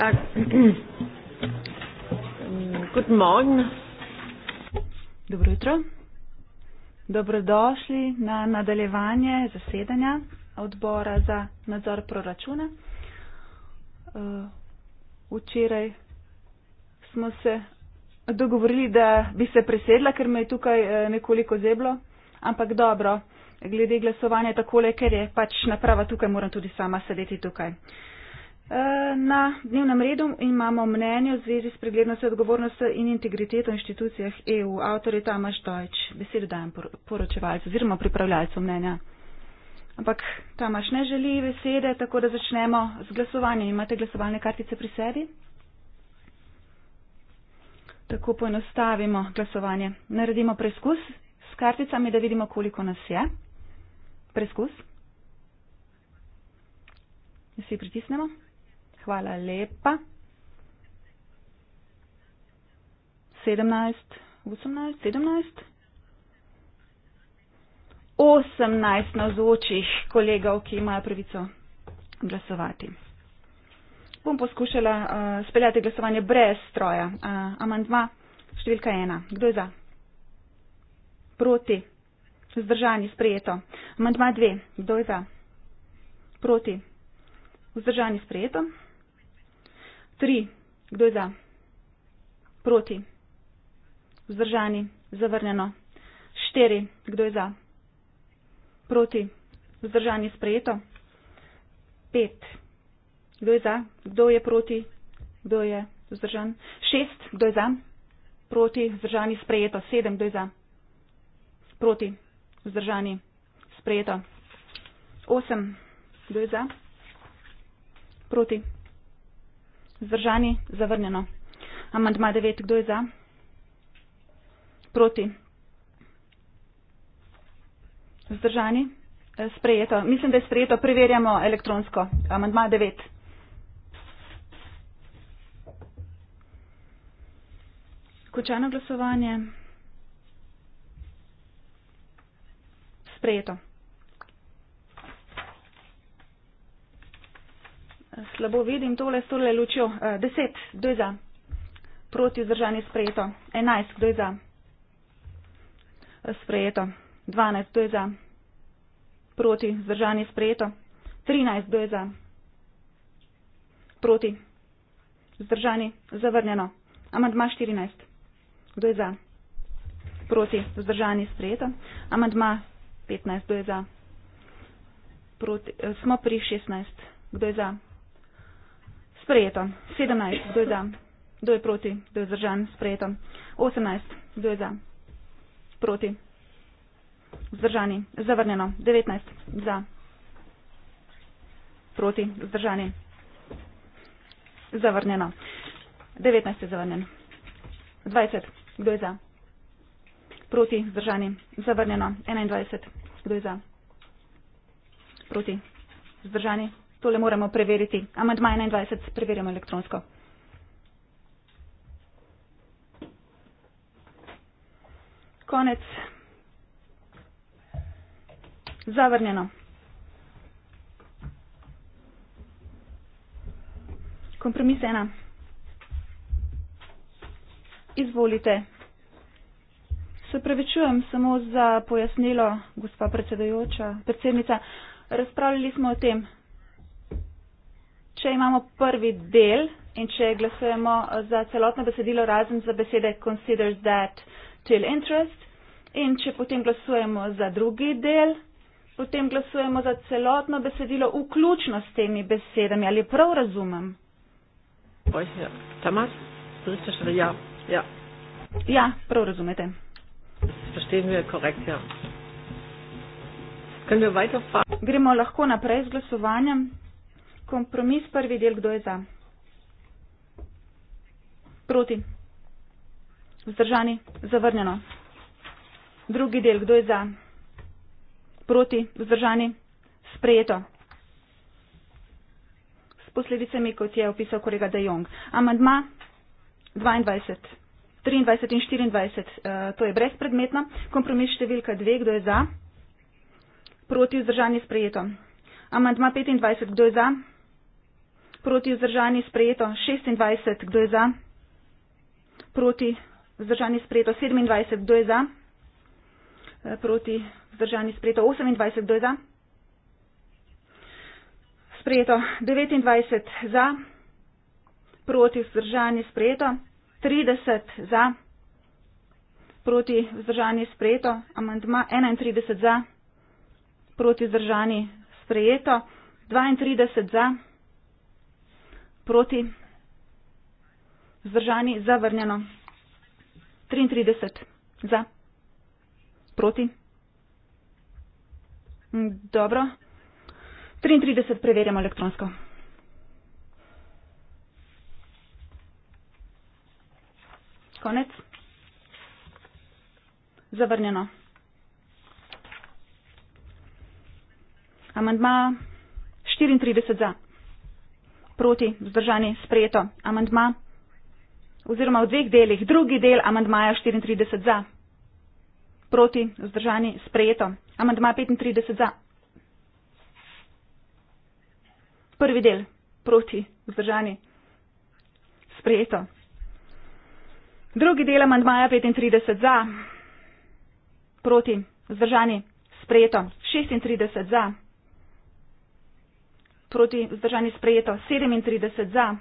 Ja, äh, guten Morgen. Dobro jutro. Dobrodošli na nadaljevanje zasedanja odbora za nadzor proračuna. Uh, včeraj smo se dogovorili, da bi se presedla, ker me je tukaj eh, nekoliko zeblo, ampak dobro, glede glasovanja takole, ker je pač naprava tukaj, moram tudi sama sedeti tukaj. Uh, Eh, na dnevnem redu imamo mnenje v zvezi s preglednostjo odgovornostjo in integriteto v inštitucijah EU. Avtor je Tamaš Dojč. Besedo dajem poročevalcu oziroma pripravljalcu mnenja. Ampak Tamaš ne želi besede, tako da začnemo z glasovanjem. Imate glasovalne kartice pri sebi? Tako poenostavimo glasovanje. Naredimo preizkus s karticami, da vidimo, koliko nas je. Preizkus. Vsi pritisnemo. Hvala lepa. 17, 18, 17. 18 navzočih kolegov, ki imajo pravico glasovati. Bom poskušala uh, speljati glasovanje brez stroja. Uh, amandma številka 1. Kdo je za? Proti. Zdržani, sprejeto. Amandma 2. Kdo je za? Proti. Vzdržani sprejeto. Tri. Kdo je za? Proti. Vzdržani. Zavrnjeno. Štiri. Kdo je za? Proti. Vzdržani. Sprejeto. Pet. Kdo je za? Kdo je proti? Kdo je vzdržan? Šest. Kdo je za? Proti. Vzdržani. Sprejeto. Sedem. Kdo je za? Proti. Vzdržani. Sprejeto. Osem. Kdo je za? Proti. Zdržani? Zavrnjeno. Amandma 9. Kdo je za? Proti. Zdržani? E, sprejeto. Mislim, da je sprejeto. Preverjamo elektronsko. Amandma 9. Končano glasovanje. Sprejeto. Slabo vidim tole s tole lučjo. Eh, deset, kdo je za? Proti vzdržanje sprejeto. Enajst, kdo je za? Sprejeto. Dvanajst, kdo je za? Proti vzdržanje sprejeto. Trinajst, kdo je za? Proti. Vzdržanje zavrnjeno. Amandma štirinajst. Kdo je za? Proti vzdržanje sprejeto. Amandma petnajst, kdo je za? Proti, eh, smo pri šestnajst. Kdo je za? Sprejeto. 17. Kdo je za? Kdo je proti? Kdo je zdržan? Sprejeto. 18. Kdo je za? Proti. Zdržani. Zavrnjeno. 19. Za. Proti. Zdržani. Zavrnjeno. 19 je zavrnjen. 20. Kdo je za? Proti. Zdržani. Zavrnjeno. 21. Kdo je za? Proti. Zdržani. Tole moramo preveriti. Amandma 21 preverjamo elektronsko. Konec. Zavrnjeno. Kompromis ena. Izvolite. Se pravičujem samo za pojasnilo, gospa predsedujoča, predsednica. Razpravljali smo o tem, če imamo prvi del in če glasujemo za celotno besedilo razen za besede considers that till interest in če potem glasujemo za drugi del, potem glasujemo za celotno besedilo vključno s temi besedami. Ali prav razumem? Oj, ja. Tamas, slišiš, da ja. ja. Ja, prav razumete. Verstehen wir korrekt, ja. Können wir weiterfahren? Gremo lahko naprej z glasovanjem. Kompromis, prvi del, kdo je za? Proti. Vzdržani, zavrnjeno. Drugi del, kdo je za? Proti, vzdržani, sprejeto. S posledicami, kot je opisal kolega De Jong. Amandma 22, 23 in 24, uh, eh, to je brezpredmetno. Kompromis številka 2, kdo je za? Proti, vzdržani, sprejeto. Amandma 25, kdo je za? Proti vzdržani sprejeto 26, kdo je za? Proti vzdržani sprejeto 27, kdo je eh, za? Proti vzdržani sprejeto 28, kdo je za? Sprejeto 29 za, proti vzdržani sprejeto 30 za, proti vzdržani sprejeto amandma 31 za, proti vzdržani sprejeto 32 za proti, vzdržani, zavrnjeno, 33 za, proti. Mm, dobro, 33 preverjamo elektronsko. Konec. Zavrnjeno. Amandma 34 za proti vzdržani sprejeto amandma oziroma v dveh delih. Drugi del amandmaja 34 za, proti vzdržani sprejeto amandma 35 za. Prvi del proti vzdržani sprejeto. Drugi del amandmaja 35 za, proti vzdržani sprejeto 36 za proti vzdržani sprejeto, 37 za,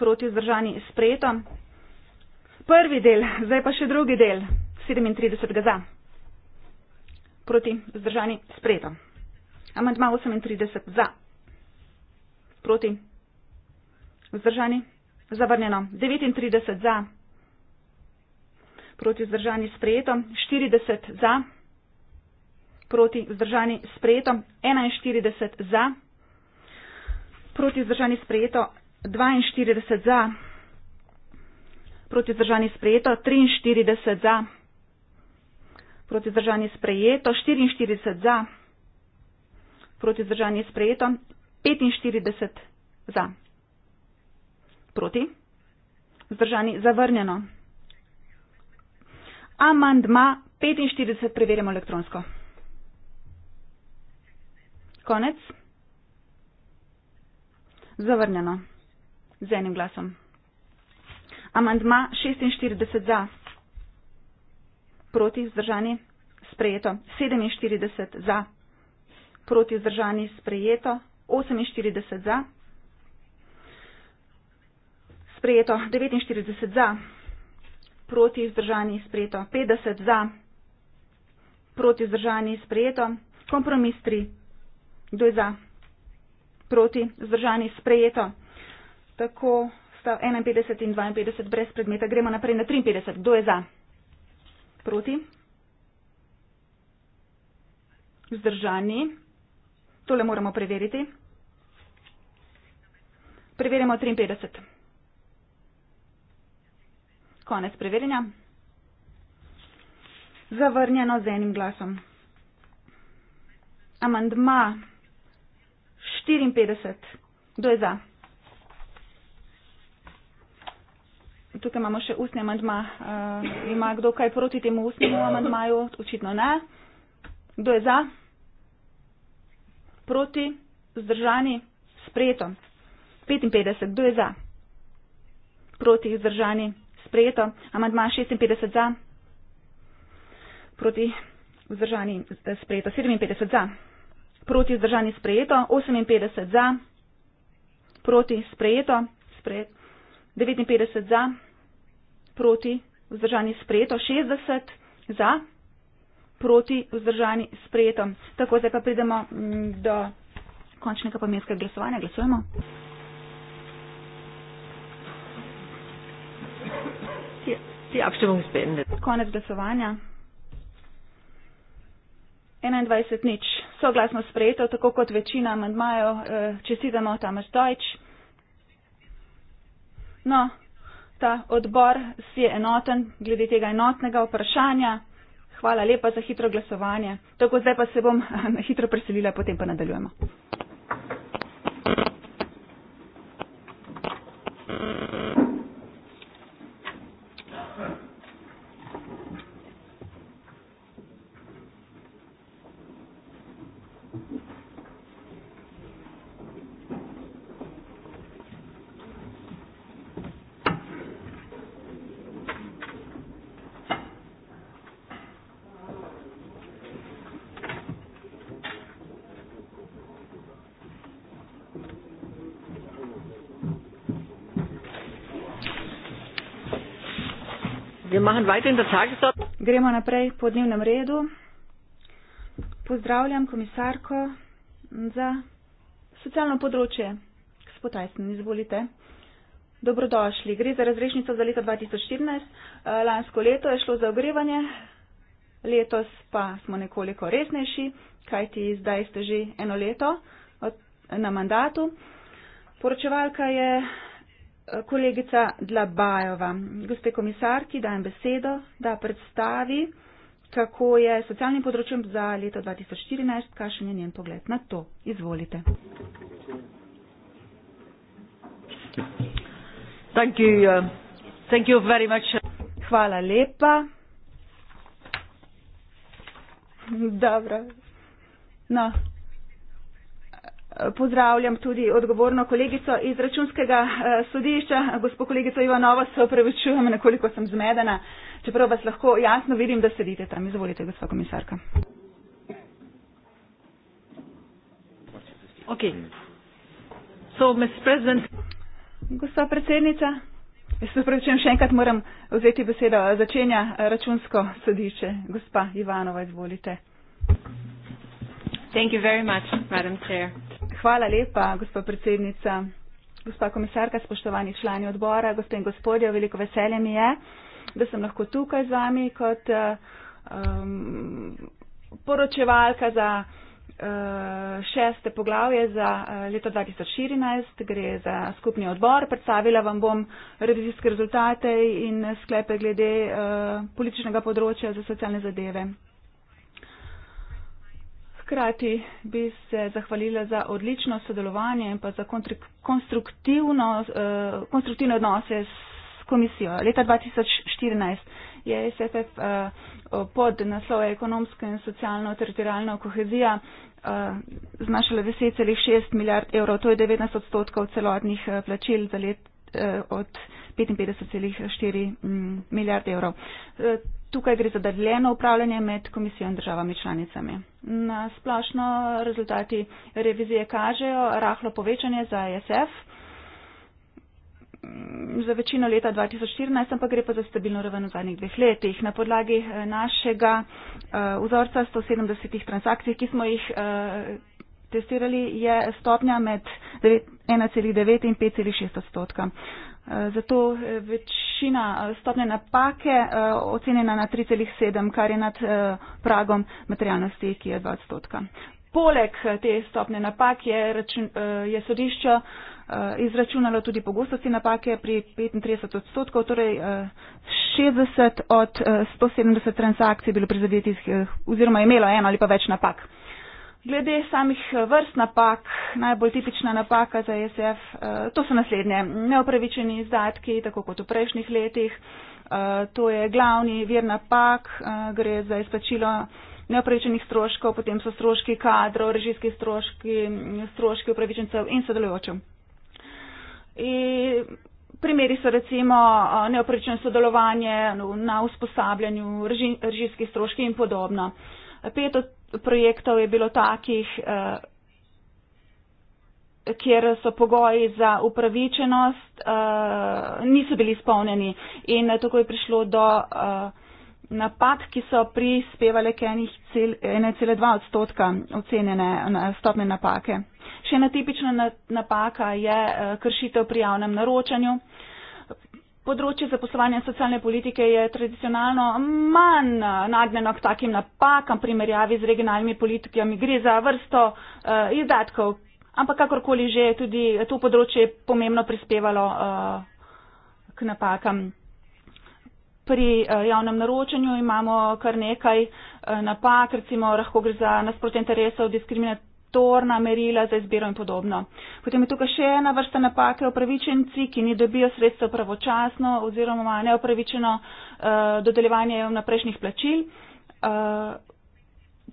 proti vzdržani sprejeto. Prvi del, zdaj pa še drugi del, 37 za, proti vzdržani sprejeto. Amandma 38 za, proti vzdržani zavrnjeno, 39 za, proti vzdržani sprejeto, 40 za proti vzdržani sprejeto, 41 za, proti vzdržani sprejeto, 42 za, proti vzdržani sprejeto, 43 za, proti vzdržani sprejeto, 44 za, proti vzdržani sprejeto, 45 za, proti vzdržani zavrnjeno. Amandma 45 preverjamo elektronsko. Konec? Zavrnjeno. Z enim glasom. Amandma 46 za. Proti vzdržani. Sprejeto. 47 za. Proti vzdržani. Sprejeto. 48 za. Sprejeto. 49 za. Proti vzdržani. Sprejeto. 50 za. Proti vzdržani. Sprejeto. Kompromis 3 kdo je za, proti, zdržani, sprejeto. Tako sta 51 in 52 brez predmeta. Gremo naprej na 53. Kdo je za, proti, zdržani. Tole moramo preveriti. Preverimo 53. Konec preverjanja. Zavrnjeno z enim glasom. Amandma 54. Kdo je za? Tukaj imamo še ustni amandma. Uh, ima kdo kaj proti temu ustnemu amandmaju? Očitno ne. Kdo je za? Proti? Zdržani? Sprejeto. 55. Kdo je za? Proti? Zdržani? Sprejeto. Amandma 56 za? Proti? Vzdržani? Sprejeto. 57 za? proti zdržani sprejeto, 58 za, proti sprejeto, sprejet, 59 za, proti vzdržani sprejeto, 60 za, proti vzdržani sprejeto. Tako, zdaj pa pridemo mm, do končnega pomenskega glasovanja. Glasujemo. Konec glasovanja. 21 nič soglasno sprejeto, tako kot večina amandmajev. Eh, čestitamo Tamar Dojč. No, ta odbor si je enoten glede tega enotnega vprašanja. Hvala lepa za hitro glasovanje. Tako zdaj pa se bom hitro preselila, potem pa nadaljujemo. Gremo naprej po dnevnem redu. Pozdravljam komisarko za socialno področje. Gospod Tyson, izvolite. Dobrodošli. Gre za razrešnico za leto 2014. Eh, lansko leto je šlo za ogrevanje, letos pa smo nekoliko resnejši, kajti zdaj ste že eno leto na mandatu. Poročevalka je kolegica Dlabajova. Gospe komisarki dajem besedo, da predstavi, kako je socialnim področjem za leto 2014, kakšen je njen pogled na to. Izvolite. Thank you. Uh, thank you very much. Hvala lepa. Dobro. No, pozdravljam tudi odgovorno kolegico iz računskega eh, sodišča, gospod kolegico Ivanovo, se opravičujem, nekoliko sem zmedena, čeprav vas lahko jasno vidim, da sedite tam. Izvolite, gospa komisarka. Okay. So, gospa predsednica, jaz se opravičujem, še enkrat moram vzeti besedo. Začenja eh, računsko sodišče. Gospa Ivanova, izvolite. Thank you very much, Madam Chair. Hvala lepa, gospod predsednica. Gospa komisarka, spoštovani člani odbora, gospe in gospodje, veliko veselje mi je, da sem lahko tukaj z vami kot eh, um, poročevalka za uh, šeste poglavje za eh, leto 2014. Gre za skupni odbor. Predstavila vam bom revizijske rezultate in sklepe glede uh, političnega področja za socialne zadeve hkrati bi se zahvalila za odlično sodelovanje in pa za konstruktivno, uh, konstruktivne odnose s komisijo. Leta 2014 je SFF uh, eh, pod naslove ekonomsko in socialno-teritorijalno kohezija uh, eh, znašala 10,6 milijard evrov, to je 19 odstotkov celotnih uh, plačil za let uh, od 55,4 mm, milijard evrov. Uh, Tukaj gre za deljeno upravljanje med komisijo in državami članicami. Na splošno rezultati revizije kažejo rahlo povečanje za ESF mm, za večino leta 2014, ampak gre pa za stabilno raven v zadnjih dveh letih. Na podlagi eh, našega uh, vzorca 170 transakcij, ki smo jih. Uh, testirali, je stopnja med 1,9 in 5,6 odstotka. Eh, zato eh, večina eh, stopne napake ocenjena na 3,7, kar je nad pragom materialnosti, ki je 2 odstotka. Poleg te stopne napak je, je sodišče izračunalo tudi pogostosti napake pri 35 odstotkov, torej 60 od 170 transakcij bilo prizadetih oziroma imelo eno ali pa več napak glede samih eh, vrst napak, najbolj tipična napaka za ISF, e eh, to so naslednje. Neopravičeni izdatki, tako kot v prejšnjih letih, eh, to je glavni vir napak, gre za izplačilo neopravičenih stroškov, potem so stroški kadrov, režijski stroški, stroški upravičencev in sodelujočev. E, primeri so recimo neopravičeno sodelovanje na usposabljanju, režijski stroški in podobno. Pet od projektov je bilo takih, eh, kjer so pogoji za upravičenost eh, niso bili spolneni in eh, tako je prišlo do napad, ki so prispevali k 1,2 odstotka ocenjene stopne napake. Še ena tipična napaka je kršitev pri javnem naročanju. Področje zaposlovanja in socialne politike je tradicionalno manj eh, nagnjeno k takim napakam, primerjavi z regionalnimi politikami gre za vrsto uh, izdatkov, ampak kakorkoli že tudi to področje je pomembno prispevalo uh, k napakam. Pri javnem naročanju imamo kar nekaj napak, recimo lahko gre za nasprotje interesov, diskriminacijo torna merila za izbiro in podobno. Potem je tukaj še ena vrsta napake upravičenci, ki ni dobijo sredstev pravočasno oziroma neopravičeno uh, eh, dodeljevanje naprejšnjih plačil. Uh,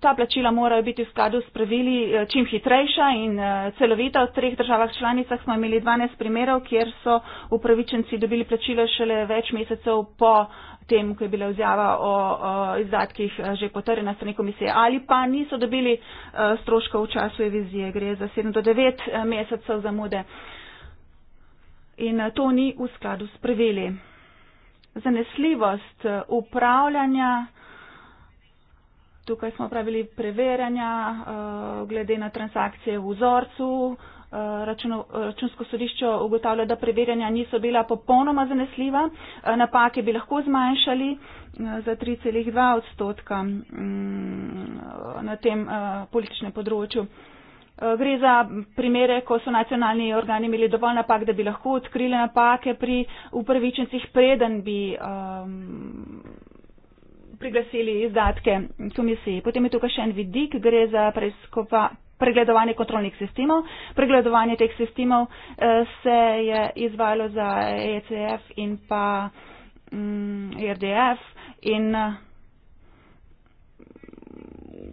ta plačila morajo biti v skladu s pravili eh, čim hitrejša in celovita. V treh državah članicah smo imeli 12 primerov, kjer so upravičenci dobili plačilo šele več mesecev po uh, tem, ko je bila vzjava o, o izdatkih eh, že potrjena strani komisije, ali pa niso dobili eh, stroška v času revizije, gre za 7 do 9 eh, mesecev zamude. In to ni v skladu s pravili. Zanesljivost upravljanja, tukaj smo pravili preverjanja glede na transakcije v vzorcu, Eh, eh, računsko sodišče ugotavlja, da preverjanja niso bila popolnoma zanesljiva, eh, napake bi lahko zmanjšali za 3,2 odstotka mm, na tem političnem področju. Gre za primere, ko so nacionalni organi imeli dovolj napak, da bi lahko odkrili napake pri upravičencih, preden bi um, priglasili izdatke komisiji. Potem je tukaj še en vidik, gre za pregledovanje kontrolnih sistemov. Pregledovanje teh sistemov eh, se je izvalo za ECF in pa mm, RDF in eh,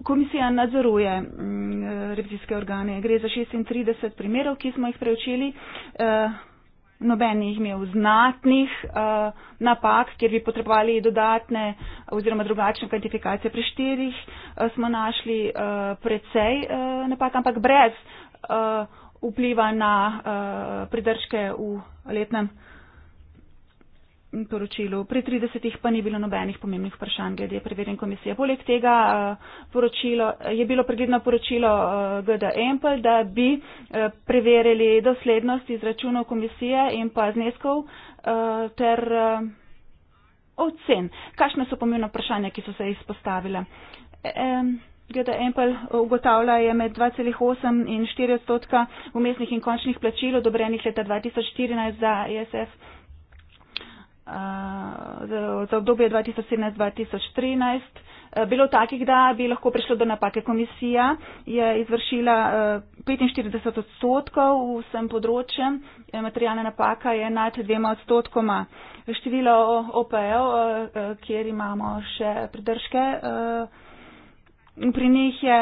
komisija nadzoruje mm, eh, revizijske organe. Gre za 36 primerov, ki smo jih preučili noben ni imel znatnih uh, napak, kjer bi potrebovali dodatne oziroma drugačne kvantifikacije. Pri štirih uh, smo našli uh, precej uh, napak, ampak brez uh, vpliva na uh, pridržke v letnem. Uh, poročilu. Pri 30-ih pa ni bilo nobenih pomembnih vprašanj glede preverjen komisije. Poleg tega eh, poročilo, je bilo pregledno poročilo eh, GDEMPL, da bi eh, preverili doslednost izračunov komisije in pa zneskov ter ocen. Kakšne so pomembna vprašanja, ki so se izpostavile? Gleda Empel ugotavlja je med 2,8 in 4 odstotka umestnih in končnih plačil odobrenih leta 2014 za ISF. E uh, za obdobje 2017-2013. Uh, eh, bilo takih, da bi lahko prišlo do napake. Komisija je izvršila uh, eh, 45 odstotkov v vsem področju. Materialna napaka je nad dvema odstotkoma. Število OPE-ov, uh, kjer imamo še pridržke. Uh, Pri njih je,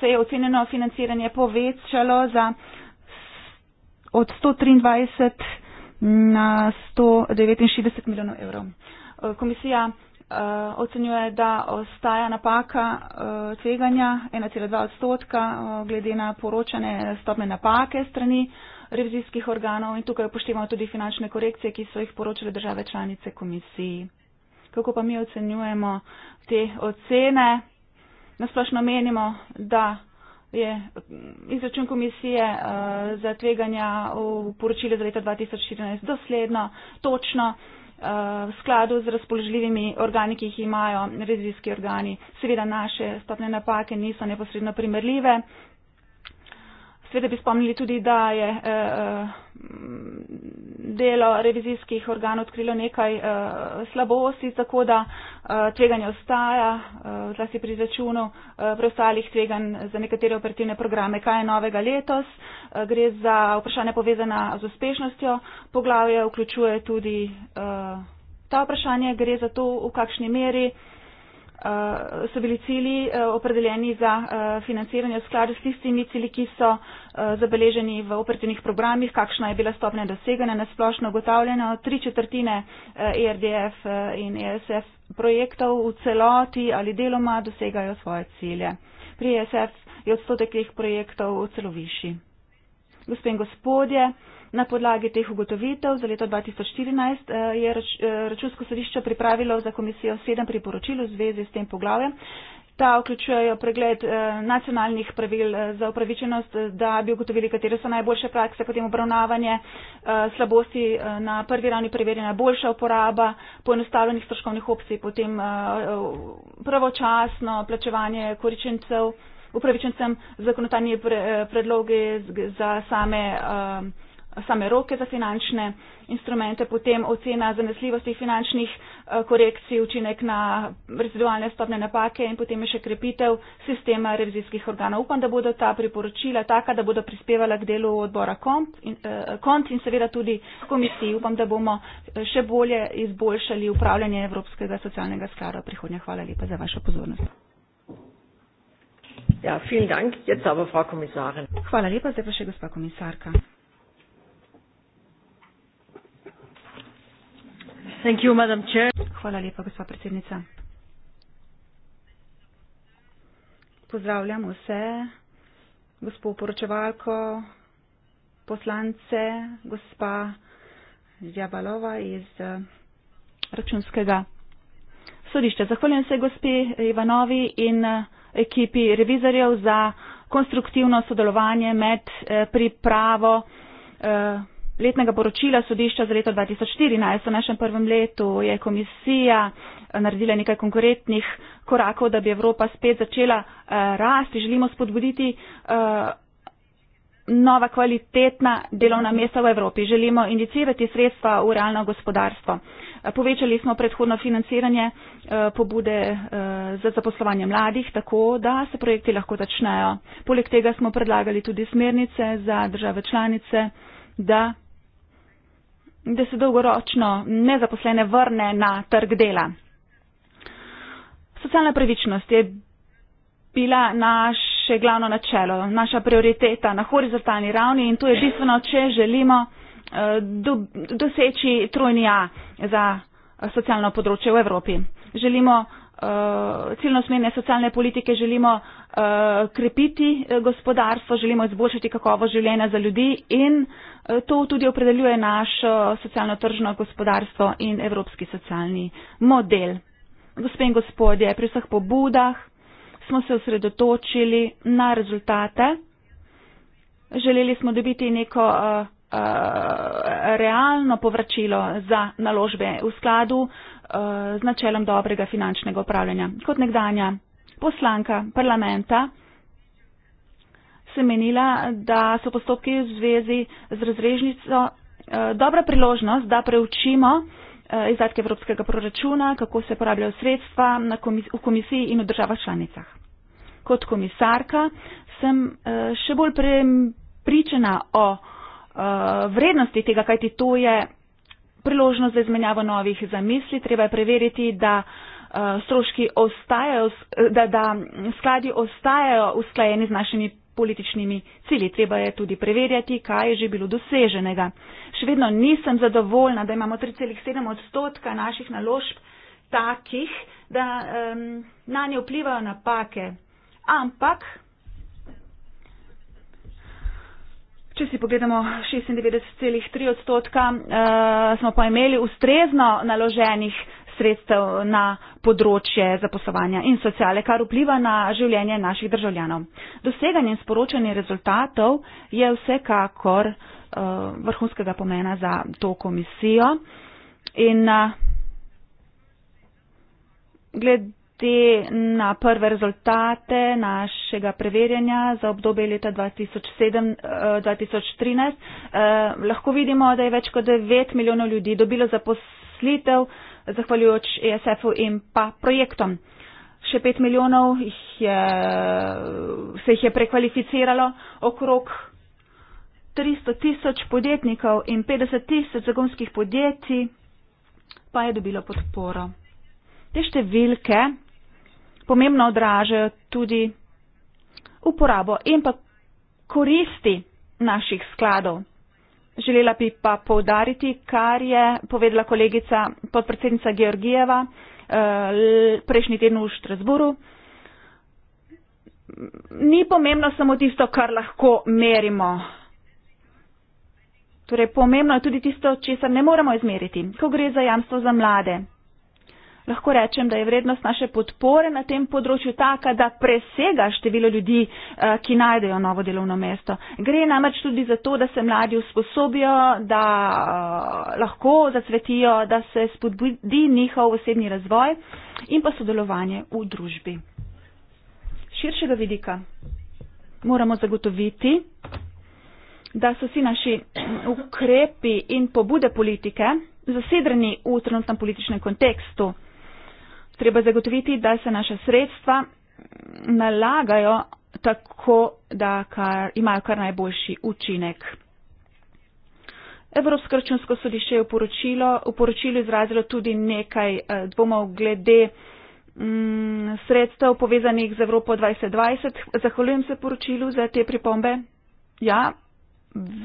se je ocenjeno financiranje povečalo za od 123 na 169 milijonov evrov. Eh, komisija eh, ocenjuje, da ostaja napaka eh, tveganja 1,2 odstotka glede na poročane stopne napake strani revizijskih organov in tukaj upoštevamo tudi finančne korekcije, ki so jih poročale države članice komisiji. Kako pa mi ocenjujemo te ocene? Nasplošno menimo, da je mm, izračun komisije uh, za tveganja v poročile za leto 2014 dosledno, točno, uh, v skladu z razpoložljivimi organi, ki jih imajo revizijski organi. Seveda naše stopne napake niso neposredno primerljive, Sveda bi spomnili tudi, da je eh, eh, delo revizijskih organov odkrilo nekaj eh, slabosti, tako da tveganje ostaja, zlasti pri začunu preostalih tveganj za nekatere operativne programe. Kaj je novega letos? Gre za vprašanja povezana z uspešnostjo. Poglavje vključuje tudi ta vprašanje, gre za to, v kakšni meri. Eh, so bili cilji eh, opredeljeni za eh, financiranje v skladu s tistimi cilji, ki so zabeleženi v operativnih programih, kakšna je bila stopnja doseganja na splošno ugotavljeno. Tri četrtine ERDF e in ESF projektov v celoti ali deloma dosegajo svoje cilje. Pri ESF je odstotek teh projektov celo višji. Gospod in gospodje, Na podlagi teh ugotovitev za leto 2014 eh, je eh, računsko sodišče pripravilo za komisijo sedem priporočil v zvezi s tem poglavjem. Ta vključujejo pregled eh, nacionalnih pravil za upravičenost, da bi ugotovili, katere so najboljše prakse, potem obravnavanje slabosti na prvi ravni preverjena, boljša uporaba poenostavljenih stroškovnih opcij, potem pravočasno plačevanje koričencev, upravičencem zakonotanje predloge za same same roke za finančne instrumente, potem ocena zanesljivosti finančnih eh, korekcij, učinek na rezidualne stopne napake in potem je še krepitev sistema revizijskih organov. Upam, da bodo ta priporočila taka, da bodo prispevala k delu odbora eh, KONT in, in seveda tudi komisiji. Upam, da bomo eh, še bolje izboljšali upravljanje Evropskega socialnega sklada v prihodnje. Hvala lepa za vašo pozornost. Ja, vielen Dank. Jetzt aber Frau Kommissarin. Hvala lepa, zdaj pa še gospa komisarka. Thank you, Madam Chair. Hvala lepa, gospa predsednica. Pozdravljam vse, gospo poročevalko, poslance, gospa Zjabalova iz eh, računskega sodišča. Zahvaljujem se gospi Ivanovi in eh, ekipi revizorjev za konstruktivno sodelovanje med eh, pripravo letnega poročila sodišča za leto 2014. V našem prvem letu je komisija eh, naredila nekaj konkretnih korakov, da bi Evropa spet začela eh, rasti. Želimo spodbuditi eh, nova kvalitetna delovna mesta v Evropi. Želimo indicirati sredstva v realno gospodarstvo. Povečali smo predhodno financiranje pobude za zaposlovanje mladih, tako da se projekti lahko začnejo. Poleg tega smo predlagali tudi smernice za države članice, da da se dolgoročno nezaposlene vrne na trg dela. Socialna pravičnost je bila naše glavno načelo, naša prioriteta na horizontalni ravni in to je bistveno, če želimo eh, do, doseči trojni A za eh, socialno področje v Evropi. Želimo uh, ciljno smerne socialne politike, želimo uh, krepiti gospodarstvo, želimo izboljšati kakovo življenja za ljudi in uh, Eh, to tudi opredeljuje našo socialno tržno gospodarstvo in evropski socialni model. Gospe in gospodje, pri vseh pobudah smo se osredotočili na rezultate. Želeli smo dobiti neko uh, realno povračilo za naložbe v skladu uh, z načelom dobrega finančnega upravljanja. Kot nekdanja poslanka parlamenta, sem menila, da so postopki v zvezi z razrežnico eh, dobra priložnost, da preučimo eh, izdatke evropskega proračuna, kako se porabljajo sredstva komis v komisiji in v državah članicah. Kot komisarka sem eh, še bolj pričena o vrednosti tega, kajti to je priložnost za izmenjavo novih zamisli. Treba je preveriti, da stroški ostajajo, da, da skladi ostajajo usklajeni z našimi političnimi cilji. Treba je tudi preverjati, kaj je že bilo doseženega. Še vedno nisem zadovoljna, da imamo 3,7 odstotka naših naložb takih, da um, na nje vplivajo napake. Ampak, če si pogledamo 96,3 odstotka, uh, smo pa imeli ustrezno naloženih sredstev na področje zaposlovanja in sociale, kar vpliva na življenje naših državljanov. Doseganje in sporočanje rezultatov je vsekakor uh, vrhunskega pomena za to komisijo. In uh, glede na prve rezultate našega preverjanja za obdobje leta 2007-2013, uh, uh, lahko vidimo, da je več kot 9 milijonov ljudi dobilo zaposlitev zahvaljujoč ESF-u in pa projektom. Še pet milijonov jih je, se jih je prekvalificiralo, okrog 300 tisoč podjetnikov in 50 tisoč zagonskih podjetij pa je dobilo podporo. Te številke pomembno odražajo tudi uporabo in pa koristi naših skladov. Želela bi pa povdariti, kar je povedala kolegica podpredsednica Georgijeva eh, prejšnji teden v Štrasburu. Ni pomembno samo tisto, kar lahko merimo. Torej, pomembno je tudi tisto, česar ne moremo izmeriti, ko gre za jamstvo za mlade lahko rečem, da je vrednost naše podpore na tem področju taka, da presega število ljudi, eh, ki najdejo novo delovno mesto. Gre namreč tudi za to, da se mladi usposobijo, da eh, lahko zacvetijo, da se spodbudi njihov osebni razvoj in pa sodelovanje v družbi. Širšega vidika moramo zagotoviti, da so vsi naši eh, ukrepi in pobude politike zasedreni v trenutnem političnem kontekstu treba zagotoviti, da se naša sredstva nalagajo tako, da kar, imajo kar najboljši učinek. Evropsko računsko sodišče je v poročilu, v poročilu izrazilo tudi nekaj eh, dvomov glede mm, sredstev povezanih z Evropo 2020. Zahvaljujem se poročilu za te pripombe. Ja,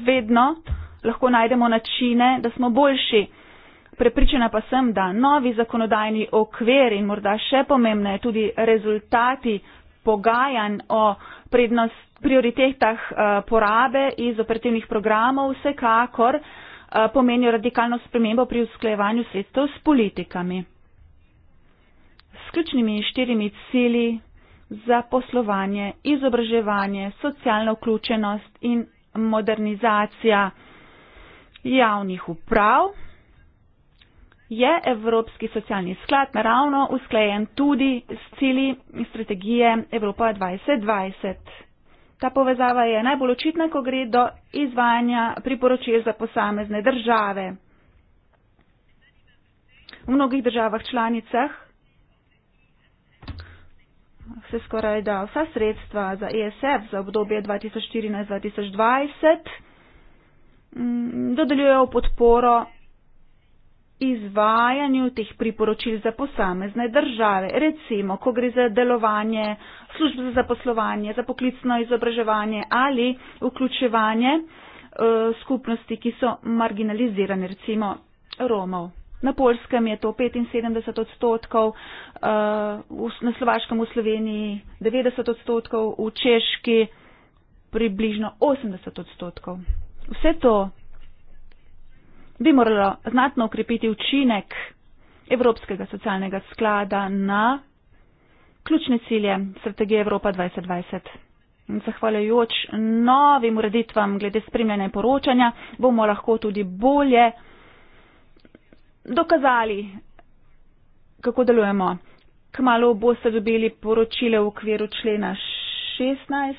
vedno lahko najdemo načine, da smo boljši. Prepričana pa sem, da novi zakonodajni okvir in morda še pomembneje tudi rezultati pogajanj o prednost, prioritetah eh, porabe iz operativnih programov vsekakor eh, pomenijo radikalno spremembo pri usklejevanju sredstev s politikami. S ključnimi štirimi cili za poslovanje, izobraževanje, socialna vključenost in modernizacija javnih uprav je Evropski socialni sklad naravno usklajen tudi s cili strategije Evropa 2020. Ta povezava je najbolj očitna, ko gre do izvajanja priporočil za posamezne države. V mnogih državah članicah se skoraj da vsa sredstva za ESF za obdobje 2014-2020 mm, dodeljujejo podporo izvajanju teh priporočil za posamezne države. Recimo, ko gre za delovanje služb za zaposlovanje, za poklicno izobraževanje ali vključevanje e, skupnosti, ki so marginalizirane, recimo Romov. Na Polskem je to 75 odstotkov, e, na Slovaškem v Sloveniji 90 odstotkov, v Češki približno 80 odstotkov. Vse to bi moralo znatno ukrepiti učinek Evropskega socialnega sklada na ključne cilje strategije Evropa 2020. Zahvaljujoč novim ureditvam glede spremljanja in poročanja bomo lahko tudi bolje dokazali, kako delujemo. Kmalo boste dobili poročile v okviru člena 16,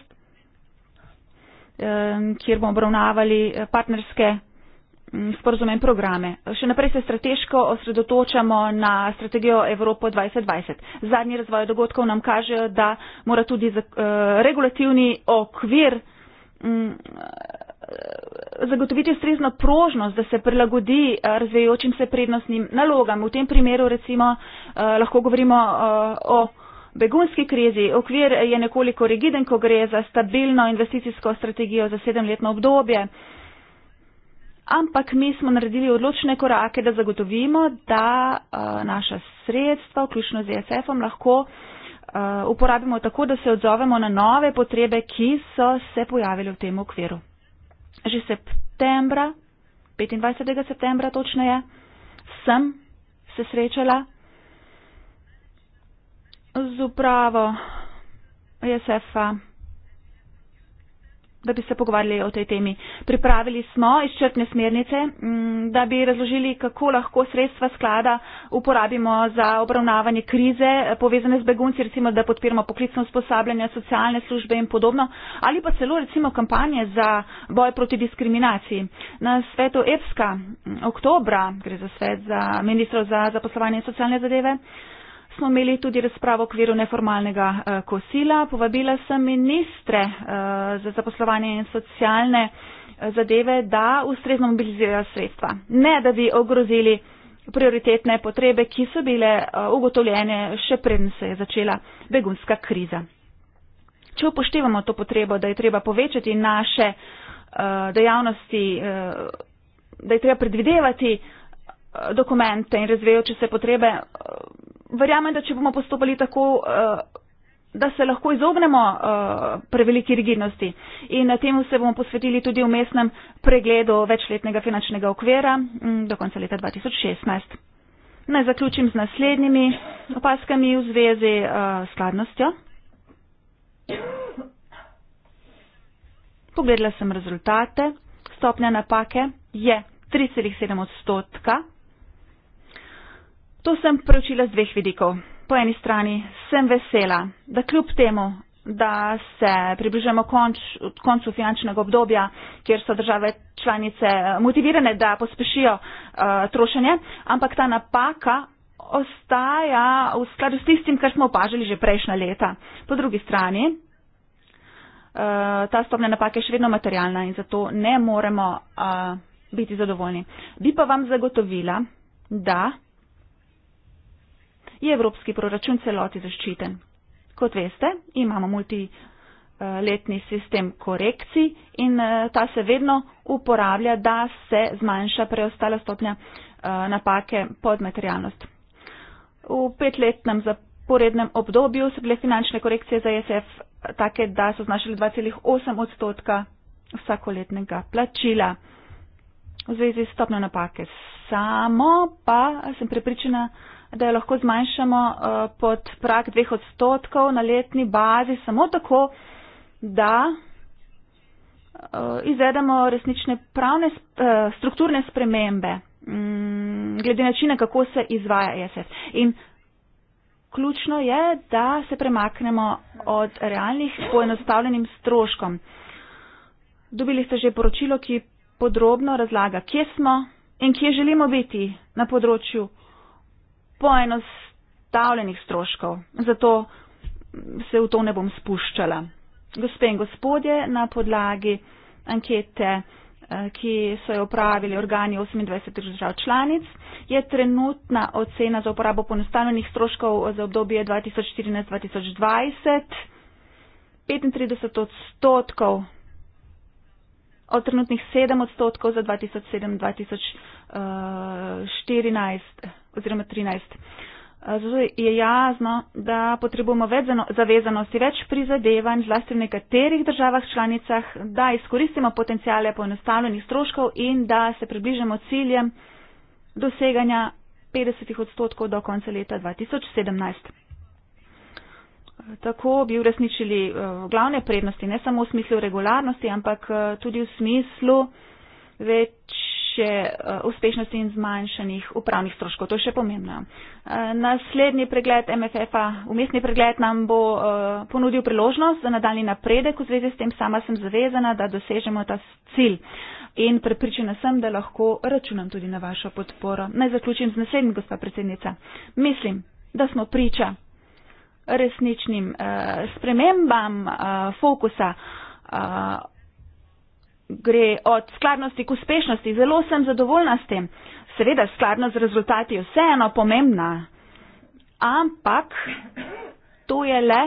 eh, kjer bomo obravnavali partnerske Mm, sporozume in programe. Še naprej se strateško osredotočamo na strategijo Evropo 2020. Zadnji razvoj dogodkov nam kaže, da mora tudi eh, regulativni okvir mm, eh, zagotoviti ustrezno prožnost, da se prilagodi eh, razvejočim se prednostnim nalogam. V tem primeru recimo lahko govorimo o begunski krizi. Okvir je nekoliko rigiden, ko gre za stabilno investicijsko strategijo za sedemletno obdobje ampak mi smo naredili odločne korake, da zagotovimo, da uh, naša sredstva, vključno z ESF-om, lahko uh, uporabimo tako, da se odzovemo na nove potrebe, ki so se pojavile v tem okviru. Že septembra, 25. septembra točno je, sem se srečala z upravo ESF-a da bi se pogovarjali o tej temi. Pripravili smo izčrpne smernice, mm, da bi razložili, kako lahko sredstva sklada uporabimo za obravnavanje krize povezane z begunci, recimo, da podpiramo poklicno usposabljanje, socialne službe in podobno, ali pa celo recimo kampanje za boj proti diskriminaciji. Na svetu EFSKA mm, oktobra gre za svet za ministrov za zaposlovanje in socialne zadeve smo imeli tudi razpravo v okviru neformalnega uh, kosila. Povabila sem ministre uh, za zaposlovanje in socialne eh, zadeve, da ustrezno mobilizirajo sredstva. Ne, da bi ogrozili prioritetne potrebe, ki so bile uh, ugotovljene še preden se je začela begunska kriza. Če upoštevamo to potrebo, da je treba povečati naše uh, dejavnosti, uh, da je treba predvidevati dokumente in razvejo, če se potrebe. Uh, verjamem, da če bomo postopali tako, eh, da se lahko izognemo eh, preveliki rigidnosti. In eh, temu se bomo posvetili tudi v mestnem pregledu večletnega finančnega okvira mm, do konca leta 2016. Naj zaključim z naslednjimi opaskami v zvezi s skladnostjo. Pogledala sem rezultate. Stopnja napake je 3,7 odstotka. To sem preučila z dveh vidikov. Po eni strani sem vesela, da kljub temu, da se približujemo konč, koncu finančnega obdobja, kjer so države članice eh, motivirane, da pospešijo uh, trošenje, ampak ta napaka ostaja v skladu s tistim, kar smo opažali že prejšnja leta. Po drugi strani, eh, ta stopnja napake je še vedno materialna in zato ne moremo biti zadovoljni. Bi pa vam zagotovila, da je evropski proračun celoti zaščiten. Kot veste, imamo multiletni sistem korekcij in eh, ta se vedno uporablja, da se zmanjša preostala stopnja eh, napake pod materialnost. V petletnem zaporednem obdobju so bile finančne korekcije za e SF take, da so znašali 2,8 odstotka vsakoletnega plačila. V zvezi s stopnjo napake samo pa sem prepričana, da jo lahko zmanjšamo eh, pod prak dveh odstotkov na letni bazi, samo tako, da eh, izvedemo resnične pravne eh, strukturne spremembe mm, glede načina, kako se izvaja ESF. In ključno je, da se premaknemo od realnih k poenostavljenim stroškom. Dobili ste že poročilo, ki podrobno razlaga, kje smo in kje želimo biti na področju poenostavljenih stroškov. Zato se v to ne bom spuščala. Gospe in gospodje, na podlagi ankete, eh, ki so jo upravili organi 28 držav članic, je trenutna ocena za uporabo ponostavljenih stroškov za obdobje 2014-2020. 35 odstotkov od trenutnih 7 odstotkov za 2007-2014 uh, eh, oziroma 13. Zato je jasno, da potrebujemo več zavezanosti, več prizadevanj, zlasti v nekaterih državah članicah, da izkoristimo potencijale poenostavljenih stroškov in da se približamo ciljem doseganja 50 odstotkov do konca leta 2017. Tako bi uresničili e, glavne prednosti, ne samo v smislu regularnosti, ampak e, tudi v smislu več večje eh, uspešnosti in zmanjšanih upravnih stroškov. To je še pomembno. Eh, naslednji pregled MFF-a, umestni pregled nam bo eh, ponudil priložnost za nadaljni napredek v zvezi s tem. Sama sem zavezana, da dosežemo ta cilj in prepričana sem, da lahko računam tudi na vašo podporo. Naj zaključim z naslednjim, gospa predsednica. Mislim, da smo priča resničnim spremembam fokusa gre od skladnosti k uspešnosti. Zelo sem zadovoljna s tem. Seveda, skladnost z rezultati je vseeno pomembna, ampak to je le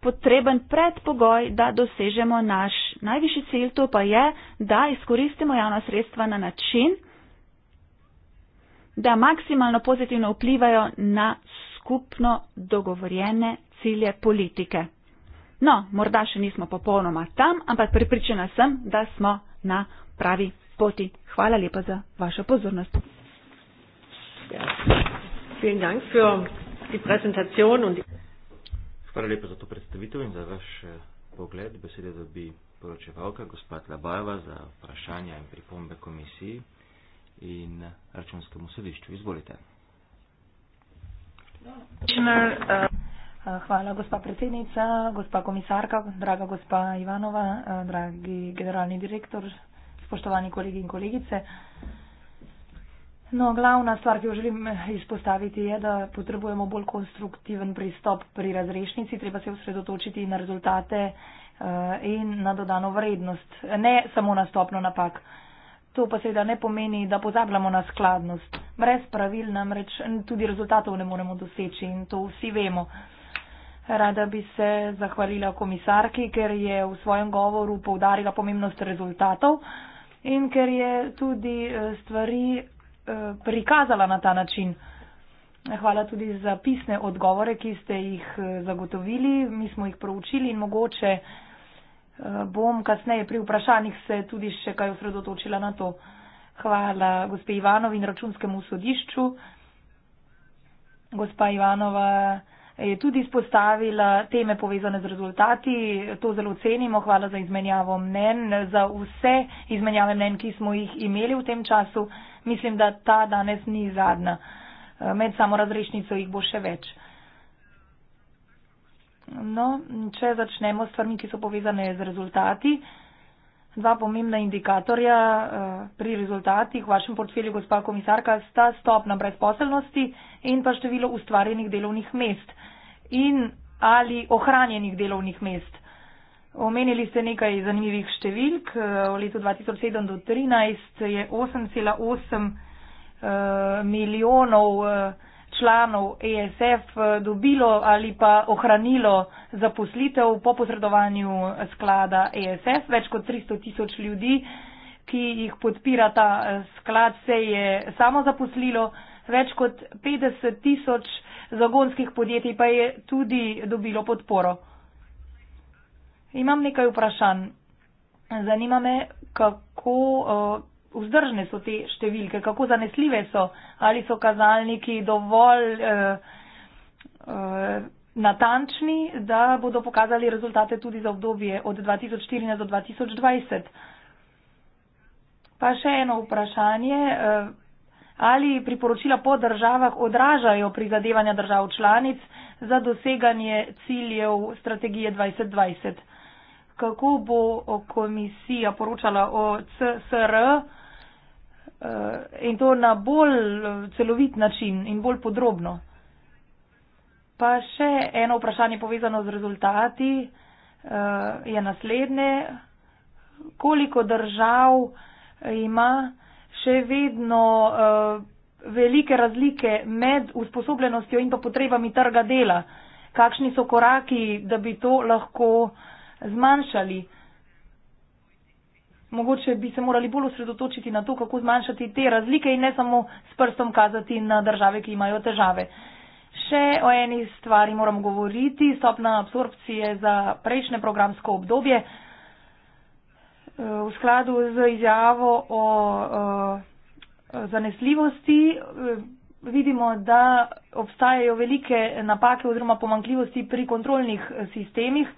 potreben predpogoj, da dosežemo naš najvišji cilj, to pa je, da izkoristimo javna sredstva na način, da maksimalno pozitivno vplivajo na skupno dogovorjene cilje politike. No, morda še nismo popolnoma tam, ampak pripričana sem, da smo na pravi poti. Hvala lepa za vašo pozornost. Ja. Hvala lepa za to predstavitev in za vaš eh, pogled. Besede dobi poročevalka, gospod Labajeva, za vprašanja in pripombe komisiji in eh, računskemu sodišču. Izvolite. No. Eh, hvala, gospa predsednica, gospa komisarka, draga gospa Ivanova, eh, dragi generalni direktor, spoštovani kolegi in kolegice. No, glavna stvar, ki jo želim eh, izpostaviti, je, da potrebujemo bolj konstruktiven pristop pri razrešnici. Treba se osredotočiti na rezultate in na dodano vrednost, ne samo na stopno napak. To pa seveda ne pomeni, da pozabljamo na skladnost. Brez pravil namreč tudi rezultatov ne moremo doseči in to vsi vemo. Rada bi se zahvalila komisarki, ker je v svojem govoru povdarila pomembnost rezultatov in ker je tudi eh, stvari eh, prikazala na ta način. Hvala tudi za pisne odgovore, ki ste jih eh, zagotovili. Mi smo jih proučili in mogoče bom kasneje pri vprašanjih se tudi še kaj osredotočila na to. Hvala gospe Ivanovi in računskemu sodišču. Gospa Ivanova je tudi izpostavila teme povezane z rezultati. To zelo cenimo. Hvala za izmenjavo mnen, za vse izmenjave mnen, ki smo jih imeli v tem času. Mislim, da ta danes ni zadnja. Med samorazrešnico jih bo še več. No, če začnemo s stvarmi, ki so povezane z rezultati. Dva pomembna indikatorja eh, pri rezultatih v vašem portfelju, gospa komisarka, sta stopna brezposelnosti in pa število ustvarjenih delovnih mest in ali ohranjenih delovnih mest. Omenili ste nekaj zanimivih številk. Eh, v letu 2007 do 2013 je 8,8 eh, milijonov članov ESF eh, dobilo ali pa ohranilo zaposlitev po posredovanju sklada ESF. Več kot 300 tisoč ljudi, ki jih podpira ta eh, sklad, se je samo zaposlilo. Več kot 50 tisoč zagonskih podjetij pa je tudi dobilo podporo. Imam nekaj vprašanj. Zanima me, kako. Uh, vzdržne so te številke, kako zanesljive so, ali so kazalniki dovolj eh, eh, natančni, da bodo pokazali rezultate tudi za obdobje od 2014 do 2020. Pa še eno vprašanje, eh, ali priporočila po državah odražajo prizadevanja držav članic za doseganje ciljev strategije 2020. Kako bo komisija poročala o CSR? -u? Eh, in to na bolj eh, celovit način in bolj podrobno. Pa še eno vprašanje povezano z rezultati eh, je naslednje. Koliko držav ima še vedno velike razlike med usposobljenostjo in pa potrebami trga dela? Kakšni so koraki, da bi to lahko zmanjšali? mogoče bi se morali bolj osredotočiti na to, kako zmanjšati te razlike in ne samo s prstom kazati na države, ki imajo težave. Še o eni stvari moram govoriti, stopna absorpcije za prejšnje programsko obdobje. E, v skladu z izjavo o, o e, zanesljivosti e, vidimo, da obstajajo velike napake oziroma pomankljivosti pri kontrolnih sistemih.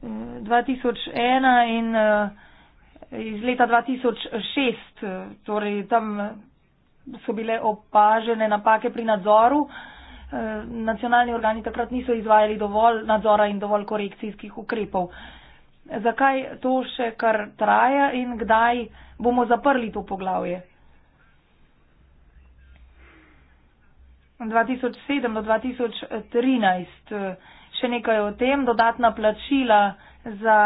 2001 in eh, iz leta 2006, eh, torej tam so bile opažene napake pri nadzoru. Eh, nacionalni organi takrat niso izvajali dovolj nadzora in dovolj korekcijskih ukrepov. Zakaj to še kar traja in kdaj bomo zaprli to poglavje? 2007 do 2013 še nekaj o tem, dodatna plačila za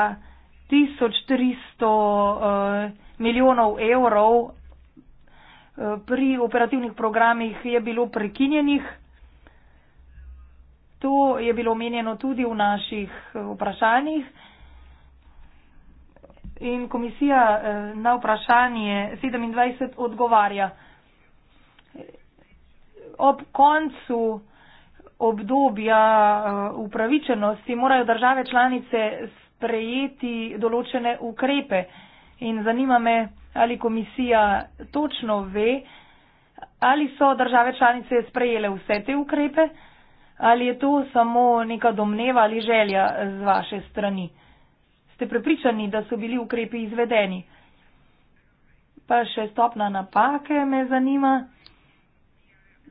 1300 uh, eh, milijonov evrov uh, pri operativnih programih je bilo prekinjenih. To je bilo omenjeno tudi v naših eh, vprašanjih. In komisija na vprašanje 27 odgovarja. Ob koncu obdobja eh, upravičenosti, morajo države članice sprejeti določene ukrepe. In zanima me, ali komisija točno ve, ali so države članice sprejele vse te ukrepe, ali je to samo neka domneva ali želja z vaše strani. Ste prepričani, da so bili ukrepi izvedeni? Pa še stopna napake me zanima.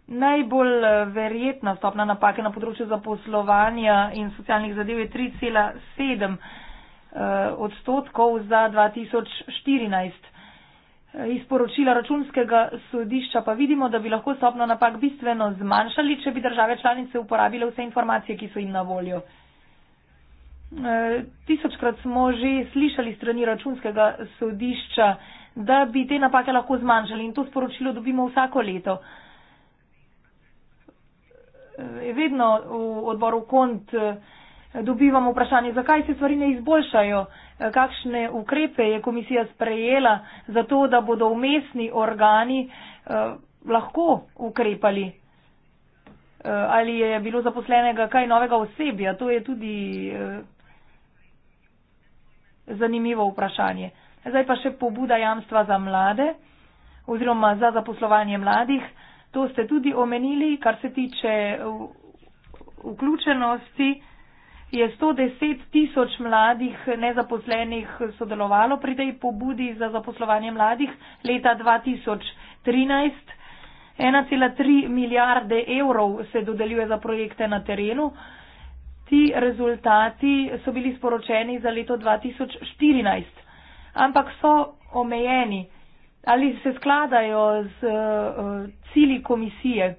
Najbolj eh, verjetna stopna napake na področju zaposlovanja in socialnih zadev je 3,7 eh, odstotkov za 2014. Eh, iz poročila računskega sodišča pa vidimo, da bi lahko stopno napak bistveno zmanjšali, če bi države članice uporabile vse informacije, ki so jim na voljo. Tisočkrat smo že slišali strani računskega sodišča, da bi te napake lahko zmanjšali in to sporočilo dobimo vsako leto. Eh, vedno v odboru kont eh, dobivamo vprašanje, zakaj se stvari ne izboljšajo, eh, kakšne ukrepe je komisija sprejela za to, da bodo umestni organi lahko ukrepali. Ali je bilo zaposlenega kaj novega osebja? To je tudi zanimivo vprašanje. Zdaj pa še pobuda jamstva za mlade oziroma za zaposlovanje mladih. To ste tudi omenili, kar se tiče vključenosti. Je 110 tisoč mladih nezaposlenih sodelovalo pri tej pobudi za zaposlovanje mladih leta 2013. 1,3 milijarde evrov se dodeljuje za projekte na terenu. Ti rezultati so bili sporočeni za leto 2014, ampak so omejeni ali se skladajo z uh, eh, cili komisije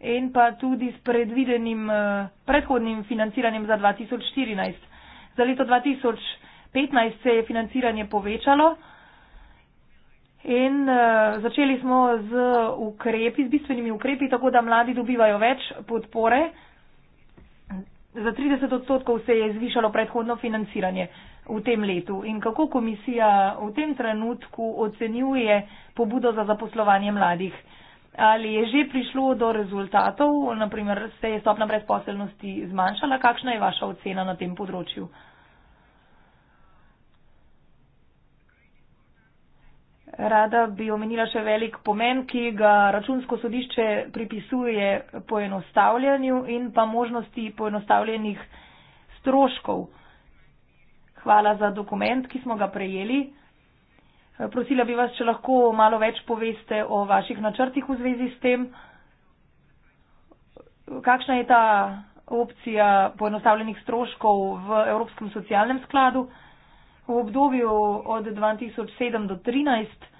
in pa tudi s predvidenim uh, predhodnim financiranjem za 2014. Za leto 2015 se je financiranje povečalo in uh, začeli smo z ukrepi, z bistvenimi ukrepi, tako da mladi dobivajo več podpore. Za 30 odstotkov se je zvišalo predhodno financiranje v tem letu in kako komisija v tem trenutku ocenjuje pobudo za zaposlovanje mladih. Ali je že prišlo do rezultatov, naprimer se je stopna brezposelnosti zmanjšala, kakšna je vaša ocena na tem področju? Rada bi omenila še velik pomen, ki ga računsko sodišče pripisuje poenostavljanju in pa možnosti poenostavljenih stroškov hvala za dokument, ki smo ga prejeli. Eh, prosila bi vas, če lahko malo več poveste o vaših načrtih v zvezi s tem. Kakšna je ta opcija poenostavljenih stroškov v Evropskem socialnem skladu v obdobju od 2007 do 2013?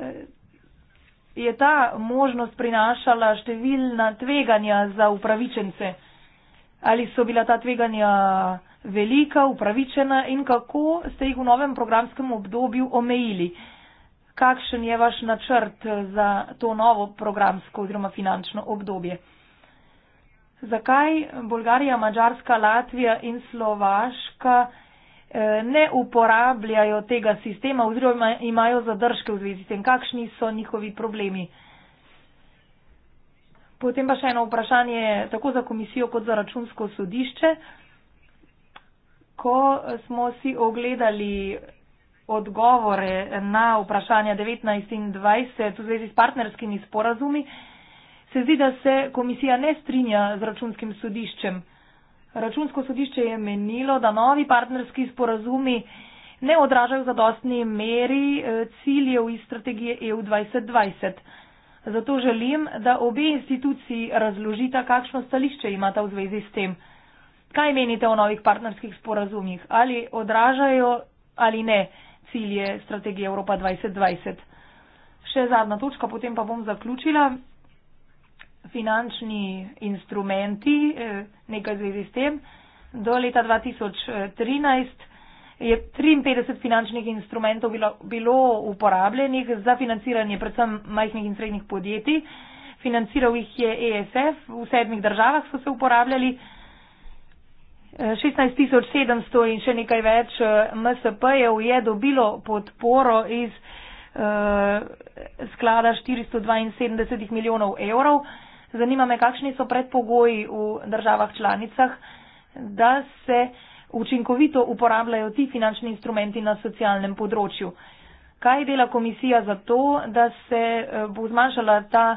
Eh, je ta možnost prinašala številna tveganja za upravičence? Ali so bila ta tveganja velika, upravičena in kako ste jih v novem programskem obdobju omejili? Kakšen je vaš načrt za to novo programsko oziroma finančno obdobje? Zakaj Bolgarija, Mačarska, Latvija in Slovaška eh, ne uporabljajo tega sistema oziroma imajo zadržke v zvezi s tem? Kakšni so njihovi problemi? Potem pa še eno vprašanje tako za komisijo kot za računsko sodišče ko smo si ogledali odgovore na vprašanja 19 in 20 v zvezi s partnerskimi sporazumi, se zdi, da se komisija ne strinja z računskim sodiščem. Računsko sodišče je menilo, da novi partnerski sporazumi ne odražajo v zadostni meri eh, ciljev iz strategije EU 2020. Zato želim, da obe instituciji razložita, kakšno stališče imata v zvezi s tem. Kaj menite o novih partnerskih sporazumih? Ali odražajo ali ne cilje strategije Evropa 2020? Še zadnja točka, potem pa bom zaključila. Finančni instrumenti, eh, nekaj zvezi s tem. Do leta 2013 je 53 finančnih instrumentov bilo, bilo uporabljenih za financiranje predvsem majhnih in srednjih podjetij. Financiral jih je ESF, v sedmih državah so se uporabljali. 16700 in še nekaj več eh, MSP-jev je dobilo podporo iz uh, sklada 472 milijonov evrov. Zanima me, kakšni so predpogoji v državah članicah, da se učinkovito uporabljajo ti finančni instrumenti na socialnem področju. Kaj dela komisija za to, da se eh, bo zmanjšala ta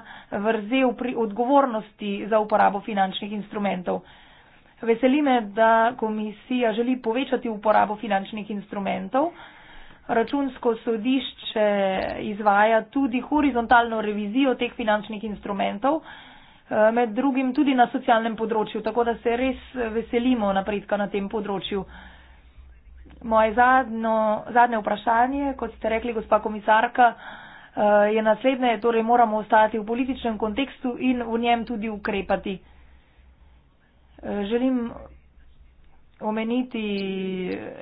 vrzel pri odgovornosti za uporabo finančnih instrumentov? Veseli me, da komisija želi povečati uporabo finančnih instrumentov. Računsko sodišče izvaja tudi horizontalno revizijo teh finančnih instrumentov, eh, med drugim tudi na socialnem področju, tako da se res veselimo napredka na tem področju. Moje zadnjo, zadnje vprašanje, kot ste rekli, gospa komisarka, eh, je naslednje, torej moramo ostati v političnem kontekstu in v njem tudi ukrepati. Želim omeniti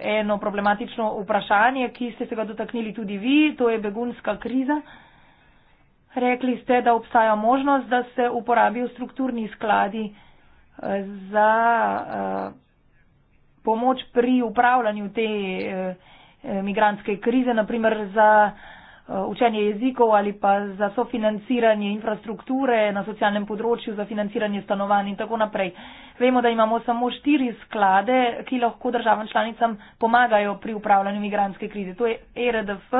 eno problematično vprašanje, ki ste se ga dotaknili tudi vi, to je begunska kriza. Rekli ste, da obstaja možnost, da se uporabijo strukturni skladi eh, za eh, pomoč pri upravljanju te eh, migranske krize, naprimer za Eh, učenje jezikov ali pa za sofinanciranje infrastrukture na socialnem področju, za financiranje stanovanj in tako naprej. Vemo, da imamo samo štiri sklade, ki lahko državam članicam pomagajo pri upravljanju migranske krize. To je ERDF,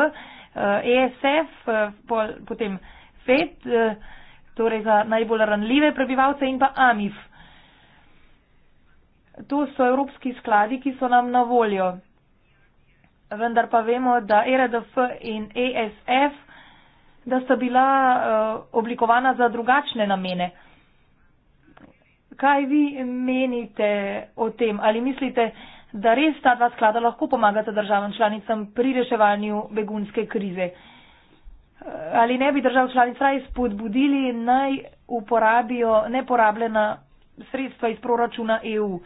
ESF, eh, e eh, potem FED, torej za najbolj ranljive prebivalce in pa AMIF. To so evropski skladi, ki so nam na voljo vendar pa vemo, da e RDF in ESF, da sta bila uh, oblikovana za drugačne namene. Kaj vi menite o tem? Ali mislite, da res ta dva sklada lahko pomagata državam članicam pri reševanju begunske krize? Eh, ali ne bi držav članic raje spodbudili naj uporabijo neporabljena sredstva iz proračuna EU?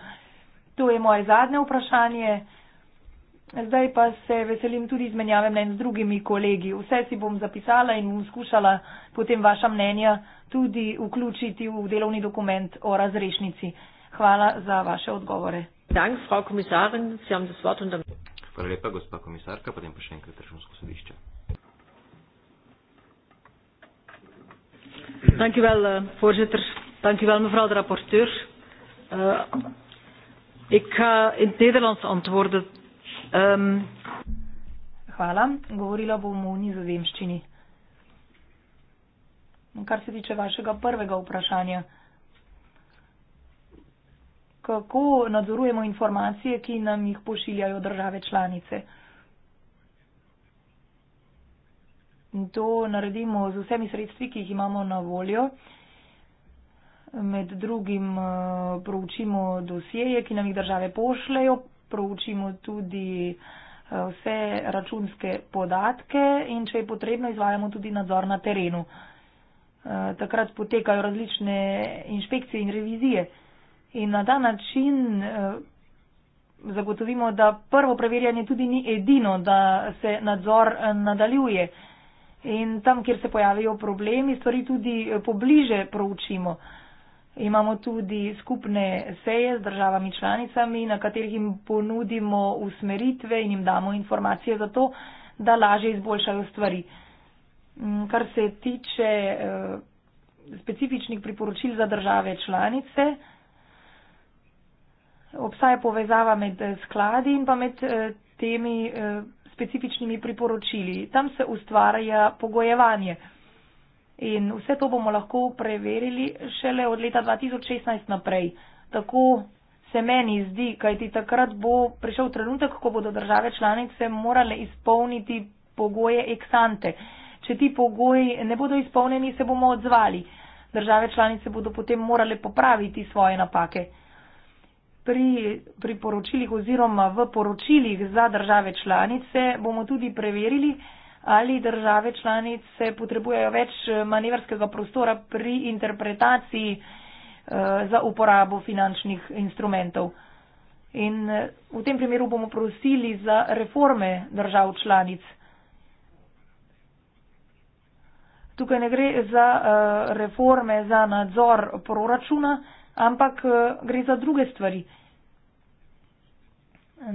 To je moje zadnje vprašanje. Zdaj pa se veselim tudi izmenjave mnen z drugimi kolegi. Vse si bom zapisala in bom skušala potem vaša mnenja tudi vključiti v delovni dokument o razrešnici. Hvala za vaše odgovore. Dank, frau komisarin, Sie haben das Wort unter... Hvala lepa, gospa komisarka, potem pa še enkrat državno sodišče. Dank je wel, eh, voorzitter. Dank je wel, mevrouw de rapporteur. Uh, ik ga in het Nederlands antwoorden. Um, Hvala. Govorila bom o nizozemščini. Kar se tiče vašega prvega vprašanja, kako nadzorujemo informacije, ki nam jih pošiljajo države članice? In to naredimo z vsemi sredstvi, ki jih imamo na voljo. Med drugim eh, proučimo dosjeje, ki nam jih države pošljajo, proučimo tudi eh, vse računske podatke in če je potrebno, izvajamo tudi nadzor na terenu. Eh, takrat potekajo različne inšpekcije in revizije in na ta način eh, zagotovimo, da prvo preverjanje tudi ni edino, da se nadzor nadaljuje in tam, kjer se pojavijo problemi, stvari tudi pobliže proučimo. Imamo tudi skupne seje z državami članicami, na katerih jim ponudimo usmeritve in jim damo informacije za to, da lažje izboljšajo stvari. Mm, kar se tiče eh, specifičnih priporočil za države članice, obstaja povezava med eh, skladi in pa med eh, temi specifičnimi priporočili. Tam se ustvarja pogojevanje. In vse to bomo lahko preverili šele od leta 2016 naprej. Tako se meni zdi, kajti takrat bo prišel trenutek, ko bodo države članice morale izpolniti pogoje eksante. Če ti pogoji ne bodo izpolnjeni, se bomo odzvali. Države članice bodo potem morale popraviti svoje napake. Pri priporočilih oziroma v poročilih za države članice bomo tudi preverili, ali države članice potrebujejo več eh, manevrskega prostora pri interpretaciji eh, za uporabo finančnih instrumentov. In eh, v tem primeru bomo prosili za reforme držav članic. Tukaj ne gre za reforme za nadzor proračuna, ampak gre za druge stvari.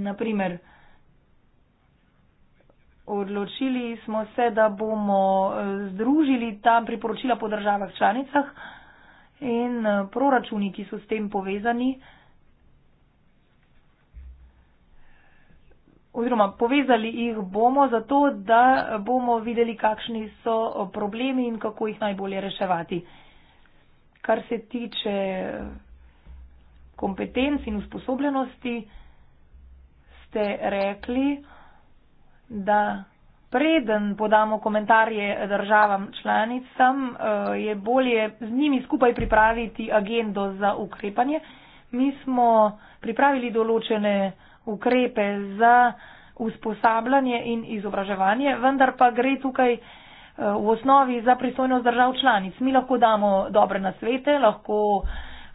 Naprimer, Odločili smo se, da bomo eh, združili ta priporočila po državah članicah in eh, proračuni, ki so s tem povezani, oziroma povezali jih bomo zato, da bomo videli, kakšni so problemi in kako jih najbolje reševati. Kar se tiče kompetenc in usposobljenosti, ste rekli, da preden podamo komentarje državam članicam, eh, je bolje z njimi skupaj pripraviti agendo za ukrepanje. Mi smo pripravili določene ukrepe za usposabljanje in izobraževanje, vendar pa gre tukaj eh, v osnovi za pristojnost držav članic. Mi lahko damo dobre nasvete, lahko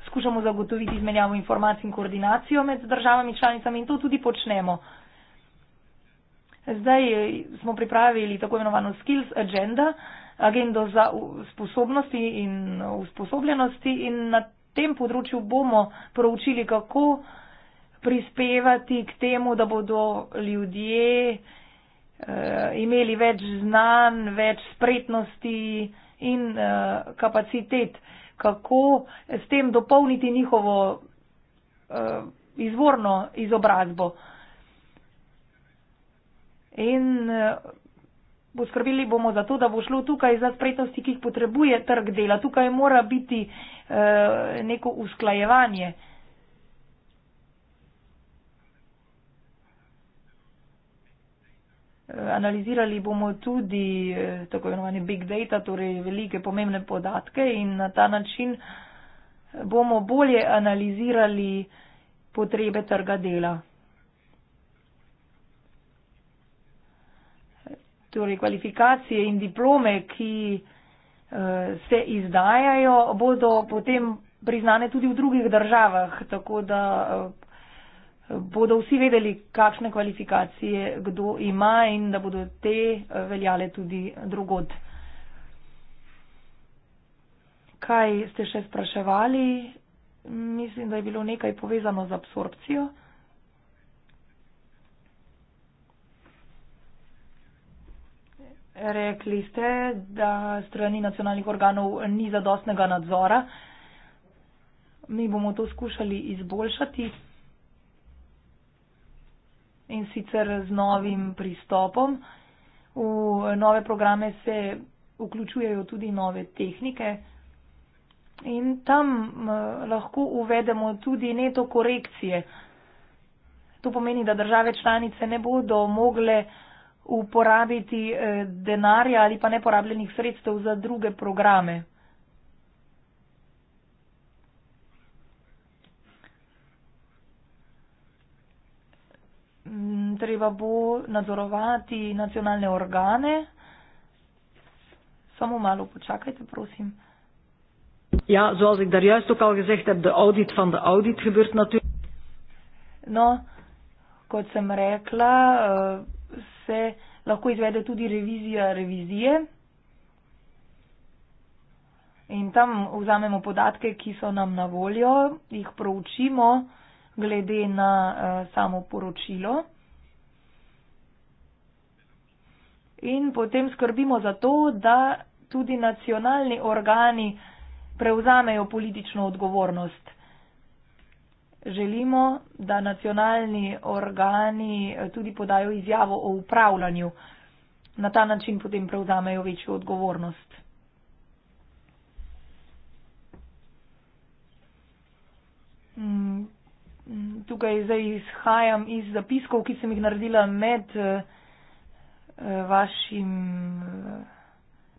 skušamo zagotoviti izmenjavo informacij in koordinacijo med državami članicami in to tudi počnemo. Zdaj eh, smo pripravili tako imenovano skills agenda, agendo za sposobnosti in usposobljenosti in na tem področju bomo proučili, kako prispevati k temu, da bodo ljudje eh, imeli več znanj, več spretnosti in eh, kapacitet, kako s tem dopolniti njihovo eh, izvorno izobrazbo in eh, poskrbeli bomo za to, da bo šlo tukaj za spretnosti, ki jih potrebuje trg dela. Tukaj mora biti eh, neko usklajevanje. Eh, analizirali bomo tudi tako imenovane big data, torej velike pomembne podatke in na ta način bomo bolje analizirali potrebe trga dela. torej kvalifikacije in diplome, ki uh, se izdajajo, bodo potem priznane tudi v drugih državah, tako da eh, bodo vsi vedeli, kakšne kvalifikacije kdo ima in da bodo te eh, veljale tudi drugod. Kaj ste še spraševali? Mislim, da je bilo nekaj povezano z absorpcijo. Rekli ste, da strani nacionalnih organov ni zadostnega nadzora. Mi bomo to skušali izboljšati in sicer z novim pristopom. V nove programe se vključujejo tudi nove tehnike in tam lahko uvedemo tudi neto korekcije. To pomeni, da države članice ne bodo mogle uporabiti eh, denarja ali pa neporabljenih sredstev za druge programe. Mm, treba bo nadzorovati nacionalne organe. Samo malo počakajte, prosim. Ja, zoals ik daar juist ook al gezegd heb, de audit van de audit gebeurt natuurlijk. No, kot sem rekla, uh se lahko izvede tudi revizija revizije. In tam vzamemo podatke, ki so nam na voljo, jih proučimo glede na uh, samo poročilo. In potem skrbimo za to, da tudi nacionalni organi prevzamejo politično odgovornost želimo, da nacionalni organi eh, tudi podajo izjavo o upravljanju. Na ta način potem prevzamejo večjo odgovornost. Mm, mm, tukaj zdaj izhajam iz zapiskov, ki sem jih naredila med eh, eh, vašim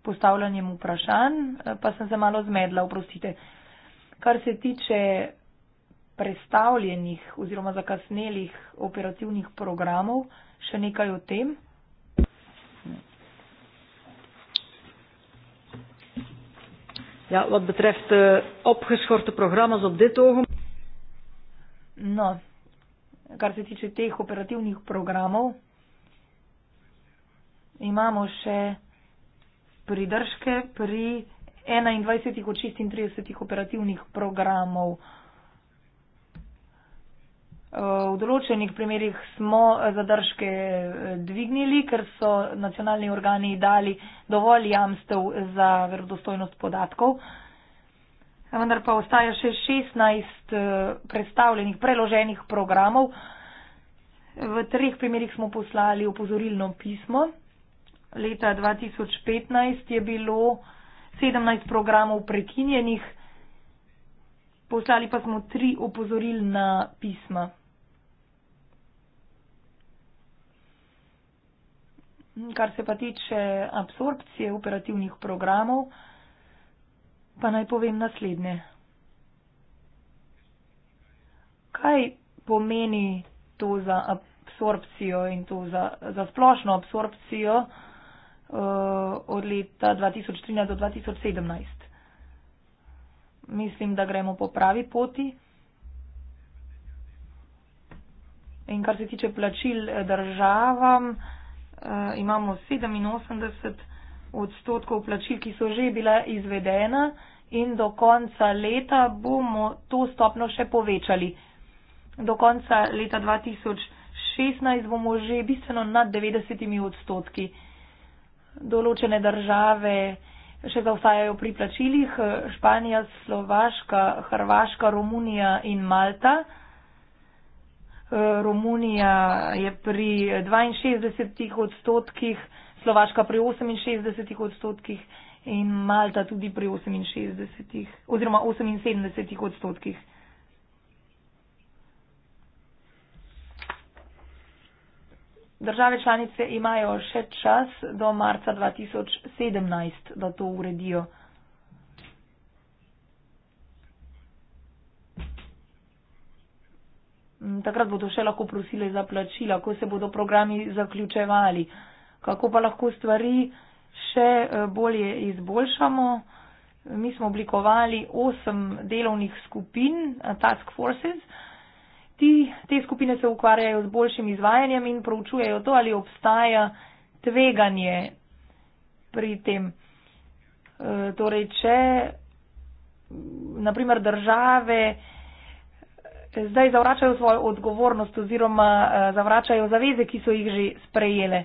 postavljanjem vprašanj, pa sem se malo zmedla, oprostite. Kar se tiče prestavljenih oziroma zakasnelih operativnih programov, še nekaj o tem? Ja, wat betreft de eh, opgeschorte programma's op dit ogenblik. No, kar se tiče teh operativnih programov, imamo še pridržke pri 21 od 36 operativnih programov. Eh, v določenih primerjih smo eh, zadržke eh, dvignili, ker so nacionalni organi dali dovolj jamstev za verodostojnost podatkov. Vendar pa ostaja še 16 predstavljenih, preloženih programov. V treh primerjih smo poslali opozorilno pismo. Leta 2015 je bilo 17 programov prekinjenih, poslali pa smo tri opozorilna pisma. Kar se pa tiče absorpcije operativnih programov, pa naj povem naslednje. Kaj pomeni to za absorpcijo in to za, za splošno absorpcijo uh, od leta 2013 do 2017? Mislim, da gremo po pravi poti. In kar se tiče plačil eh, državam, uh, imamo 87 odstotkov plačil, ki so že bila izvedena in do konca leta bomo to stopno še povečali. Do konca leta 2016 bomo že bistveno nad 90 odstotki. Določene države še zaostajajo pri plačilih, Španija, Slovaška, Hrvaška, Romunija in Malta. Romunija je pri 62 odstotkih, Slovaška pri 68 odstotkih in Malta tudi pri 68 oziroma 78 odstotkih. Države članice imajo še čas do marca 2017, da to uredijo. Mm, takrat bodo še lahko prosili za plačila, ko se bodo programi zaključevali. Kako pa lahko stvari še eh, bolje izboljšamo? Mi smo oblikovali osem delovnih skupin, eh, task forces. Ti, te skupine se ukvarjajo z boljšim izvajanjem in proučujejo to, ali obstaja tveganje pri tem. E, torej, če naprimer države zdaj zavračajo svojo odgovornost oziroma eh, zavračajo zaveze, ki so jih že sprejele.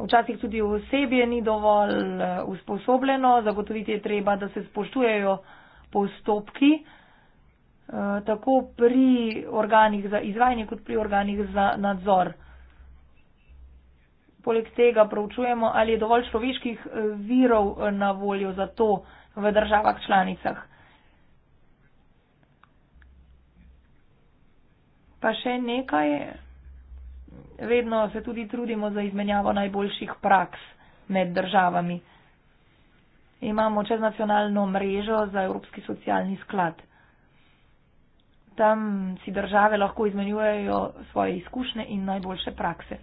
Včasih tudi osebje ni dovolj eh, usposobljeno, zagotoviti je treba, da se spoštujejo postopki, eh, tako pri organih za izvajanje, kot pri organih za nadzor. Poleg tega pravčujemo, ali je dovolj človeških virov na voljo za to v državah članicah. Pa še nekaj, vedno se tudi trudimo za izmenjavo najboljših praks med državami. Imamo čeznacionalno mrežo za Evropski socialni sklad. Tam si države lahko izmenjujejo svoje izkušnje in najboljše prakse.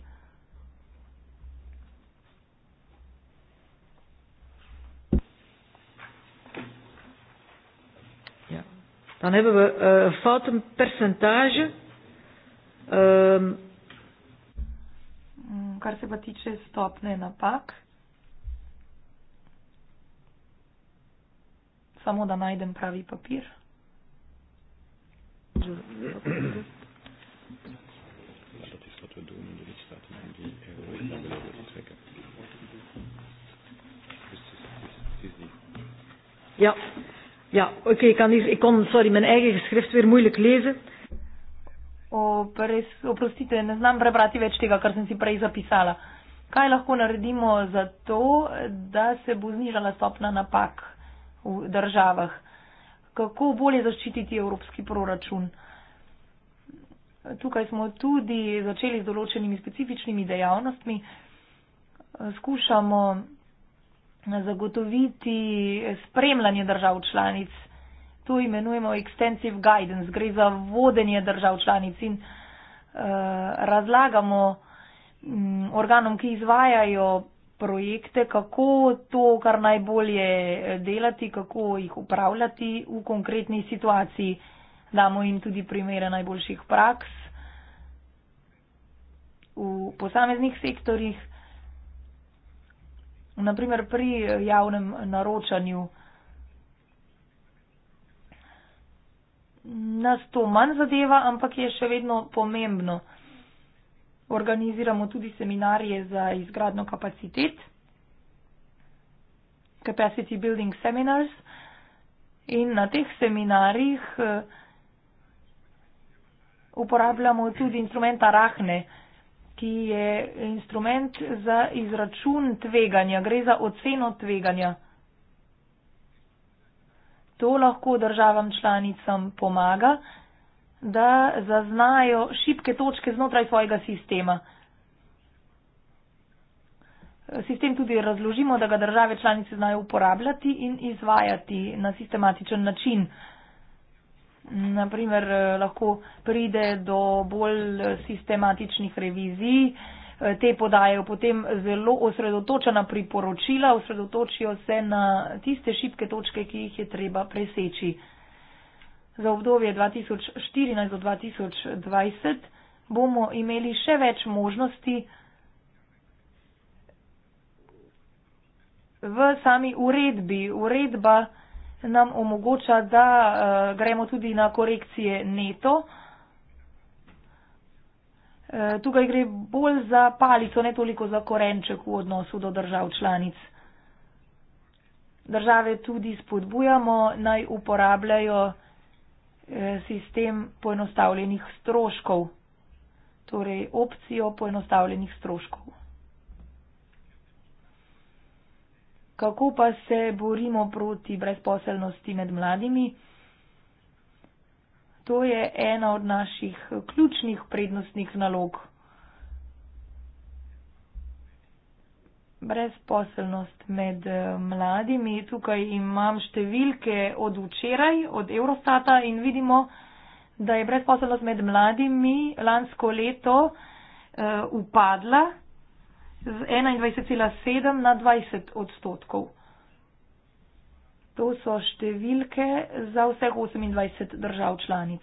Ja. Dan hebben we eh, een uh, foutenpercentage. Um, kar se pa tiče stopne napak, samo da najdem pravi papir. Ja, ja oké, okay, ik, ik kon sorry, mijn eigen geschrift weer moeilijk lezen. O, res, oprostite, ne znam prebrati več tega, kar sem si prej zapisala. Kaj lahko naredimo za to, da se bo znižala stopna napak v državah? Kako bolje zaščititi evropski proračun? Tukaj smo tudi začeli z določenimi specifičnimi dejavnostmi. Skušamo zagotoviti spremljanje držav članic to imenujemo extensive guidance, gre za vodenje držav članic in eh, razlagamo mm, organom, ki izvajajo projekte, kako to kar najbolje eh, delati, kako jih upravljati v konkretni situaciji. Damo jim tudi primere najboljših praks v posameznih sektorjih, naprimer pri eh, javnem naročanju. nas to manj zadeva, ampak je še vedno pomembno. Organiziramo tudi seminarije za izgradno kapacitet, capacity building seminars. In na teh seminarjih eh, uporabljamo tudi instrumenta Rahne, ki je instrument za izračun tveganja, gre za oceno tveganja to lahko državam članicam pomaga, da zaznajo šibke točke znotraj svojega sistema. Sistem tudi razložimo, da ga države članice znajo uporabljati in izvajati na sistematičen način. Naprimer, eh, lahko pride do bolj sistematičnih revizij, Eh, te podajo potem zelo osredotočena priporočila, osredotočijo se na tiste šibke točke, ki jih je treba preseči. Za obdobje 2014 do 2020 bomo imeli še več možnosti v sami uredbi. Uredba nam omogoča, da uh, gremo tudi na korekcije neto. Uh, Eh, tukaj gre bolj za palico, ne toliko za korenček v odnosu do držav članic. Države tudi spodbujamo naj uporabljajo eh, sistem poenostavljenih stroškov, torej opcijo poenostavljenih stroškov. Kako pa se borimo proti brezposelnosti med mladimi? to je ena od naših ključnih prednostnih nalog. Brezposelnost med eh, mladimi. Tukaj imam številke od včeraj, od Eurostata in vidimo, da je brezposelnost med mladimi lansko leto eh, upadla z 21,7 na 20 odstotkov. To so številke za vseh 28 držav članic.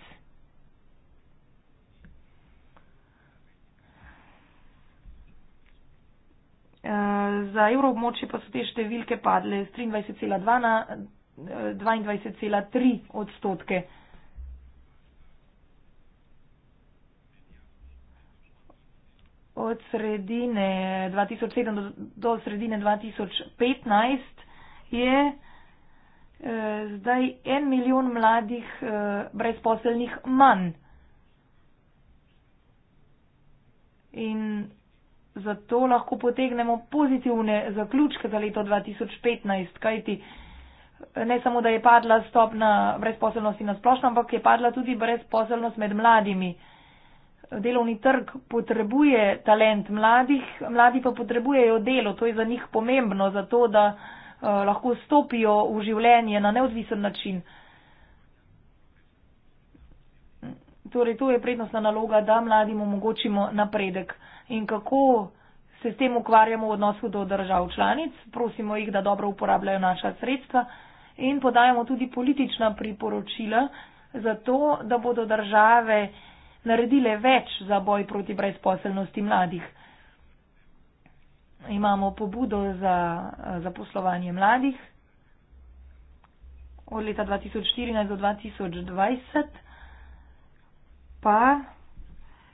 Eh, za evroobmočje pa so te številke padle z 23,2 na 22,3 eh, odstotke. Od sredine 2007 do, do sredine 2015 je. Eh, zdaj en milijon mladih eh, brezposelnih manj. In zato lahko potegnemo pozitivne zaključke za leto 2015, kajti eh, ne samo, da je padla stopna brezposelnosti na splošno, ampak je padla tudi brezposelnost med mladimi. Delovni trg potrebuje talent mladih, mladi pa potrebujejo delo, to je za njih pomembno, zato da Eh, lahko stopijo v življenje na neodvisen način. Torej, to je prednostna naloga, da mladim omogočimo napredek. In kako se s tem ukvarjamo v odnosu do držav članic, prosimo jih, da dobro uporabljajo naša sredstva in podajamo tudi politična priporočila za to, da bodo države naredile več za boj proti brezposelnosti mladih imamo pobudo za eh, zaposlovanje mladih od leta 2014 do 2020, pa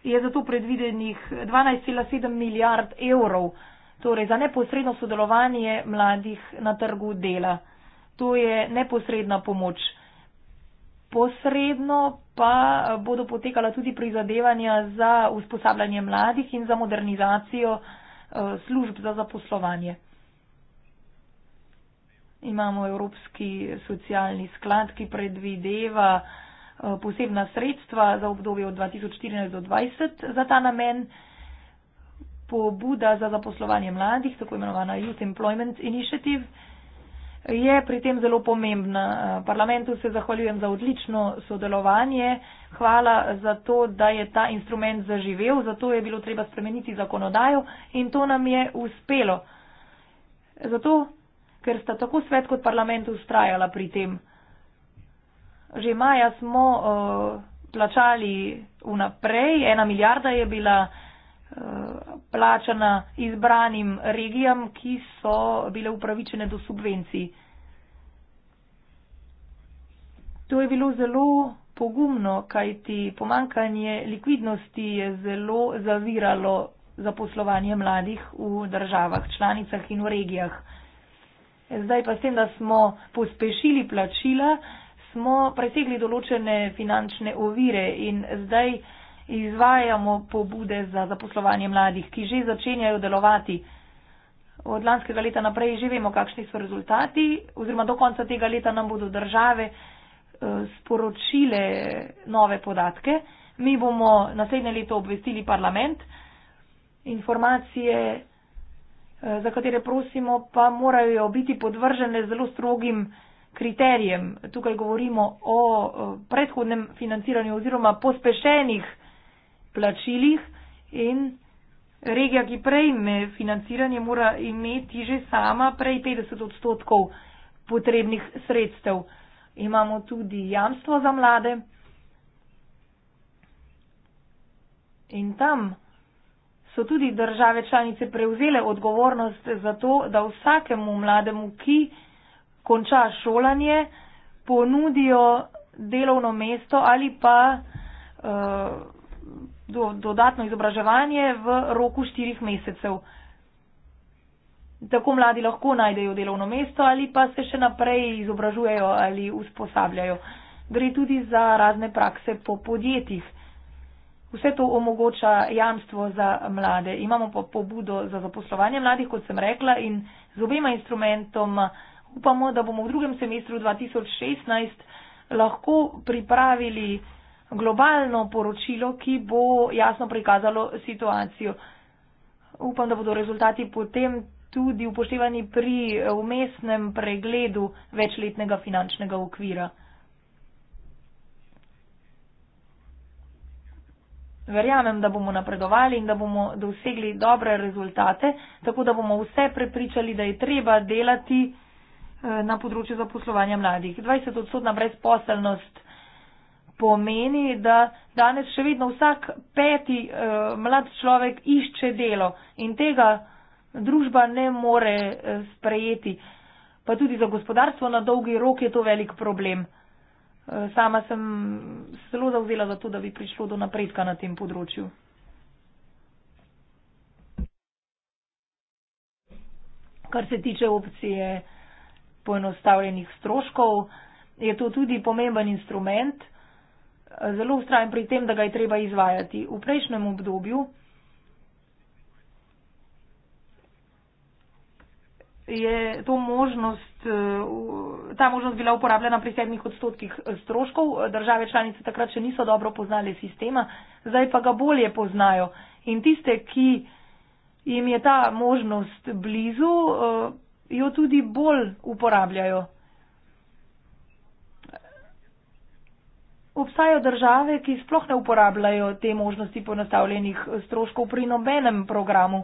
je zato predvidenih 12,7 milijard evrov, torej za neposredno sodelovanje mladih na trgu dela. To je neposredna pomoč. Posredno pa bodo potekala tudi prizadevanja za usposabljanje mladih in za modernizacijo Eh, služb za zaposlovanje. Imamo Evropski socialni sklad, ki predvideva eh, posebna sredstva za obdobje od 2014 do 2020 za ta namen. Pobuda za zaposlovanje mladih, tako imenovana Youth Employment Initiative, je pri tem zelo pomembna. Eh, parlamentu se zahvaljujem za odlično sodelovanje. Hvala za to, da je ta instrument zaživel, zato je bilo treba spremeniti zakonodajo in to nam je uspelo. Zato, ker sta tako svet kot parlament ustrajala pri tem. Že maja smo uh, plačali vnaprej, ena milijarda je bila plačana izbranim regijam, ki so bile upravičene do subvencij. To je bilo zelo pogumno, kajti pomankanje likvidnosti je zelo zaviralo zaposlovanje mladih v državah, članicah in v regijah. Zdaj pa s tem, da smo pospešili plačila, smo presegli določene finančne ovire in zdaj izvajamo pobude za zaposlovanje mladih, ki že začenjajo delovati. Od lanskega leta naprej že vemo, kakšni so rezultati, oziroma do konca tega leta nam bodo države eh, sporočile nove podatke. Mi bomo naslednje leto obvestili parlament. Informacije, eh, za katere prosimo, pa morajo biti podvržene zelo strogim kriterijem. Tukaj govorimo o eh, predhodnem financiranju oziroma pospešenih plačilih in regija, ki prejme financiranje, mora imeti že sama prej 50 odstotkov potrebnih sredstev. Imamo tudi jamstvo za mlade in tam so tudi države članice prevzele odgovornost za to, da vsakemu mlademu, ki konča šolanje, ponudijo delovno mesto ali pa uh, do, dodatno izobraževanje v roku štirih mesecev. Tako mladi lahko najdejo delovno mesto ali pa se še naprej izobražujejo ali usposabljajo. Gre tudi za razne prakse po podjetjih. Vse to omogoča jamstvo za mlade. Imamo pa pobudo za zaposlovanje mladih, kot sem rekla, in z obema instrumentoma upamo, da bomo v drugem semestru 2016 lahko pripravili globalno poročilo, ki bo jasno prikazalo situacijo. Upam, da bodo rezultati potem tudi upoštevani pri umestnem pregledu večletnega finančnega okvira. Verjamem, da bomo napredovali in da bomo dosegli dobre rezultate, tako da bomo vse prepričali, da je treba delati eh, na področju zaposlovanja mladih. 20-odstotna brezposelnost pomeni, da danes še vedno vsak peti uh, mlad človek išče delo in tega družba ne more uh, sprejeti. Pa tudi za gospodarstvo na dolgi rok je to velik problem. Uh, sama sem zelo zauzela za to, da bi prišlo do napredka na tem področju. Kar se tiče opcije poenostavljenih stroškov, je to tudi pomemben instrument. Uh, zelo ustrajen pri tem, da ga je treba izvajati. V prejšnjem obdobju je možnost, eh, ta možnost bila uporabljena pri sedmih odstotkih stroškov. Države članice takrat še niso dobro poznali sistema, zdaj pa ga bolje poznajo. In tiste, ki jim je ta možnost blizu, eh, jo tudi bolj uporabljajo. Obstajajo države, ki sploh ne uporabljajo te možnosti ponastavljenih stroškov pri nobenem programu.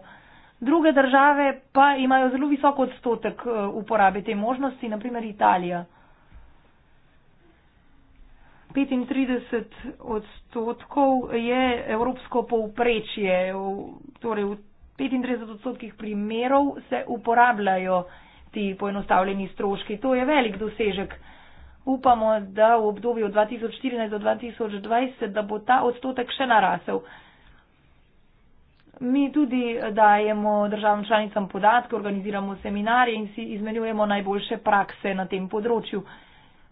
Druge države pa imajo zelo visok odstotek eh, uporabe te možnosti, naprimer Italija. 35 odstotkov je evropsko povprečje, torej v 35 odstotkih primerov se uporabljajo ti poenostavljeni stroški. To je velik dosežek upamo, da v obdobju 2014 do 2020, da bo ta odstotek še narasel. Mi tudi dajemo državam članicam podatke, organiziramo seminarje in si izmenjujemo najboljše prakse na tem področju.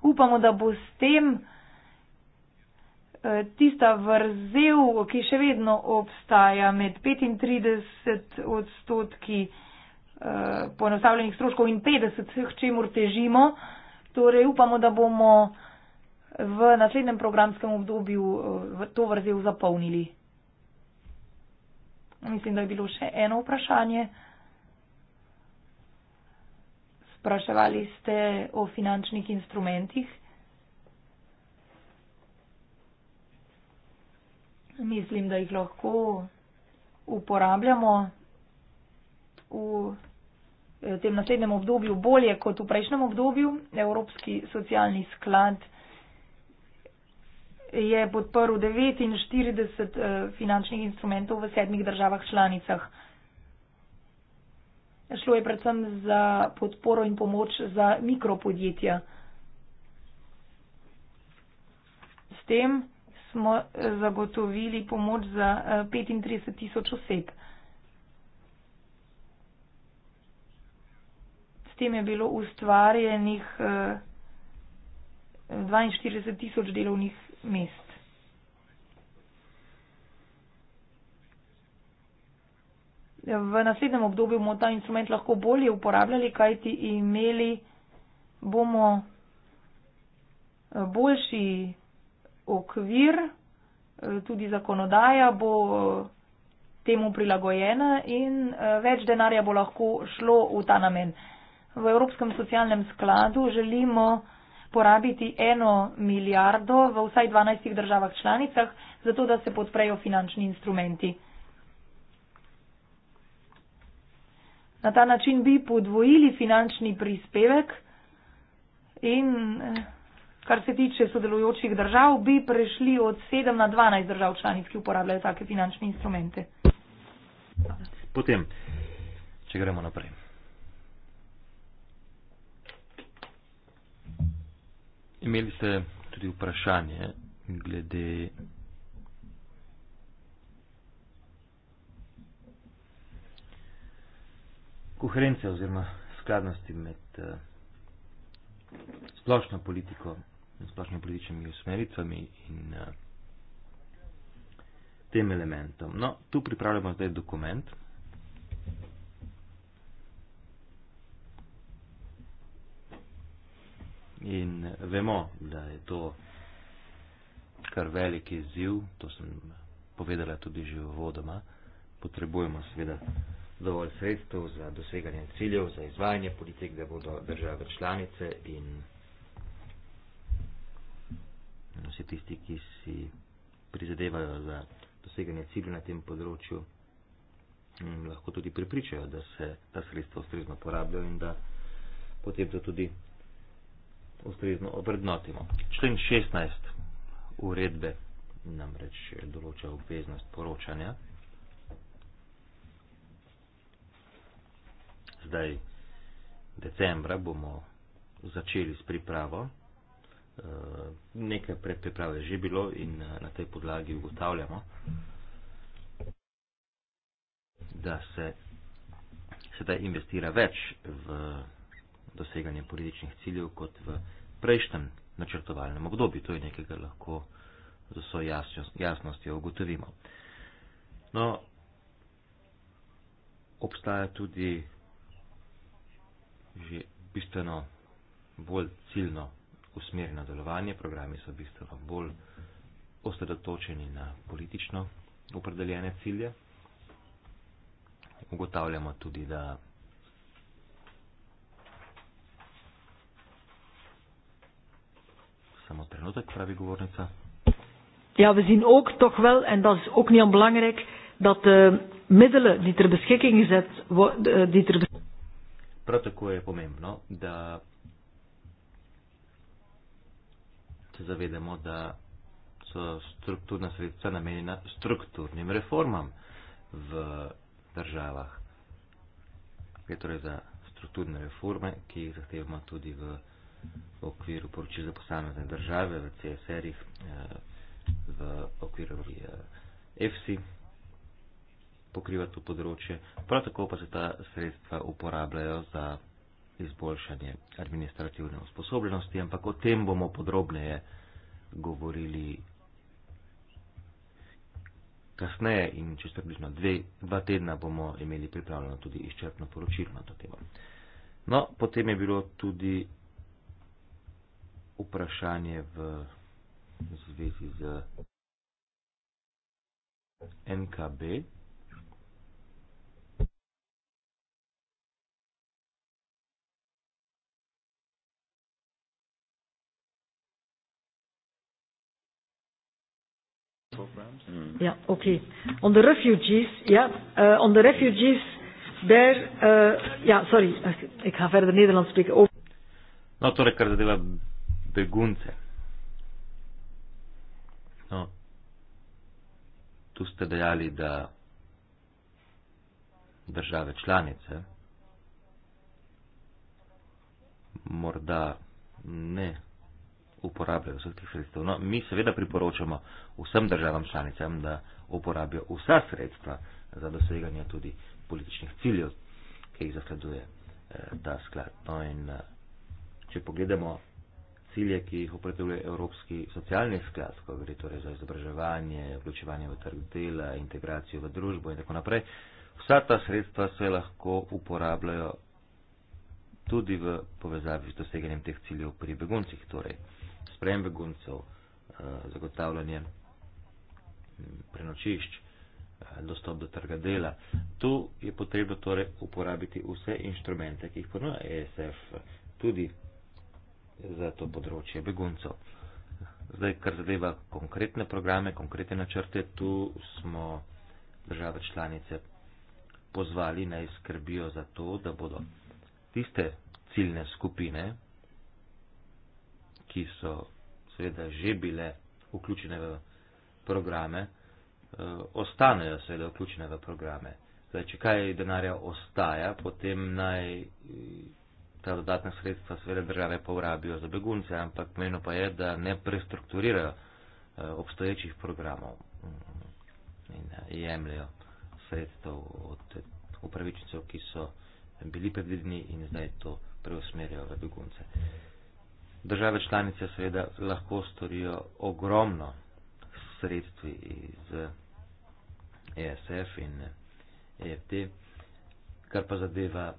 Upamo, da bo s tem eh, tista vrzel, ki še vedno obstaja med 35 odstotki eh, ponostavljenih stroškov in 50, če mor težimo, Torej upamo, da bomo v naslednjem programskem obdobju eh, to vrzel zapolnili. Mislim, da je bilo še eno vprašanje. Spraševali ste o finančnih instrumentih. Mislim, da jih lahko uporabljamo v v tem naslednjem obdobju bolje kot v prejšnjem obdobju. Evropski socialni sklad je podprl 49 eh, finančnih instrumentov v sedmih državah članicah. Šlo je predvsem za podporo in pomoč za mikropodjetja. S tem smo eh, zagotovili pomoč za 35 eh, tisoč oseb. tem je bilo ustvarjenih 42 eh, tisoč delovnih mest. V naslednjem obdobju bomo ta instrument lahko bolje uporabljali, kajti imeli bomo eh, boljši okvir, eh, tudi zakonodaja bo temu prilagojena in več denarja bo lahko šlo v ta namen. V Evropskem socialnem skladu želimo porabiti eno milijardo v vsaj 12 državah članicah, zato da se podprejo finančni instrumenti. Na ta način bi podvojili finančni prispevek in eh, kar se tiče sodelujočih držav, bi prešli od 7 na 12 držav članic, ki uporabljajo take finančne instrumente. Potem, če gremo naprej. Imeli ste tudi vprašanje glede koherence oziroma skladnosti med uh, splošno politiko in splošnimi političnimi usmeritvami in uh, tem elementom. No, tu pripravljamo zdaj dokument, in vemo, da je to kar veliki izziv, to sem povedala tudi že v vodoma. Potrebujemo seveda dovolj sredstev za doseganje ciljev, za izvajanje politik, da bodo države članice in vsi tisti, ki si prizadevajo za doseganje ciljev na tem področju, lahko tudi pripričajo, da se ta sredstva ustrezno porabljajo in da potem to tudi ustrezno obrednotimo. Člen 16 uredbe namreč določa obveznost poročanja. Zdaj, decembra, bomo začeli s pripravo. Eh, nekaj predpriprave je že bilo in eh, na tej podlagi ugotavljamo, da se sedaj investira več v doseganje političnih ciljev kot v prejšnjem načrtovalnem obdobju. To je nekaj, kar lahko z vso jasnostjo ugotovimo. No, obstaja tudi že bistveno bolj ciljno usmerjeno delovanje, programi so bistveno bolj osredotočeni na politično opredeljene cilje. Ugotavljamo tudi, da samo trenutek, pravi govornica. Ja, we zien ook toch wel, en dat is ook niet onbelangrijk, dat de middelen die ter beschikking gezet worden. Bes... Protocol je pomembno, da se zavedamo, da so strukturna sredstva namenjena strukturnim reformam v državah. Gre torej za strukturne reforme, ki jih zahtevamo tudi v v okviru poročil za posamezne države v CSR-ih, eh, v okviru EFSI eh, pokriva to področje. Prav tako pa se ta sredstva uporabljajo za izboljšanje administrativne usposobljenosti, ampak o tem bomo podrobneje govorili kasneje in čez približno dve, dva tedna bomo imeli pripravljeno tudi izčrpno poročilo na to temo. No, potem je bilo tudi vprašanje v zvezi z NKB. Yeah, ja, okay. On the refugees, yeah, ja, uh, on the refugees, there, uh, eh, yeah, ja, sorry, eh, I have heard the Netherlands speak. Oh. No, sorry, torej, begunce. No, tu ste dejali, da države članice morda ne uporabljajo vseh teh sredstev. No, mi seveda priporočamo vsem državam članicam, da uporabijo vsa sredstva za doseganje tudi političnih ciljev, ki jih zasleduje eh, ta sklad. No, in, eh, če pogledamo cilje, ki jih opredeljuje Evropski socialni sklad, ko gre torej za izobraževanje, vključevanje v trg dela, integracijo v družbo in tako naprej. Vsa ta sredstva se lahko uporabljajo tudi v povezavi z doseganjem teh ciljev pri beguncih, torej sprejem beguncev, eh, zagotavljanje mm, prenočišč, eh, dostop do trga dela. Tu je potrebno torej uporabiti vse inštrumente, ki jih ponuja ESF, tudi za to področje beguncev. Zdaj, kar zadeva konkretne programe, konkretne načrte, tu smo države članice pozvali naj skrbijo za to, da bodo tiste ciljne skupine, ki so seveda že bile vključene v programe, eh, ostanejo seveda vključene v programe. Zdaj, če kaj denarja ostaja, potem naj ta dodatna sredstva seveda države pa urabijo za begunce, ampak pomeno pa je, da ne prestrukturirajo eh, obstoječih programov mm, in eh, jemljajo sredstev od upravičencev, ki so bili predvideni in zdaj to preusmerjajo v begunce. Države članice seveda lahko storijo ogromno sredstvi iz ESF eh, e in EFT, e kar pa zadeva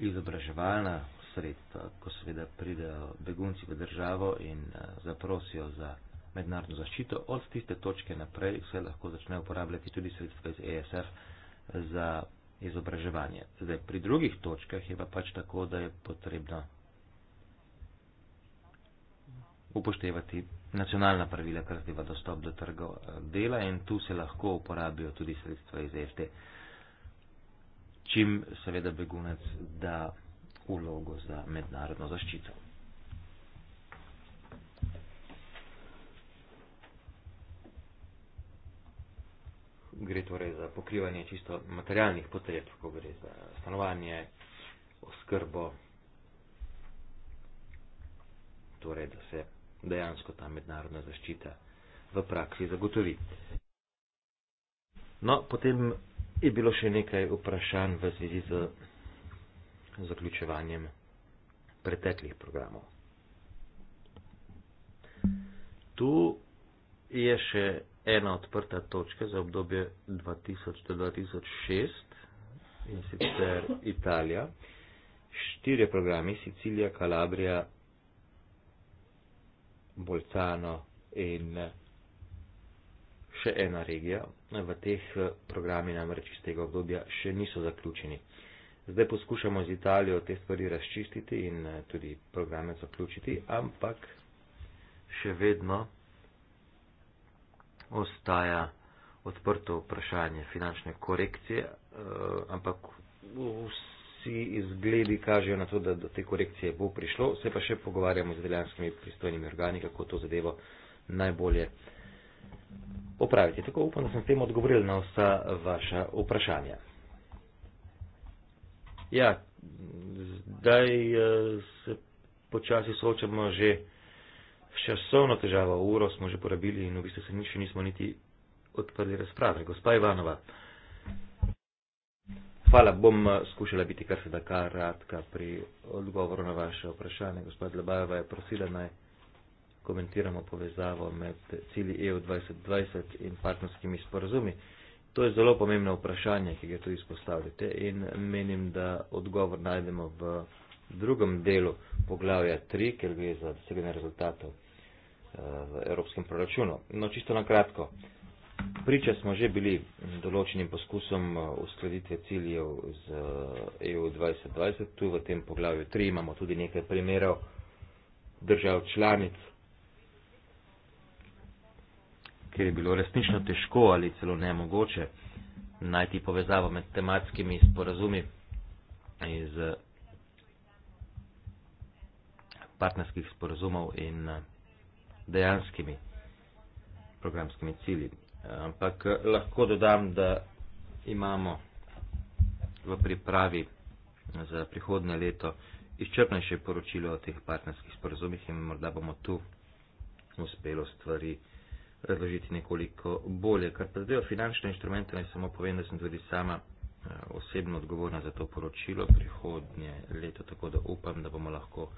izobraževalna sredstva, ko seveda pridejo begunci v državo in eh, zaprosijo za mednarodno zaščito, od tiste točke naprej se lahko začne uporabljati tudi sredstva iz ESF za izobraževanje. Zdaj, pri drugih točkah je pa pač tako, da je potrebno upoštevati nacionalna pravila, kar zdaj dostop do trgov eh, dela in tu se lahko uporabijo tudi sredstva iz EFT čim seveda begunec da ulogo za mednarodno zaščito. Gre torej za pokrivanje čisto materialnih potreb, ko gre za stanovanje, oskrbo, torej da se dejansko ta mednarodna zaščita v praksi zagotovi. No, potem je bilo še nekaj vprašanj v zvezi z zaključevanjem preteklih programov. Tu je še ena odprta točka za obdobje 2000-2006 in sicer Italija. Štirje programi Sicilija, Kalabrija, Bolcano in še ena regija. V teh eh, programih namreč iz tega obdobja še niso zaključeni. Zdaj poskušamo z Italijo te stvari razčistiti in eh, tudi programe zaključiti, ampak še vedno ostaja odprto vprašanje finančne korekcije, eh, ampak vsi izgledi kažejo na to, da do te korekcije bo prišlo. Se pa še pogovarjamo z italijanskimi pristojnimi organi, kako to zadevo najbolje popraviti. Tako upam, da sem s tem odgovoril na vsa vaša vprašanja. Ja, zdaj eh, se počasi soočamo že s časovno težavo. Uro smo že porabili in v bistvu se nič nismo niti odprli razprave. Gospa Ivanova, hvala, bom eh, skušala biti kar se da kar radka pri odgovoru na vaše vprašanje. Gospod Lebajeva je prosila naj. Je komentiramo povezavo med cilji EU 2020 in partnerskimi sporazumi. To je zelo pomembno vprašanje, ki ga tu izpostavljate in menim, da odgovor najdemo v drugem delu poglavja 3, ker gre za doseganje rezultatov eh, v evropskem proračunu. No, čisto na kratko. Priča smo že bili določenim poskusom eh, uskladitve ciljev z EU eh, e 2020. Tu v tem poglavju 3 imamo tudi nekaj primerov držav članic kjer je bilo resnično težko ali celo nemogoče najti povezavo med tematskimi sporazumi iz eh, partnerskih sporazumov in eh, dejanskimi programskimi cilji. Ampak eh, lahko dodam, da imamo v pripravi za prihodne leto izčrpnejše poročilo o teh partnerskih sporazumih in morda bomo tu uspelo stvari razložiti nekoliko bolje. Kar predvejo finančne inštrumente, naj samo povem, da sem tudi sama eh, osebno odgovorna za to poročilo prihodnje leto, tako da upam, da bomo lahko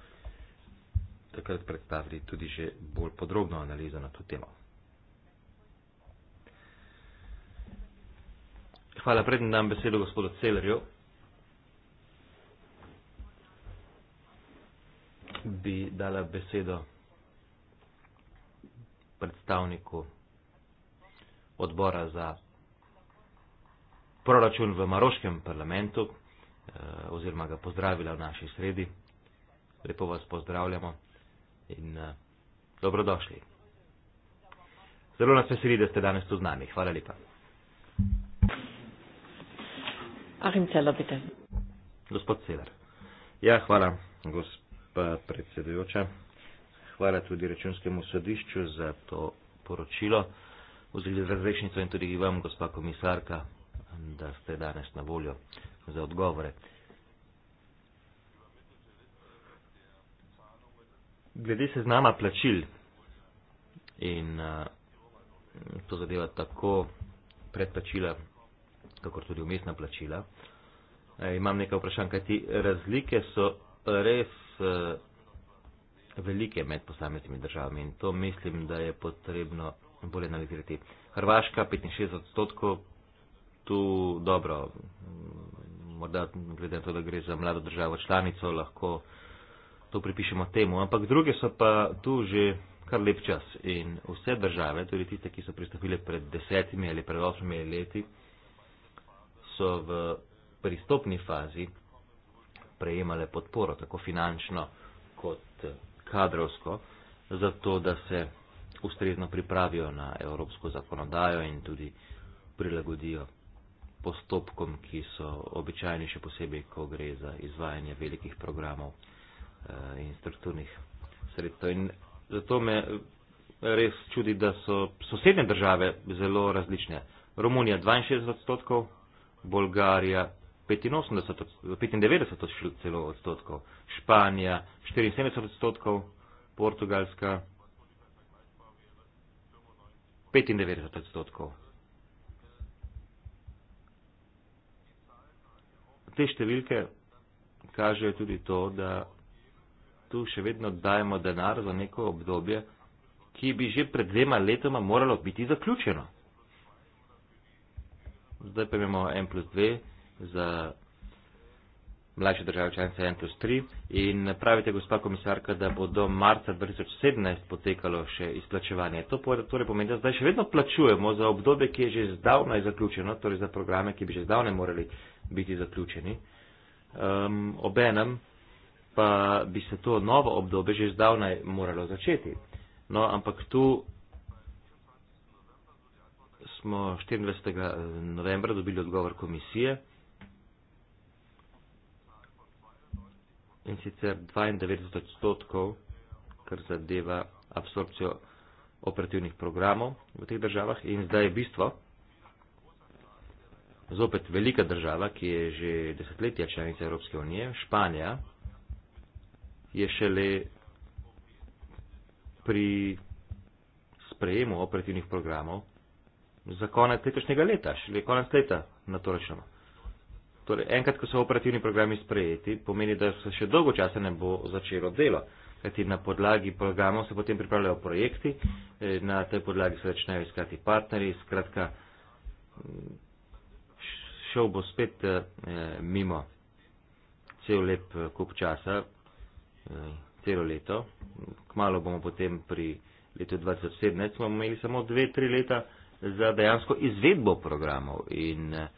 takrat predstavili tudi že bolj podrobno analizo na to temo. Hvala, prednjem dam besedo gospodu Celerju. Bi dala besedo predstavniku odbora za proračun v Maroškem parlamentu eh, oziroma ga pozdravila v naši sredi. Lepo vas pozdravljamo in eh, dobrodošli. Zelo nas veseli, da ste danes tu z nami. Hvala lepa. Ahim celo bite. Gospod Sever. Ja, hvala, gospa predsedujoča hvala tudi računskemu sodišču za to poročilo. Vzeli razrešnico in tudi vam, gospa komisarka, da ste danes na voljo za odgovore. Glede seznama plačil in to zadeva tako predplačila, kakor tudi umestna plačila, imam nekaj vprašanj, kajti razlike so res velike med posameznimi državami in to mislim, da je potrebno bolj analizirati. Hrvaška 65 odstotkov, tu dobro, morda glede na to, da gre za mlado državo članico, lahko to pripišemo temu, ampak druge so pa tu že kar lep čas in vse države, tudi tiste, ki so pristopile pred desetimi ali pred osmimi leti, so v pristopni fazi prejemale podporo, tako finančno kot kadrovsko, zato da se ustrezno pripravijo na evropsko zakonodajo in tudi prilagodijo postopkom, ki so običajni, še posebej, ko gre za izvajanje velikih programov eh, in strukturnih sredstev. In zato me res čudi, da so sosednje države zelo različne. Romunija 62 odstotkov, Bolgarija 85, 95 celo odstotkov, Španija 74 odstotkov, Portugalska 95 odstotkov. Te številke kažejo tudi to, da tu še vedno dajemo denar za neko obdobje, ki bi že pred dvema letoma moralo biti zaključeno. Zdaj pa imamo 1 plus 2 za mlajše države članice 1 plus 3 in pravite, gospa komisarka, da bo do marca 2017 potekalo še izplačevanje. To torej pomeni, da zdaj še vedno plačujemo za obdobje, ki je že zdavnaj zaključeno, torej za programe, ki bi že zdavnaj morali biti zaključeni. Um, obenem pa bi se to novo obdobje že zdavnaj moralo začeti. No, ampak tu smo 24. novembra dobili odgovor komisije, in sicer 92 odstotkov, kar zadeva absorpcijo operativnih programov v teh državah. In zdaj je bistvo, zopet velika država, ki je že desetletja članica Evropske unije, Španija, je šele pri sprejemu operativnih programov za konec letošnjega leta, šele konec leta na to računamo. Torej, enkrat, ko so operativni programi sprejeti, pomeni, da se še dolgo časa ne bo začelo delo. Kajti na podlagi programov se potem pripravljajo projekti, eh, na tej podlagi se začnejo iskati partnerji, skratka, šel bo spet eh, mimo cel lep eh, kup časa, eh, celo leto. Kmalo bomo potem pri letu 2017, smo imeli samo dve, tri leta za dejansko izvedbo programov. In, eh,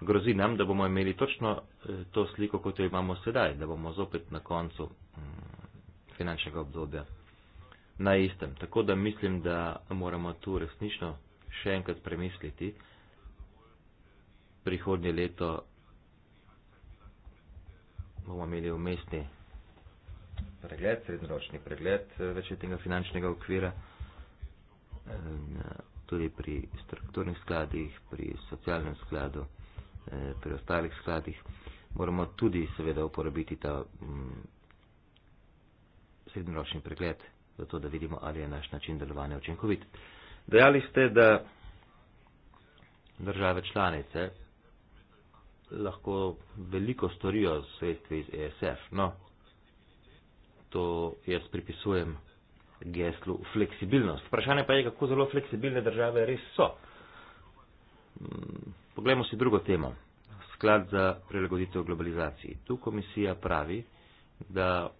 grozi nam, da bomo imeli točno eh, to sliko, kot jo imamo sedaj, da bomo zopet na koncu mm, finančnega obdobja na istem. Tako da mislim, da moramo tu resnično še enkrat premisliti prihodnje leto bomo imeli umestni pregled, srednjeročni pregled eh, večletnega finančnega okvira, eh, tudi pri strukturnih skladih, pri socialnem skladu. Eh, pri ostalih skladih, moramo tudi seveda uporabiti ta mm, srednjeročni pregled, zato da vidimo, ali je naš način delovanja učinkovit. Dejali ste, da države članice lahko veliko storijo z sredstvi iz ESF. No, to jaz pripisujem geslu fleksibilnost. Vprašanje pa je, kako zelo fleksibilne države res so. Mm, Poglejmo si drugo temo. Sklad za prilagoditev globalizaciji. Tu komisija pravi, da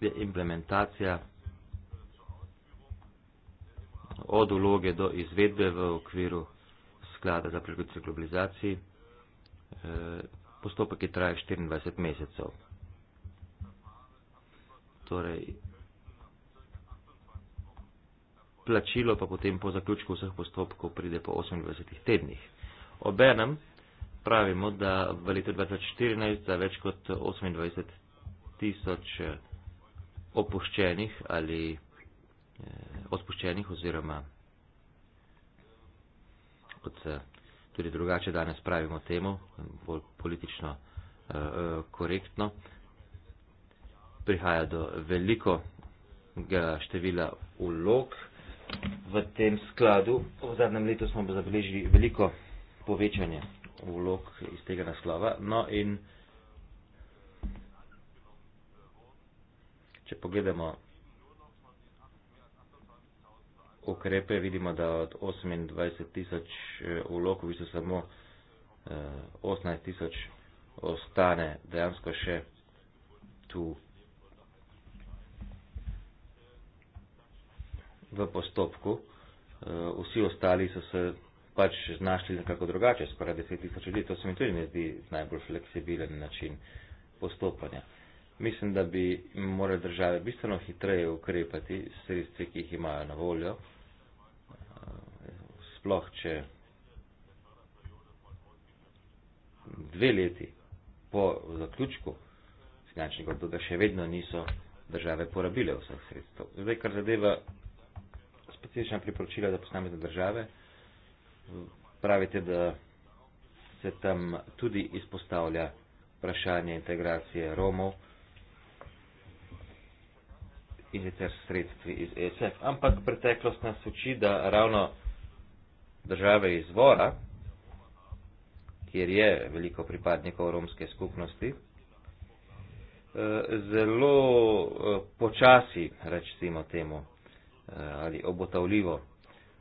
je implementacija od uloge do izvedbe v okviru sklada za prilagoditev globalizaciji. Eh, postopek je traje 24 mesecev. Torej, plačilo pa potem po zaključku vseh postopkov pride po 28 tednih. Obenem pravimo, da v letu 2014 za več kot 28 tisoč eh, opuščenih ali eh, odpuščenih oziroma kot se eh, tudi drugače danes pravimo temu, bolj politično eh, eh korektno, prihaja do veliko števila vlog. V tem skladu v zadnjem letu smo zabeležili veliko povečanje vlog iz tega naslova. No in če pogledamo ukrepe, vidimo, da od 28 tisoč eh, vlog v bistvu samo 18 eh, tisoč ostane dejansko še tu v postopku. Eh, vsi ostali so se pač našli nekako drugače, skoraj 10 tisoč ljudi. To se mi tudi ne zdi najbolj fleksibilen način postopanja. Mislim, da bi morali države bistveno hitreje ukrepati s sredstvi, ki jih imajo na voljo, sploh če dve leti po zaključku finančnega obdobja še vedno niso države porabile vseh sredstev. Zdaj, kar zadeva specifična priporočila za posamezne države, pravite, da se tam tudi izpostavlja vprašanje integracije Romov in sicer sredstvi iz ESF. Ampak preteklost nas uči, da ravno države izvora, kjer je veliko pripadnikov romske skupnosti, eh, zelo eh, počasi, rečemo temu, eh, ali obotavljivo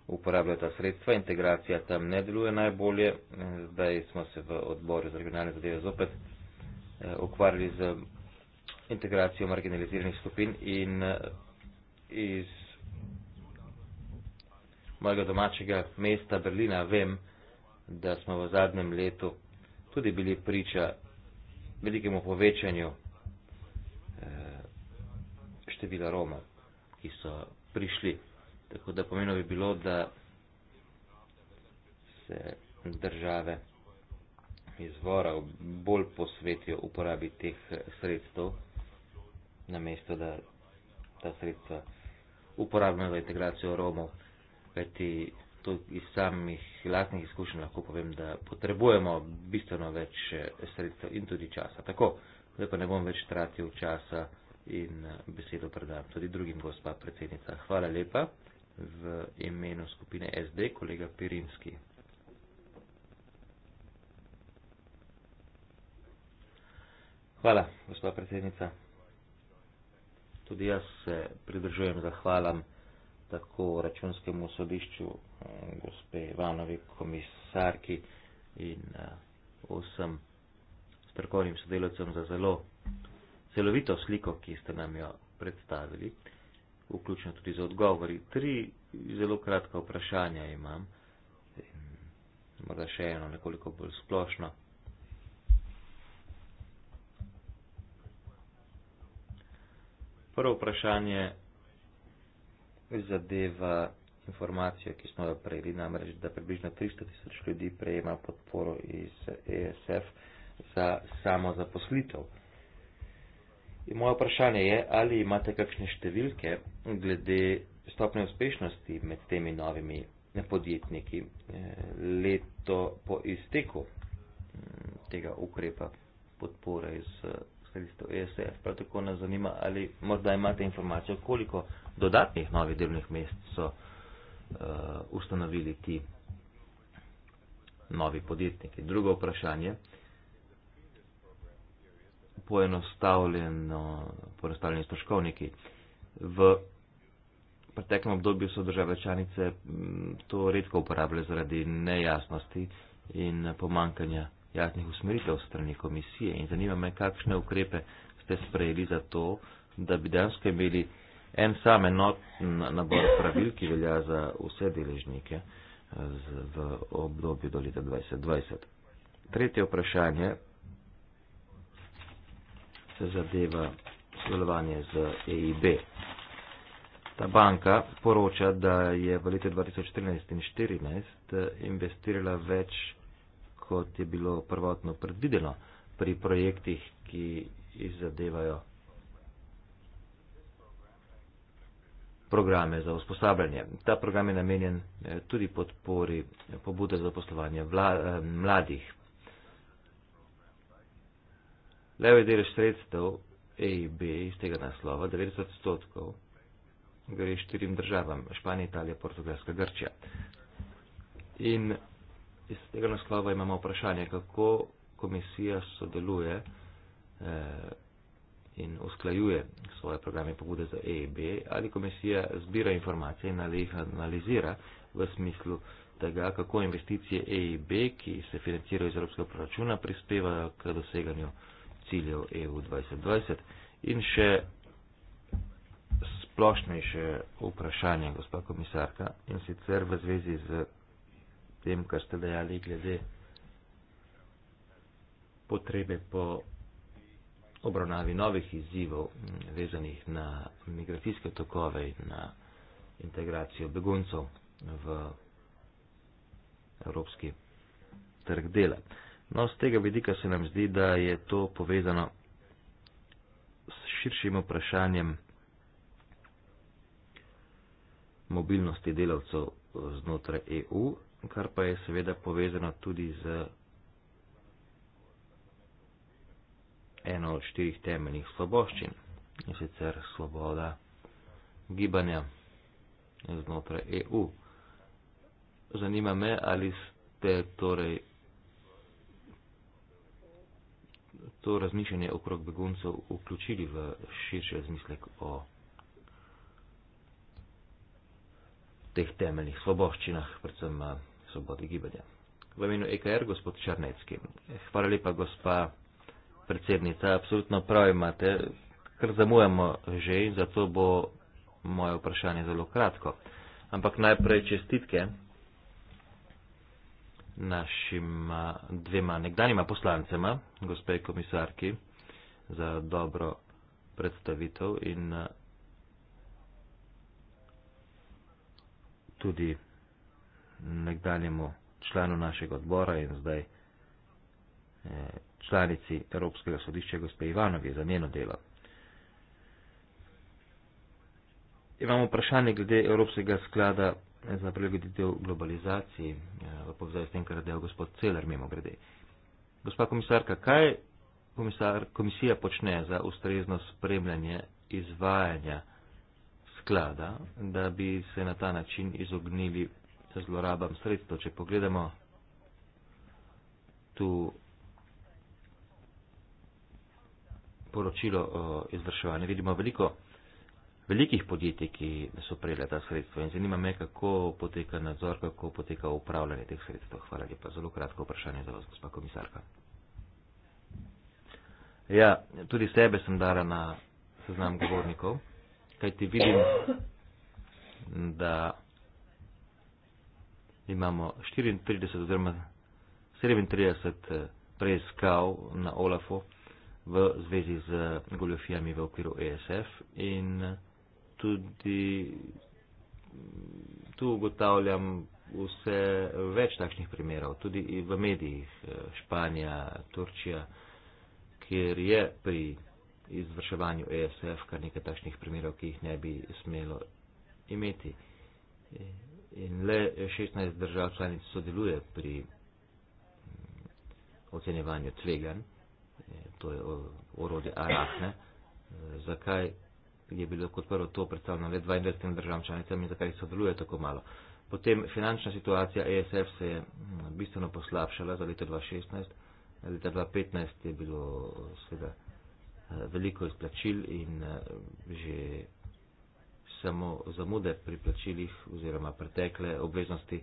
uporabljata sredstva, integracija tam ne deluje najbolje. Zdaj smo se v odboru za regionalne zadeve zopet eh, ukvarjali z integracijo marginaliziranih skupin in eh, iz mojega domačega mesta Berlina vem, da smo v zadnjem letu tudi bili priča velikemu povečanju eh, števila Roma, ki so prišli. Tako da pomeno bi bilo, da se države izvora bolj posvetijo uporabi teh sredstev, namesto da ta sredstva uporabljajo za integracijo Romov, kajti to iz samih lastnih izkušenj lahko povem, da potrebujemo bistveno več eh, sredstev in tudi časa. Tako, zdaj pa ne bom več tratil časa in eh, besedo predam tudi drugim gospa predsednica. Hvala lepa v imenu skupine SD kolega Pirinski. Hvala, gospod predsednica. Tudi jaz se pridržujem zahvalam tako računskemu sodišču, eh, gospe Ivanovi, komisarki in eh, vsem strokovnim sodelovcem za zelo celovito sliko, ki ste nam jo predstavili vključno tudi z odgovori. Tri zelo kratka vprašanja imam, morda še eno nekoliko bolj splošno. Prvo vprašanje zadeva informacijo, ki smo jo prejeli, namreč, da približno 300 tisoč ljudi prejema podporo iz ESF za samo zaposlitev. In moje vprašanje je, ali imate kakšne številke glede stopne uspešnosti med temi novimi eh, podjetniki eh, leto po izteku mm, tega ukrepa podpore iz eh, sredstev ESF. Prav tako nas zanima, ali morda imate informacijo, koliko dodatnih novih delovnih mest so uh, ustanovili ti novi podjetniki. Drugo vprašanje poenostavljeno, poenostavljeni stroškovniki. V preteklem obdobju so države članice mm, to redko uporabljale zaradi nejasnosti in pomankanja jasnih usmeritev strani komisije. In zanima me, kakšne ukrepe ste sprejeli za to, da bi dejansko imeli en sam enoten nabor pravil, ki velja za vse deležnike eh, v obdobju do leta 2020. Tretje vprašanje se zadeva sodelovanje z EIB. Ta banka poroča, da je v letu 2013 in 2014 eh, investirala več, kot je bilo prvotno predvideno pri projektih, ki jih zadevajo programe za usposabljanje. Ta program je namenjen eh, tudi podpori eh, pobude za poslovanje mladih levi del sredstev EIB iz tega naslova, 90 odstotkov, gre štirim državam, Španija, Italija, Portugalska, Grčija. In iz tega naslova imamo vprašanje, kako komisija sodeluje eh, in usklajuje svoje programe in pobude za EIB, ali komisija zbira informacije in ali jih analizira v smislu tega, kako investicije EIB, ki se financirajo iz evropskega proračuna, prispevajo k doseganju eh, ciljev EU 2020 in še splošnejše vprašanje, gospa komisarka, in sicer v zvezi z tem, kar ste dejali glede potrebe po obravnavi novih izzivov vezanih na migracijske tokove in na integracijo beguncev v evropski trg dela. No, z tega vidika se nam zdi, da je to povezano s širšim vprašanjem mobilnosti delavcev znotraj EU, kar pa je seveda povezano tudi z eno od štirih temeljnih sloboščin, in sicer svoboda gibanja znotraj EU. Zanima me, ali ste torej to razmišljanje okrog beguncev vključili v širši razmislek o teh temeljnih svoboščinah, predvsem eh, svobodi gibanja. V imenu EKR, gospod Črnecki. Hvala lepa, gospa predsednica. Absolutno prav imate, ker zamujamo že in zato bo moje vprašanje zelo kratko. Ampak najprej čestitke našima dvema nekdanjima poslancema, gospe komisarki, za dobro predstavitev in eh, tudi nekdanjemu članu našega odbora in zdaj eh, članici Evropskega sodišča, gospe Ivanovi, za njeno delo. Imamo vprašanje glede Evropskega sklada za prilagoditev globalizaciji eh, v povzaju s tem, kar je del gospod Celer, mimo grede. Gospa komisarka, kaj komisar, komisija počne za ustrezno spremljanje izvajanja sklada, da bi se na ta način izognili zlorabam sredstev? Če pogledamo tu poročilo o izvrševanju, vidimo veliko velikih podjetij, ki so prejela ta sredstva in zanima me, kako poteka nadzor, kako poteka upravljanje teh sredstev. Hvala lepa. Zelo kratko vprašanje za vas, gospa komisarka. Ja, tudi sebe sem dala na seznam govornikov, kaj ti vidim, da imamo 34 oziroma 37 eh, preiskav na OLAF-u v zvezi z goljofijami v okviru ESF in eh, tudi mm, tu ugotavljam vse več takšnih primerov, tudi v medijih eh, Španija, Turčija, kjer je pri izvrševanju ESF kar nekaj takšnih primerov, ki jih ne bi smelo imeti. In le 16 držav članic sodeluje pri mm, ocenjevanju tvegan, eh, to je orodje Arahne. Eh, zakaj je bilo kot prvo to predstavljeno le 22 državam članicam in zakaj sodeluje tako malo. Potem finančna situacija ESF se je hm, bistveno poslabšala za leto 2016. Leta 2015 je bilo eh, seveda eh, veliko izplačil in eh, že samo zamude pri plačilih oziroma pretekle obveznosti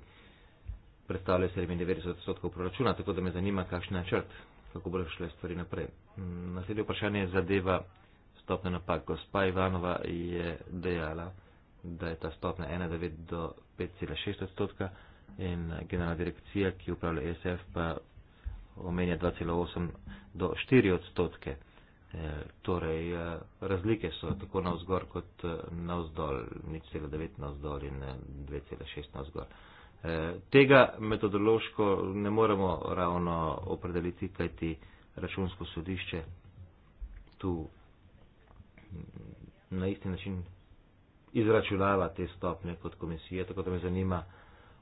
predstavljajo 97 odstotkov proračuna, tako da me zanima, kakšen načrt, kako bodo šle stvari naprej. Hm, naslednje vprašanje zadeva stopnjo napak. Gospa Ivanova je dejala, da je ta stopnja 1,9 do 5,6 odstotka in generalna direkcija, ki upravlja ESF, pa omenja 2,8 do 4 odstotke. E, torej, e, razlike so tako na vzgor kot e, na vzdolj, 0,9 na vzdolj in 2,6 na vzgor. E, tega metodološko ne moremo ravno opredeliti, kajti računsko sodišče tu na isti način izračunava te stopne kot komisija, tako da me zanima,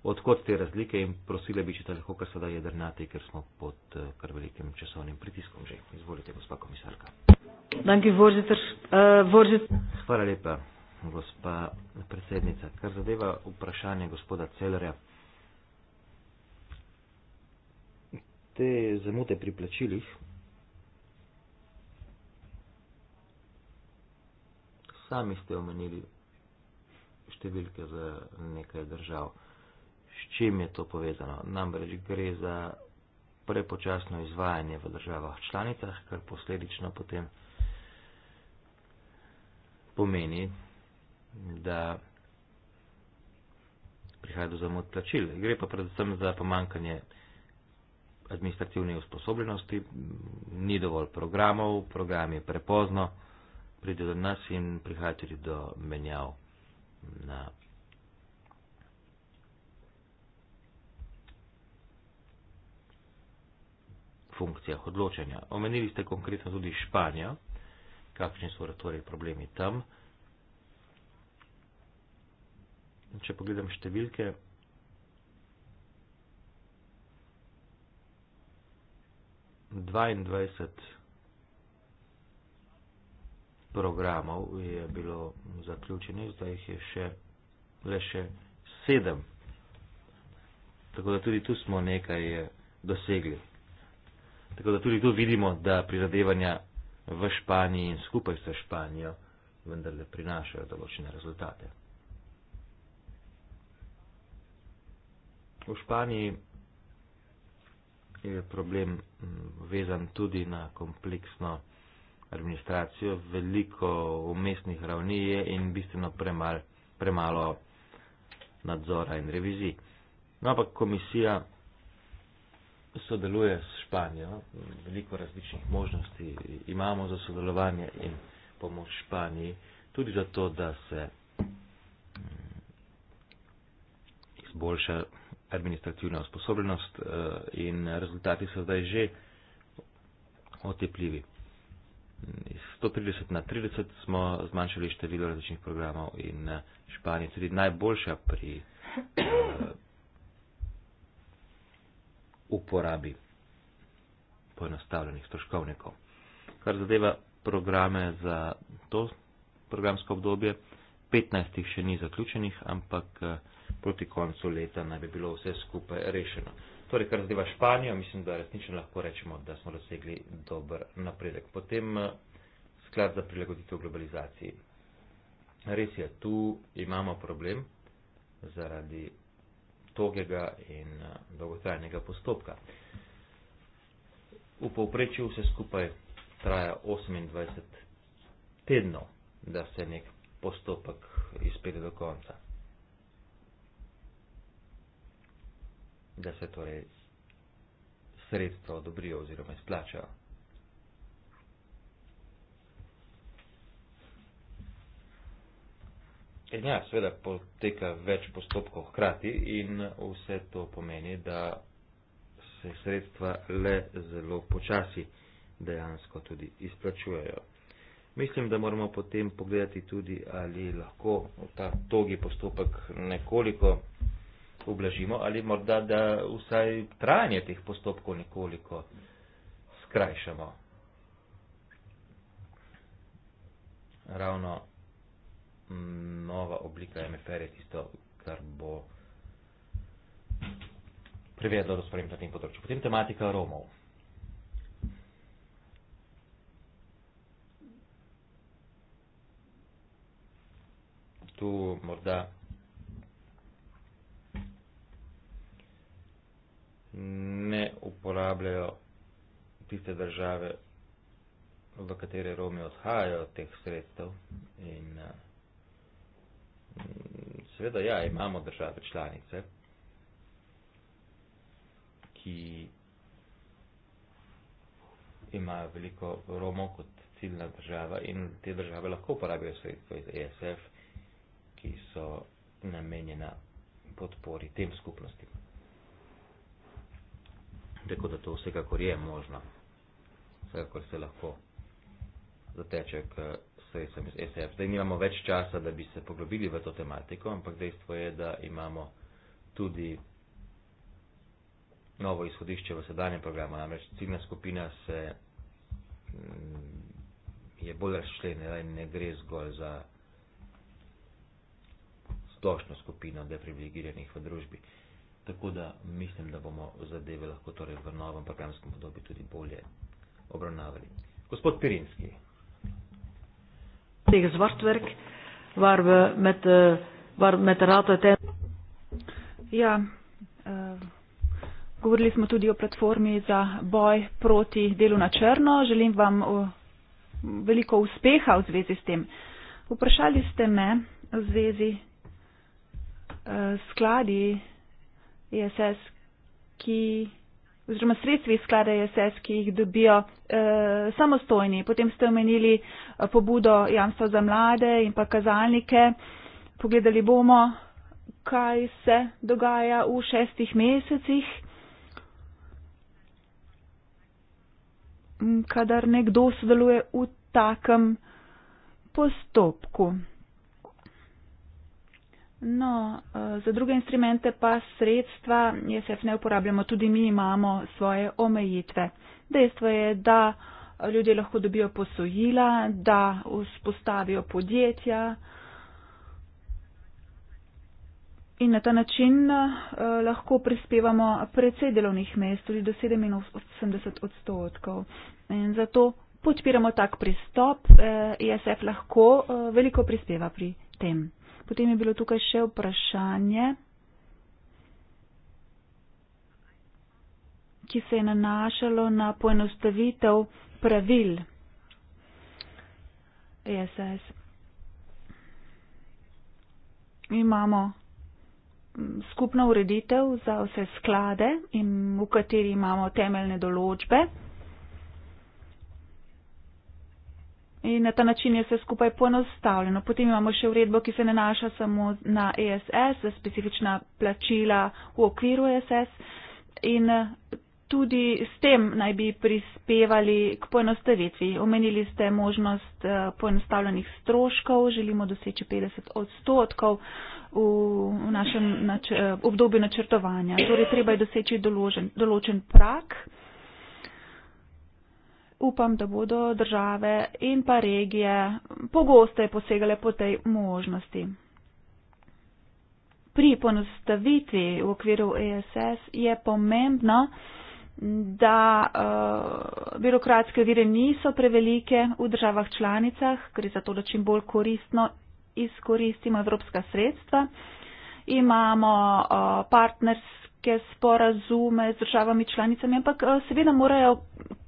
odkot te razlike in prosile bi, če te lahko kar sada jedrnate, ker smo pod eh, kar velikim časovnim pritiskom že. Izvolite, gospa komisarka. Danke, vorzitr, uh, eh, vorzitr. Hvala lepa, gospa predsednica. Kar zadeva vprašanje gospoda Celerja, te zamute pri plačilih, sami ste omenili številke za nekaj držav. S čim je to povezano? Namreč gre za prepočasno izvajanje v državah članicah, kar posledično potem pomeni, da prihaja do zamud plačil. Gre pa predvsem za pomankanje administrativne usposobljenosti, ni dovolj programov, program je prepozno pride do nas in prihaja tudi do menjav na funkcijah odločanja. Omenili ste konkretno tudi Španijo, kakšni so torej problemi tam. Če pogledam številke, dvaindvajset programov je bilo zaključenih, zdaj jih je še, le še sedem. Tako da tudi tu smo nekaj eh, dosegli. Tako da tudi tu vidimo, da prizadevanja v Španiji in skupaj s Španijo vendarle prinašajo določene rezultate. V Španiji je problem mm, vezan tudi na kompleksno administracijo, veliko umestnih ravni je in bistveno premal, premalo nadzora in revizij. No, ampak komisija sodeluje s Španijo, veliko različnih možnosti imamo za sodelovanje in pomoč Španiji, tudi zato, da se mm, izboljša administrativna usposobljenost eh, in rezultati so zdaj že otepljivi. Iz 130 na 30 smo zmanjšali število različnih programov in eh, Španija je tudi najboljša pri uh, uporabi poenostavljenih stroškovnikov. Kar zadeva programe za to programsko obdobje, 15 jih še ni zaključenih, ampak uh, proti koncu leta naj bi bilo vse skupaj rešeno torej kar zadeva Španijo, mislim, da resnično lahko rečemo, da smo dosegli dober napredek. Potem eh, sklad za prilagoditev globalizaciji. Res je, tu imamo problem zaradi togega in eh, dolgotrajnega postopka. V povprečju vse skupaj traja 28 tednov, da se nek postopek izpelje do konca. da se torej sredstva odobrijo oziroma izplačajo. In ja, seveda poteka več postopkov hkrati in vse to pomeni, da se sredstva le zelo počasi dejansko tudi izplačujejo. Mislim, da moramo potem pogledati tudi, ali lahko ta togi postopek nekoliko ublažimo ali morda, da vsaj trajanje teh postopkov nekoliko skrajšamo. Ravno mm, nova oblika MFR je tisto, kar bo privedlo do sprememb na tem področju. Potem tematika Romov. Tu morda ne uporabljajo tiste države, v katere Romi odhajajo teh sredstev. In, eh, seveda, ja, imamo države članice, ki imajo veliko Romov kot ciljna država in te države lahko uporabljajo sredstva iz ESF, ki so namenjena podpori tem skupnostim tako da to vsekakor je možno, vsekakor se lahko zateče k sredstvom iz e SF. Zdaj nimamo več časa, da bi se poglobili v to tematiko, ampak dejstvo je, da imamo tudi novo izhodišče v sedanjem programu, namreč ciljna skupina se mm, je bolj razšljena in ne gre zgolj za splošno skupino deprivilegiranih v družbi. Uh, tako da mislim, da bomo zadeve lahko torej v novem programskem podobi tudi bolje obravnavali. Gospod Pirinski. Tega zvrstverk, var v med, eh, var med rato te. Ja, uh, govorili smo tudi o platformi za boj proti delu na črno. Želim vam o, eh, veliko uspeha v zvezi s tem. Vprašali ste me v zvezi uh, skladi ISS, ki, oziroma sredstvi sklada ISS, e ki jih dobijo eh, samostojni. Potem ste omenili eh, pobudo jamstva za mlade in pa kazalnike. Pogledali bomo, kaj se dogaja v šestih mesecih. Kadar nekdo sodeluje v takem postopku. No, eh, za druge instrumente pa sredstva JSF ne uporabljamo, tudi mi imamo svoje omejitve. Dejstvo je, da ljudje lahko dobijo posojila, da vzpostavijo podjetja in na ta način eh, lahko prispevamo predvsej delovnih mest, tudi do 87 odstotkov. In zato podpiramo tak pristop, JSF eh, lahko veliko prispeva pri tem. Potem je bilo tukaj še vprašanje, ki se je nanašalo na poenostavitev pravil ESS. Imamo mm, skupno ureditev za vse sklade, in v kateri imamo temeljne določbe. In na ta način je vse skupaj poenostavljeno. Potem imamo še uredbo, ki se nanaša samo na ESS, za specifična plačila v okviru ESS. In eh, tudi s tem naj bi prispevali k poenostavitvi. Omenili ste možnost eh, poenostavljenih stroškov, želimo doseči 50 odstotkov v našem nač eh, obdobju načrtovanja. Torej, treba je doseči določen, določen prak upam, da bodo države in pa regije pogosteje posegale po tej možnosti. Pri ponostavitvi v okviru ESS je pomembno, da uh, birokratske vire niso prevelike v državah članicah, ker je za to, da čim bolj koristno izkoristimo evropska sredstva. Imamo uh, eh, partnerstvo neke sporazume z državami članicami, ampak eh, seveda morajo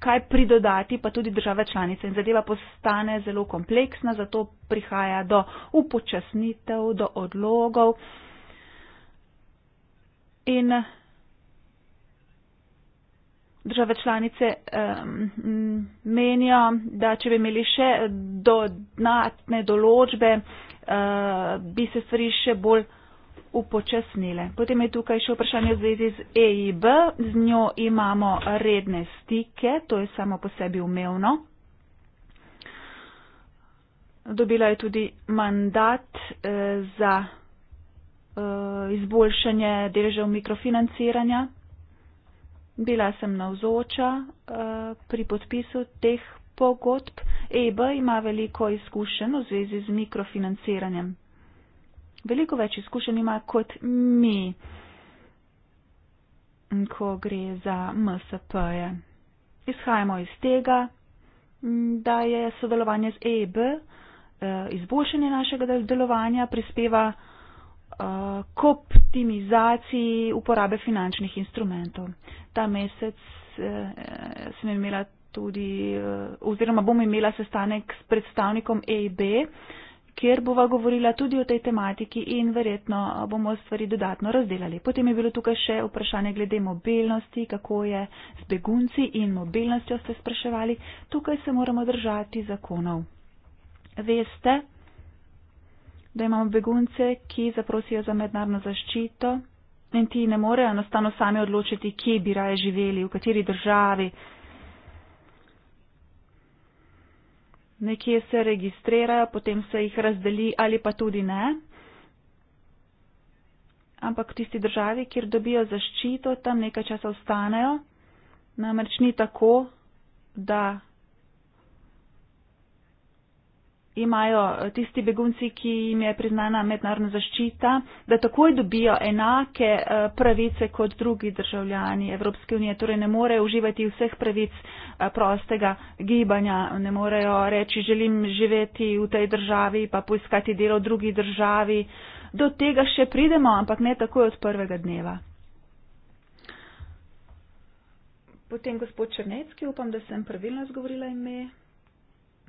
kaj pridodati, pa tudi države članice. In zadeva postane zelo kompleksna, zato prihaja do upočasnitev, do odlogov. In države članice um, menijo, da če bi imeli še dodatne določbe, uh, bi se stvari še bolj upočasnile. Potem je tukaj še vprašanje v zvezi z EIB. Z njo imamo redne stike, to je samo po sebi umevno. Dobila je tudi mandat eh, za eh, izboljšanje deležev mikrofinanciranja. Bila sem navzoča eh, pri podpisu teh pogodb. EIB ima veliko izkušenj v zvezi z mikrofinanciranjem veliko več izkušenj ima kot mi, ko gre za MSP-je. Izhajamo iz tega, da je sodelovanje z EIB, eh, izboljšanje našega delovanja prispeva eh, k optimizaciji uporabe finančnih instrumentov. Ta mesec eh, sem imela tudi, oziroma bom imela sestanek s predstavnikom EIB, kjer bova govorila tudi o tej tematiki in verjetno bomo stvari dodatno razdelali. Potem je bilo tukaj še vprašanje glede mobilnosti, kako je z begunci in mobilnostjo ste spraševali. Tukaj se moramo držati zakonov. Veste, da imamo begunce, ki zaprosijo za mednarodno zaščito in ti ne morejo enostavno sami odločiti, kje bi raje živeli, v kateri državi. nekje se registrirajo, potem se jih razdeli ali pa tudi ne. Ampak v tisti državi, kjer dobijo zaščito, tam nekaj časa ostanejo. Namreč ni tako, da imajo eh, tisti begunci, ki jim je priznana mednarodna zaščita, da takoj dobijo enake eh, pravice kot drugi državljani Evropske unije. Torej ne morejo uživati vseh pravic eh, prostega gibanja, ne morejo reči, želim živeti v tej državi, pa poiskati delo v drugi državi. Do tega še pridemo, ampak ne takoj od prvega dneva. Potem gospod Črnecki, upam, da sem pravilno zgovorila ime.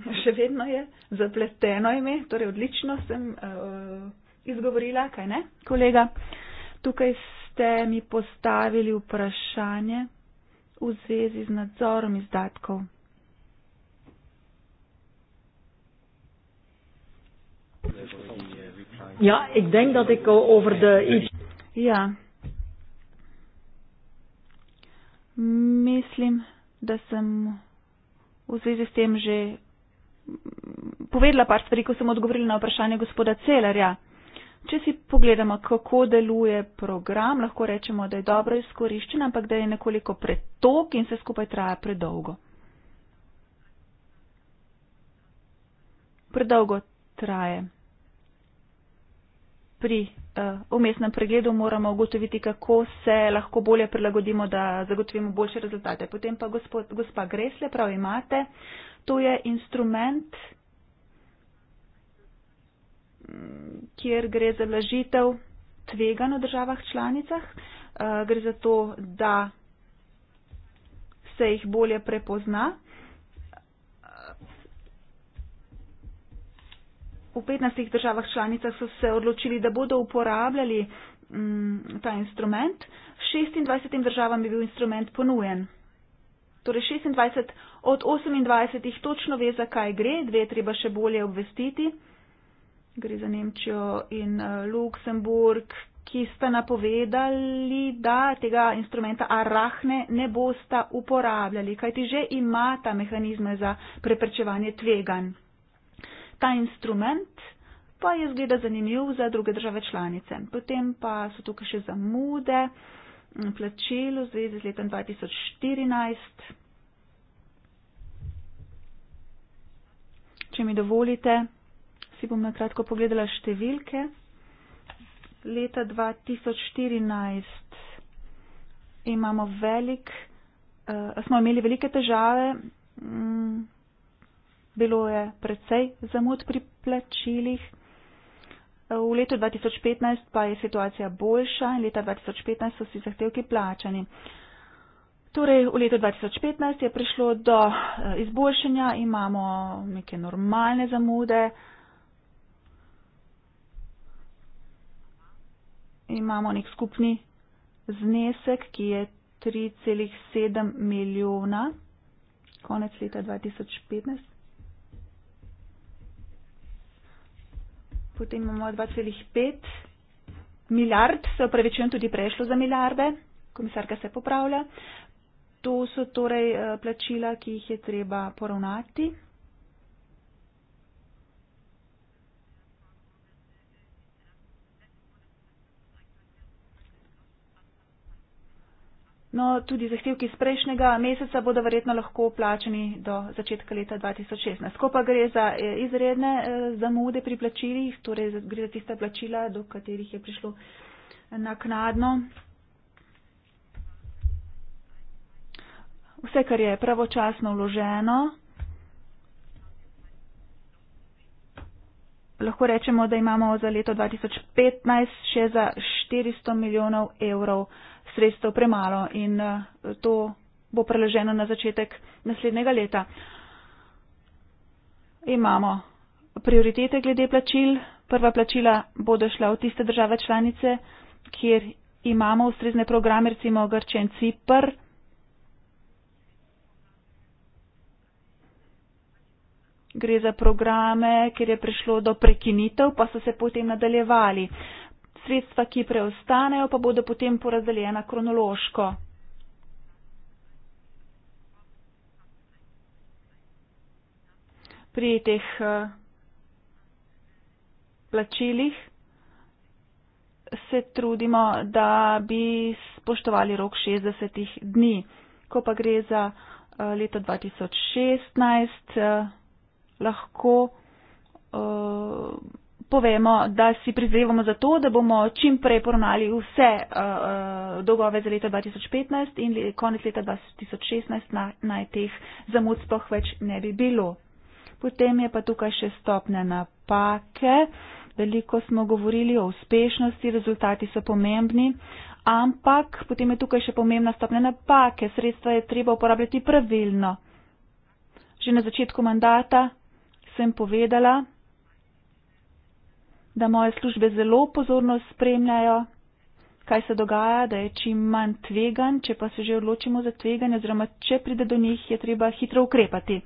še vedno je zapleteno ime, torej odlično sem uh, izgovorila, kaj ne, kolega. Tukaj ste mi postavili vprašanje v zvezi z nadzorom izdatkov. Ja, ik denk dat ik over de. Ja. Mislim, da sem v zvezi s tem že povedala par stvari, ko sem odgovorila na vprašanje gospoda Celerja. Če si pogledamo, kako deluje program, lahko rečemo, da je dobro izkoriščen, ampak da je nekoliko pretok in se skupaj traja predolgo. Predolgo traje. Pri eh, umestnem uh, pregledu moramo ugotoviti, kako se lahko bolje prilagodimo, da zagotovimo boljše rezultate. Potem pa gospod, gospa Gresle, prav imate, to je instrument kjer gre za lažitev tvegan v državah članicah. Eh, gre za to, da se jih bolje prepozna. V 15 državah članicah so se odločili, da bodo uporabljali mm, ta instrument. 26 državam je bil instrument ponujen. Torej 26 od 28 točno ve, zakaj gre, dve treba še bolje obvestiti gre za Nemčijo in eh, Luksemburg, ki sta napovedali, da tega instrumenta arahne ne bosta uporabljali, kajti že imata mehanizme za preprečevanje tveganj. Ta instrument pa je zgleda zanimiv za druge države članice. Potem pa so tukaj še zamude, plačilo v zvezi z letom 2014. Če mi dovolite, si bom na kratko pogledala številke. Leta 2014 imamo velik, uh, smo imeli velike težave, mm, bilo je precej zamud pri plačilih. V letu 2015 pa je situacija boljša in leta 2015 so vsi zahtevki plačani. Torej, v letu 2015 je prišlo do eh, izboljšanja, imamo neke normalne zamude, imamo nek skupni znesek, ki je 3,7 milijona konec leta 2015. Potem imamo 2,5 milijard, se upravičujem, tudi prešlo za milijarde, komisarka se popravlja. To so torej eh, plačila, ki jih je treba poravnati. No, tudi zahtevki iz prejšnjega meseca bodo verjetno lahko plačeni do začetka leta 2016. Ko pa gre za eh, izredne eh, zamude pri plačilih, torej gre za tiste plačila, do katerih je prišlo eh, naknadno. Vse, kar je pravočasno vloženo, lahko rečemo, da imamo za leto 2015 še za 400 milijonov evrov sredstev premalo in eh, to bo preleženo na začetek naslednjega leta. Imamo prioritete glede plačil. Prva plačila bodo šla v tiste države članice, kjer imamo ustrezne programe, recimo Grče in Cipr. Gre za programe, kjer je prišlo do prekinitev, pa so se potem nadaljevali. Uh, sredstva, ki preostanejo, pa bodo potem porazdeljena kronološko. Pri teh eh, plačilih se trudimo, da bi spoštovali rok 60 dni. Ko pa gre za eh, leto 2016, eh, lahko povemo, da si prizadevamo za to, da bomo čim prej poravnali vse uh, uh dolgove za leto 2015 in konec leta 2016 naj na teh zamud sploh več ne bi bilo. Potem je pa tukaj še stopne napake. Veliko smo govorili o uspešnosti, rezultati so pomembni, ampak potem je tukaj še pomembna stopne napake. Sredstva je treba uporabljati pravilno. Že na začetku mandata sem povedala, da moje službe zelo pozorno spremljajo, kaj se dogaja, da je čim manj tvegan, če pa se že odločimo za tveganje, oziroma če pride do njih, je treba hitro ukrepati.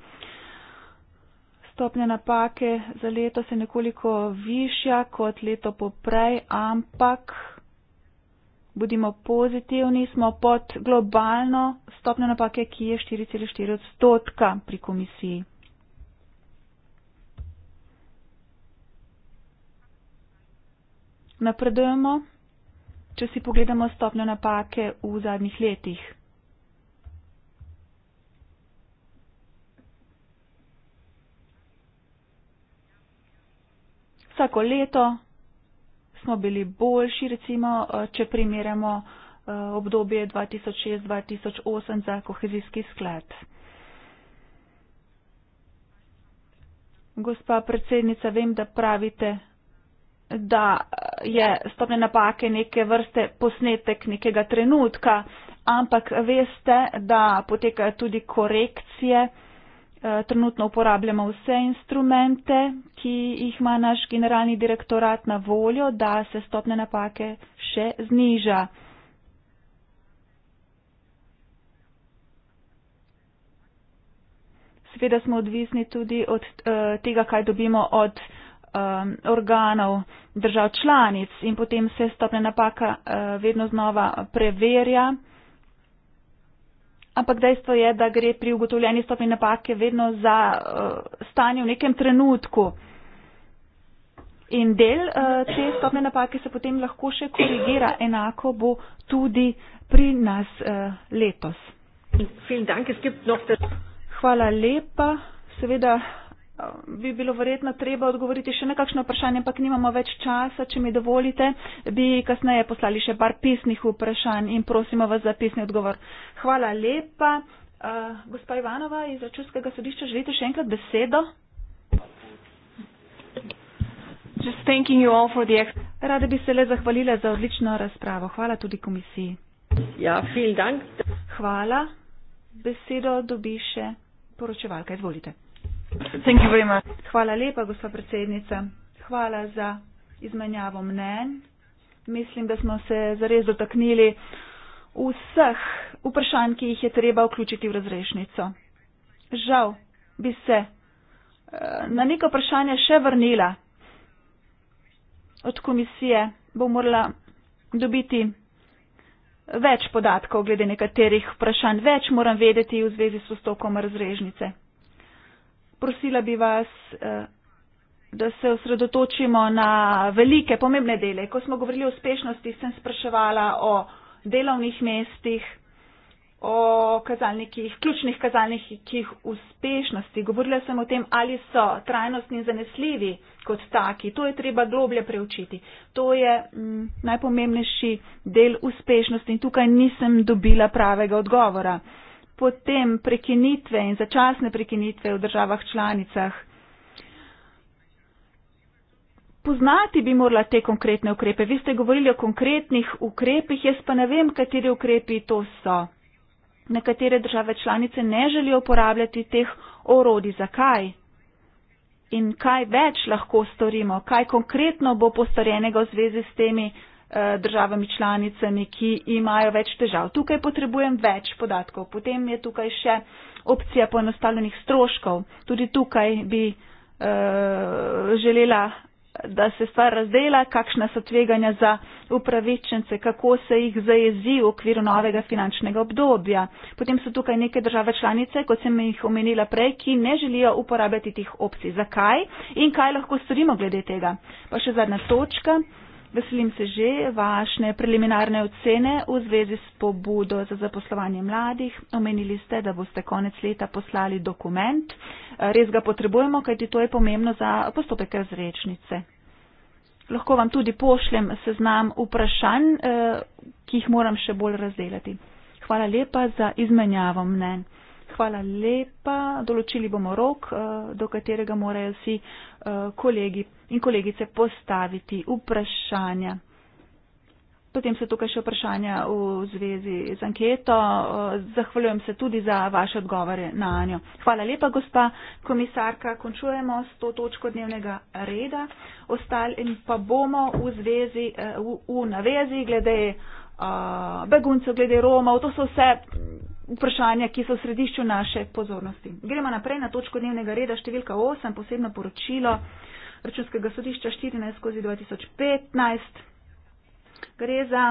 Stopnja napake za leto se nekoliko višja kot leto poprej, ampak bodimo pozitivni, smo pod globalno stopnjo napake, ki je 4,4 odstotka pri komisiji. napredujemo, če si pogledamo stopnjo napake v zadnjih letih. Vsako leto smo bili boljši, recimo, če primerjamo eh, obdobje 2006-2008 za kohezijski sklad. Gospa predsednica, vem, da pravite da eh, je stopnje napake neke vrste posnetek nekega trenutka, ampak veste, da potekajo tudi korekcije. Eh, trenutno uporabljamo vse instrumente, ki jih ima naš generalni direktorat na voljo, da se stopne napake še zniža. Seveda smo odvisni tudi od eh, tega, kaj dobimo od um, organov držav članic in potem se stopne napaka uh, vedno znova preverja. Ampak dejstvo je, da gre pri ugotovljeni stopni napake vedno za uh, stanje v nekem trenutku. In del uh, te stopne napake se potem lahko še korigira, enako bo tudi pri nas uh, letos. Hvala lepa. Seveda bi bilo verjetno treba odgovoriti še na kakšno vprašanje, ampak nimamo več časa, če mi dovolite, bi kasneje poslali še par pisnih vprašanj in prosimo vas za pisni odgovor. Hvala lepa. Uh, gospa Ivanova iz Računskega sodišča, želite še enkrat besedo? Rada bi se le zahvalila za odlično razpravo. Hvala tudi komisiji. Ja, Hvala. Besedo dobi še poročevalka. Izvolite. Hvala lepa, gospa predsednica. Hvala za izmenjavo mnen. Mislim, da smo se zares dotaknili vseh vprašanj, ki jih je treba vključiti v razrešnico. Žal bi se eh, na neko vprašanje še vrnila od komisije, bo morala dobiti več podatkov glede nekaterih vprašanj. Več moram vedeti v zvezi s postopkom razrešnice prosila bi vas, eh, da se osredotočimo na velike, pomembne dele. Ko smo govorili o uspešnosti, sem spraševala o delovnih mestih, o kazalnikih, ključnih kazalnikih uspešnosti. Govorila sem o tem, ali so trajnostni in zanesljivi kot taki. To je treba globlje preučiti. To je m, mm, najpomembnejši del uspešnosti in tukaj nisem dobila pravega odgovora potem prekinitve in začasne prekinitve v državah članicah. Poznati bi morala te konkretne ukrepe. Vi ste govorili o konkretnih ukrepih, jaz pa ne vem, kateri ukrepi to so. Nekatere države članice ne želijo uporabljati teh orodij. Zakaj? In kaj več lahko storimo? Kaj konkretno bo postorjenega v zvezi s temi Eh, državami članicami, ki imajo več težav. Tukaj potrebujem več podatkov. Potem je tukaj še opcija poenostavljenih stroškov. Tudi tukaj bi uh, želela, da se stvar razdela, kakšna so tveganja za upravičence, kako se jih zajezi v okviru novega finančnega obdobja. Potem so tukaj neke države članice, kot sem jih omenila prej, ki ne želijo uporabljati tih opcij. Zakaj in kaj lahko storimo glede tega? Pa še zadnja točka. Veselim se že vašne preliminarne ocene v zvezi s pobudo za zaposlovanje mladih. Omenili ste, da boste konec leta poslali dokument. Res ga potrebujemo, kajti to je pomembno za postopek razrečnice. Lahko vam tudi pošljem seznam vprašanj, eh, ki jih moram še bolj razdelati. Hvala lepa za izmenjavo mnen. Hvala lepa. Določili bomo rok, eh, do katerega morajo vsi Eh, kolegi in kolegice postaviti vprašanja. Potem so tukaj še vprašanja v zvezi z anketo. Eh, zahvaljujem se tudi za vaše odgovore na njo. Hvala lepa, gospa komisarka. Končujemo s to točko dnevnega reda. Ostali in pa bomo v zvezi, eh, v, v navezi glede uh, beguncev, glede Romov. To so vse vprašanja, ki so v središču naše pozornosti. Gremo naprej na točko dnevnega reda številka 8, posebno poročilo računskega sodišča 14 skozi 2015. Gre za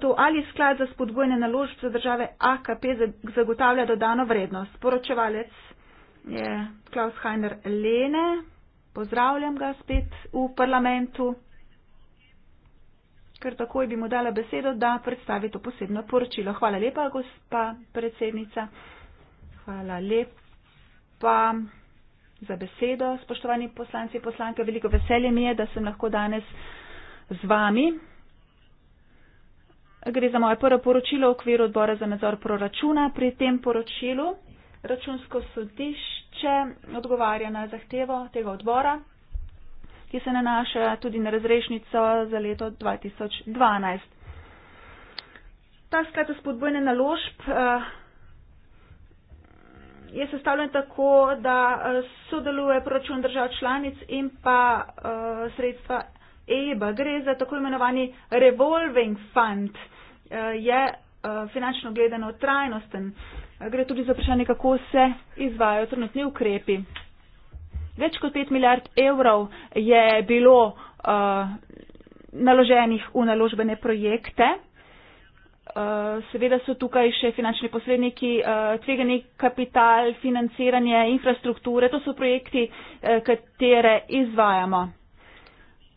to, ali sklad za spodbojne naložb za države AKP zagotavlja dodano vrednost. Poročevalec je Klaus Heiner Lene, pozdravljam ga spet v parlamentu ker takoj bi mu dala besedo, da predstavi to posebno poročilo. Hvala lepa, gospa predsednica. Hvala lepa za besedo, spoštovani poslanci in poslanke. Veliko veselje mi je, da sem lahko danes z vami. Gre za moje prvo poročilo v okviru odbora za nadzor proračuna. Pri tem poročilu računsko sodišče odgovarja na zahtevo tega odbora ki se nanaša tudi na razrešnico za leto 2012. Ta sklad za spodbojne naložb eh, je sestavljen tako, da eh, sodeluje proračun držav članic in pa eh, sredstva EIB-a. E Gre za tako imenovani revolving fund. Je finančno gledano trajnosten. Gre tudi za vprašanje, kako se izvajo trenutni ukrepi. Več kot 5 milijard evrov je bilo uh, naloženih v naložbene projekte. Uh, seveda so tukaj še finančni posredniki, uh, tvegani kapital, financiranje, infrastrukture. To so projekti, uh, katere izvajamo.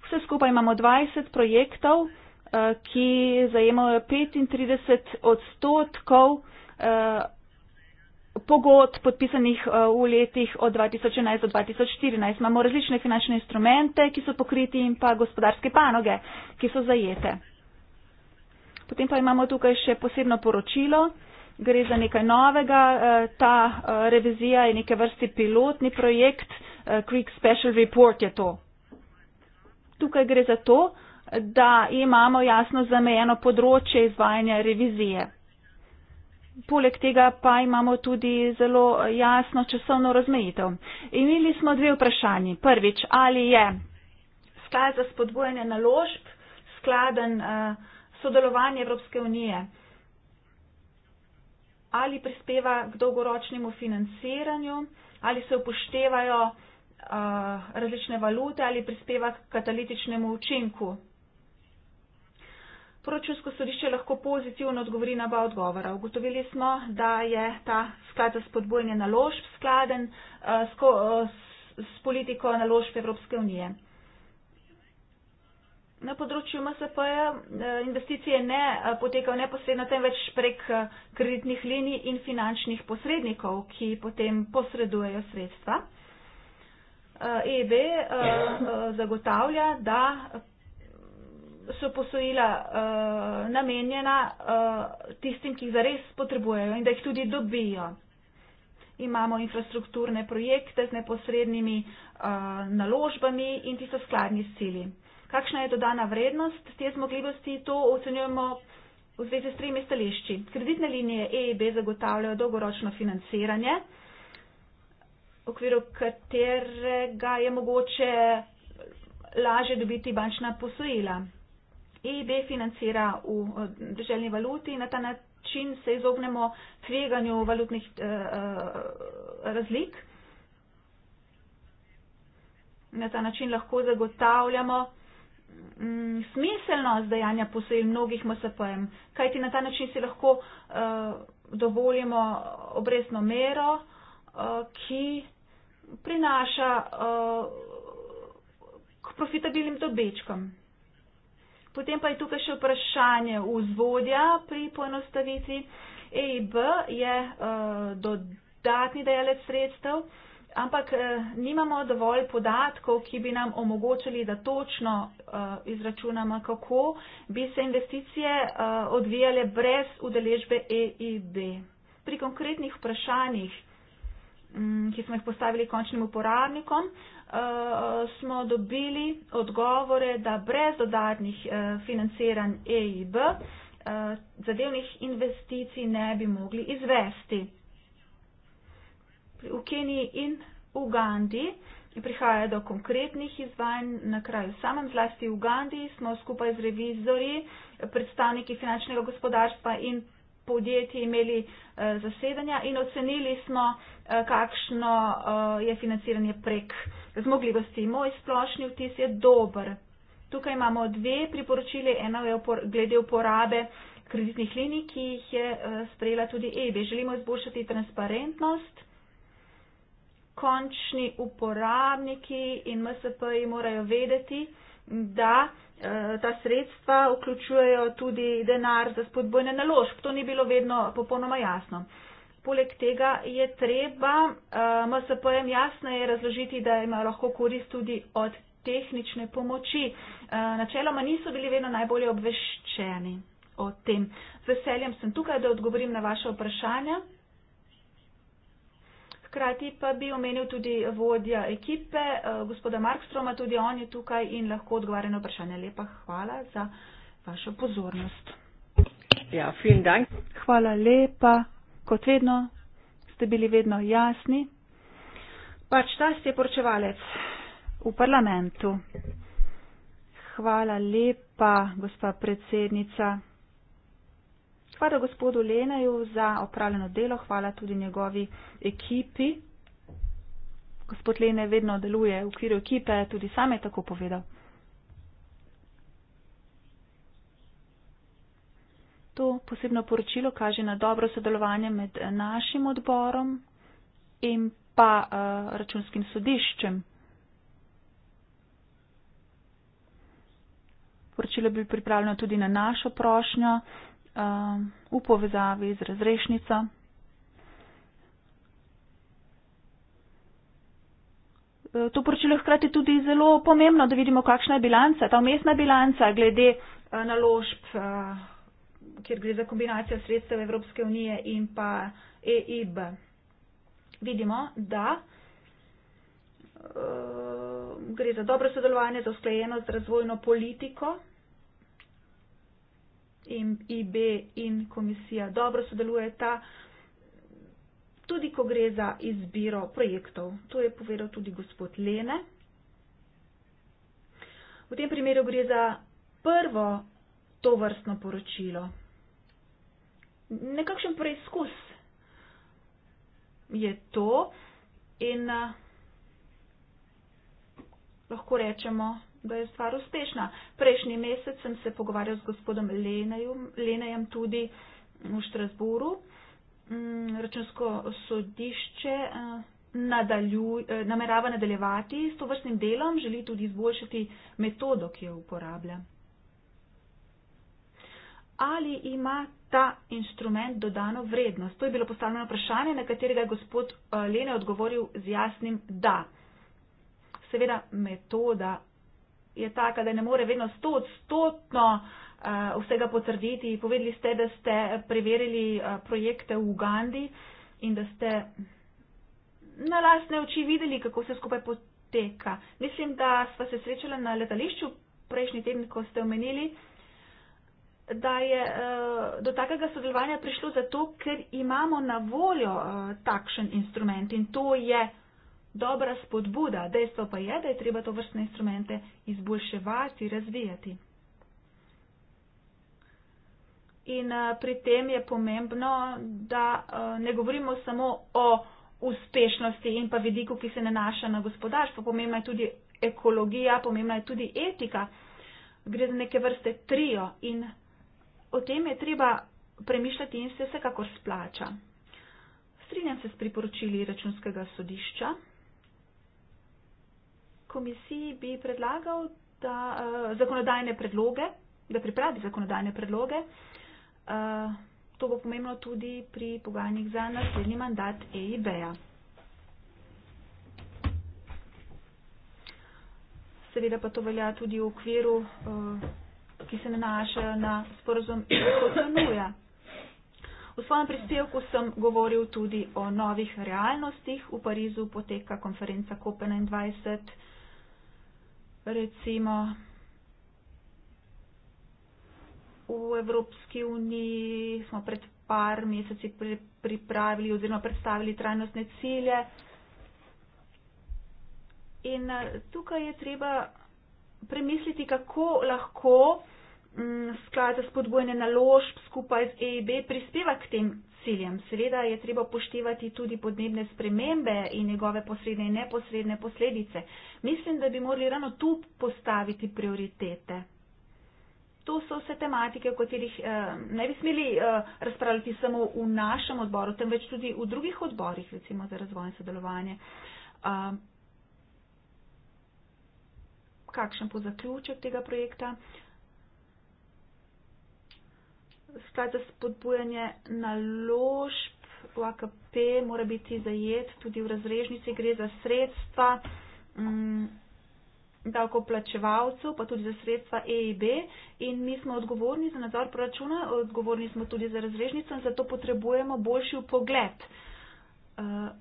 Vse skupaj imamo 20 projektov, uh, ki zajemajo 35 odstotkov uh, pogodb podpisanih eh, v letih od 2011 do 2014. Imamo različne finančne instrumente, ki so pokriti in pa gospodarske panoge, ki so zajete. Potem pa imamo tukaj še posebno poročilo. Gre za nekaj novega. Eh, ta eh, revizija je neke vrsti pilotni projekt. Quick Special Report je to. Tukaj gre za to, da imamo jasno zamejeno področje izvajanja revizije. Poleg tega pa imamo tudi zelo jasno časovno razmejitev. Imeli smo dve vprašanji. Prvič, ali je sklad za spodbojanje naložb skladen uh, eh, sodelovanje Evropske unije? Ali prispeva k dolgoročnemu financiranju? Ali se upoštevajo uh, različne valute? Ali prispeva k katalitičnemu učinku? Proračunsko sodišče lahko pozitivno odgovori na oba odgovora. Ugotovili smo, da je ta sklad za spodbojanje naložb skladen eh, eh, s, s politiko naložb Evropske unije. Na področju MSP-ja eh, investicije ne potekajo neposredno, temveč prek kreditnih linij in finančnih posrednikov, ki potem posredujejo sredstva. EB e zagotavlja, da so posojila uh, namenjena uh, tistim, ki jih zares potrebujejo in da jih tudi dobijo. Imamo infrastrukturne projekte z neposrednimi uh, naložbami in ti so skladni s cilji. Kakšna je dodana vrednost te zmogljivosti, to ocenjujemo v zvezi s tremi stališči. Kreditne linije EIB zagotavljajo dolgoročno financiranje, v okviru katerega je mogoče lažje dobiti bančna posojila. EIB financira v eh, državni valuti in na ta način se izognemo tveganju valutnih eh, eh, razlik. Na ta način lahko zagotavljamo mm, smiselnost dejanja posojil mnogih MSP-jem, kajti na ta način si lahko dovolimo obresno mero, ki prinaša k profitabilnim dobečkom. Potem pa je tukaj še vprašanje vzvodja pri poenostavitvi. EIB je uh, dodatni dejalec sredstev, ampak uh, nimamo dovolj podatkov, ki bi nam omogočili, da točno uh, izračunamo, kako bi se investicije uh, odvijale brez udeležbe EIB. Pri konkretnih vprašanjih, um, ki smo jih postavili končnim uporabnikom, uh, uh, smo dobili odgovore, da brez dodatnih uh, financiranj EIB uh, eh, zadevnih investicij ne bi mogli izvesti. V Keniji in Ugandi prihaja do konkretnih izvajanj na kraju. Samem zlasti v Ugandi smo skupaj z revizori, predstavniki finančnega gospodarstva in podjetji imeli eh, zasedanja in ocenili smo, eh, kakšno eh, je financiranje prek eh, zmogljivosti. Moj splošni vtis je dober. Tukaj imamo dve priporočili, ena je upor, glede uporabe kreditnih linij, ki jih je eh, sprejela tudi EBE. Želimo izboljšati transparentnost. Končni uporabniki in MSP-ji morajo vedeti, da eh, ta sredstva vključujejo tudi denar za spodbojne naložb. To ni bilo vedno popolnoma jasno. Poleg tega je treba uh, eh, MSP-jem jasneje razložiti, da ima lahko korist tudi od tehnične pomoči. Uh, načeloma niso bili vedno najbolje obveščeni o tem. Z veseljem sem tukaj, da odgovorim na vaše vprašanja. Hkrati pa bi omenil tudi vodja ekipe, uh, gospoda Markstroma, tudi on je tukaj in lahko odgovarja na vprašanje. Lepa hvala za vašo pozornost. Ja, Hvala lepa kot vedno, ste bili vedno jasni. Pač ta si je poročevalec v parlamentu. Hvala lepa, gospa predsednica. Hvala gospodu Lenaju za opravljeno delo, hvala tudi njegovi ekipi. Gospod Lene vedno deluje v okviru ekipe, tudi sam je tako povedal. To posebno poročilo kaže na dobro sodelovanje med našim odborom in pa uh, računskim sodiščem. Poročilo je bilo pripravljeno tudi na našo prošnjo uh, v povezavi z razrešnico. Eh, to poročilo je hkrati tudi zelo pomembno, da vidimo, kakšna je bilanca, ta umestna bilanca glede naložb kjer gre za kombinacijo sredstev Evropske unije in pa EIB. Vidimo, da eh, gre za dobro sodelovanje, za usklajeno z razvojno politiko. In IB in komisija dobro sodelujeta, tudi ko gre za izbiro projektov. To je povedal tudi gospod Lene. V tem primeru gre za prvo to vrstno poročilo nekakšen preizkus je to in eh, lahko rečemo, da je stvar uspešna. Prejšnji mesec sem se pogovarjal z gospodom Lenejem tudi v Štrasburu. Mm, računsko sodišče eh, nadaljuj, eh, namerava nadaljevati s to vrstnim delom, želi tudi izboljšati metodo, ki jo uporablja. Ali imate ta inštrument dodano vrednost? To je bilo postavljeno vprašanje, na katerega je gospod eh, Lene odgovoril z jasnim da. Seveda, metoda je taka, da ne more vedno sto odstotno eh, vsega potrditi. Povedali ste, da ste preverili eh, projekte v Ugandi in da ste na lasne oči videli, kako se skupaj poteka. Mislim, da sva se srečala na letališču prejšnji teden, ko ste omenili, da je eh, do takega sodelovanja prišlo zato, ker imamo na voljo eh, takšen instrument in to je dobra spodbuda. Dejstvo pa je, da je treba to vrstne instrumente izboljševati, razvijati. In eh, pri tem je pomembno, da ne govorimo samo o uspešnosti in pa vidiku, ki se nanaša na gospodarstvo. Pomembna je tudi ekologija, pomembna je tudi etika. Gre za neke vrste trio in o tem je treba premišljati in se vsekakor splača. Strinjam se s priporočili računskega sodišča. Komisiji bi predlagal da, uh, zakonodajne predloge, da pripravi zakonodajne predloge. Uh, to bo pomembno tudi pri pogajanjih za naslednji mandat EIB-a. Seveda pa to velja tudi v okviru uh, ki se nanašajo na sporozum Kotonuja. V svojem prispevku sem govoril tudi o novih realnostih. V Parizu poteka konferenca COP21. Recimo v Evropski uniji smo pred par meseci pripravili oziroma predstavili trajnostne cilje. In eh, tukaj je treba premisliti, kako lahko Mm, sklad za spodbojene naložb skupaj z EIB prispeva k tem ciljem. Seveda je treba poštevati tudi podnebne spremembe in njegove posredne in neposredne posledice. Mislim, da bi morali ravno tu postaviti prioritete. To so vse tematike, o katerih eh, ne bi smeli eh, razpravljati samo v našem odboru, temveč tudi v drugih odborih, recimo za razvoj in sodelovanje. Eh, kakšen po zaključek tega projekta? Eh, sklad za spodbujanje naložb v AKP mora biti zajet tudi v razrežnici, gre za sredstva um, davkoplačevalcev, pa tudi za sredstva EIB in mi smo odgovorni za nadzor proračuna, odgovorni smo tudi za razrežnico in zato potrebujemo boljši upogled. Uh, eh,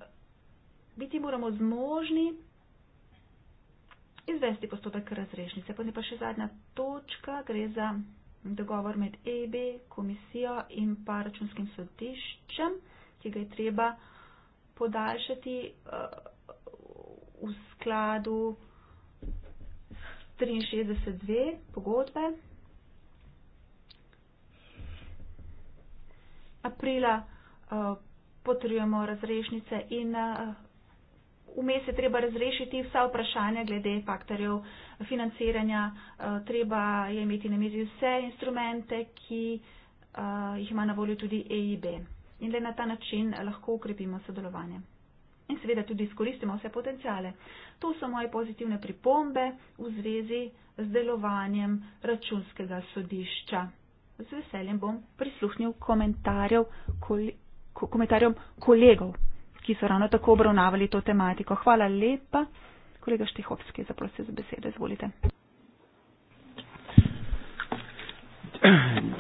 biti moramo zmožni izvesti postopek razrešnice. Potem pa še zadnja točka, gre za dogovor med EB, komisijo in pa računskim sodiščem, ki ga je treba podaljšati eh, v skladu 63.2 pogodbe. Aprila eh, potrjujemo razrešnice in eh, vmes je treba razrešiti vsa vprašanja glede faktorjev financiranja, eh, treba je imeti na mizi vse instrumente, ki eh, jih ima na voljo tudi EIB. In le na ta način lahko ukrepimo sodelovanje. In seveda tudi izkoristimo vse potencijale. To so moje pozitivne pripombe v zvezi z delovanjem računskega sodišča. Z veseljem bom prisluhnil komentarjem kolegov ki so ravno tako obravnavali to tematiko. Hvala lepa. Kolega Štihovski, zaprosite za besedo, izvolite.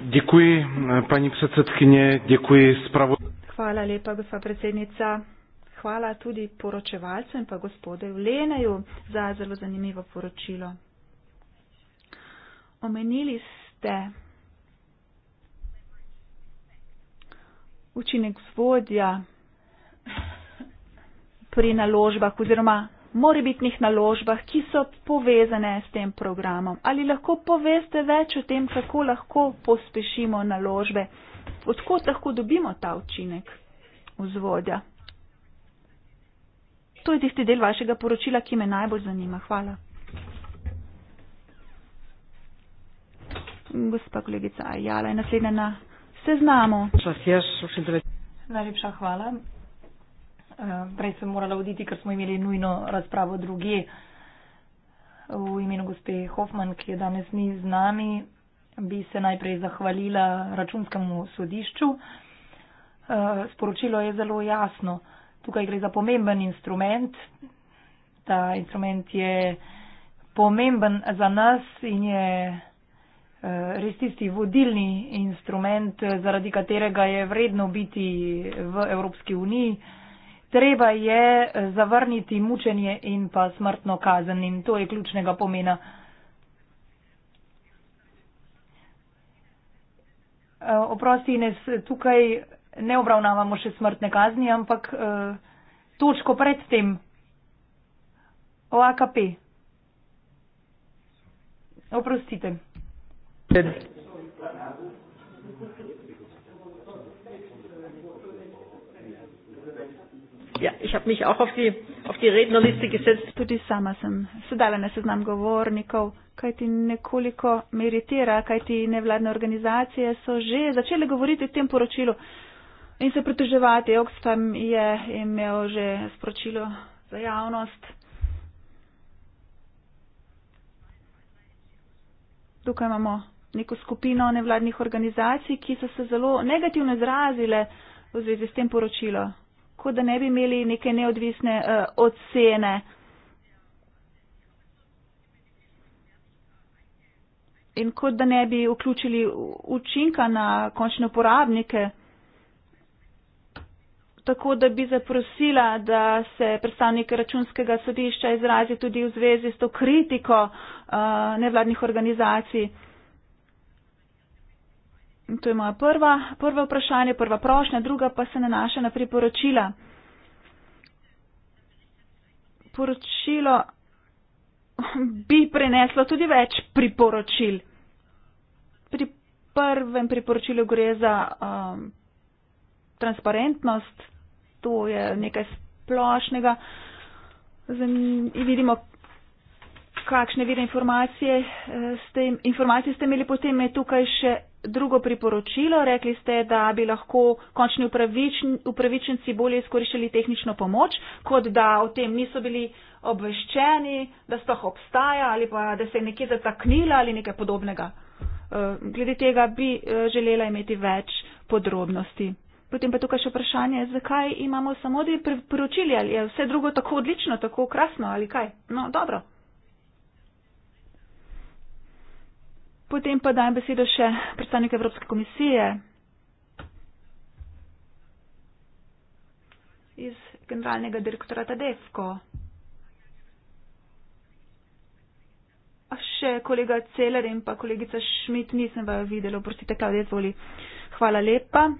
Děkuji, paní predsedkinje, děkuji spravo. Hvala lepa, gospa predsednica. Hvala tudi poročevalcem in pa gospodu Lenaju za zelo zanimivo poročilo. Omenili ste učinek vzvodja pri naložbah oziroma morebitnih naložbah, ki so povezane s tem programom. Ali lahko poveste več o tem, kako lahko pospešimo naložbe, odkot lahko dobimo ta učinek vzvodja? To je tisti del vašega poročila, ki me najbolj zanima. Hvala. Gospa kolegica Ajala je naslednja na seznamu. Najlepša hvala. Eh, prej sem morala oditi, ker smo imeli nujno razpravo druge v imenu gospe Hoffman, ki je danes ni z nami. Bi se najprej zahvalila računskemu sodišču. Eh, sporočilo je zelo jasno. Tukaj gre za pomemben instrument. Ta instrument je pomemben za nas in je eh, res tisti vodilni instrument, zaradi katerega je vredno biti v Evropski uniji treba je eh, zavrniti mučenje in pa smrtno kazen in to je ključnega pomena. Eh, oprosti, Ines, tukaj ne obravnavamo še smrtne kazni, ampak uh, točko pred tem o AKP. Oprostite. Pred. Ja, ich habe mich auch auf die, auf die Rednerliste gesetzt. Tudi sama sem sedala na seznam govornikov, kaj ti nekoliko me iritira, kaj ti nevladne organizacije so že začele govoriti o tem poročilu in se pritoževati. Oxfam je imel že sporočilo za javnost. Tukaj imamo neko skupino nevladnih organizacij, ki so se zelo negativno izrazile v zvezi s tem poročilom kot da ne bi imeli neke neodvisne uh, ocene. In kot da ne bi vključili učinka na končne uporabnike, tako da bi zaprosila, da se predstavnik računskega sodišča izrazi tudi v zvezi s to kritiko uh, nevladnih organizacij to je moja prva, prva vprašanje, prva prošnja, druga pa se nanaša na priporočila. Poročilo bi preneslo tudi več priporočil. Pri prvem priporočilu gre za um, transparentnost, to je nekaj splošnega. Zanim, vidimo, kakšne vire informacije eh, ste, informacije ste imeli potem je tukaj še. Drugo priporočilo, rekli ste, da bi lahko končni upravičen, upravičenci bolje izkoriščali tehnično pomoč, kot da o tem niso bili obveščeni, da sploh obstaja ali pa da se je nekje zataknila ali nekaj podobnega. Eh, glede tega bi eh, želela imeti več podrobnosti. Potem pa tukaj še vprašanje, zakaj imamo samo dve priporočili, ali je vse drugo tako odlično, tako krasno ali kaj. No, dobro. Potem pa dajem besedo še predstavnik Evropske komisije iz generalnega direktorata DEFCO. A še kolega Celer in pa kolegica Šmit nisem vaju videla, oprostite, kaj odzvoli. Hvala lepa. E,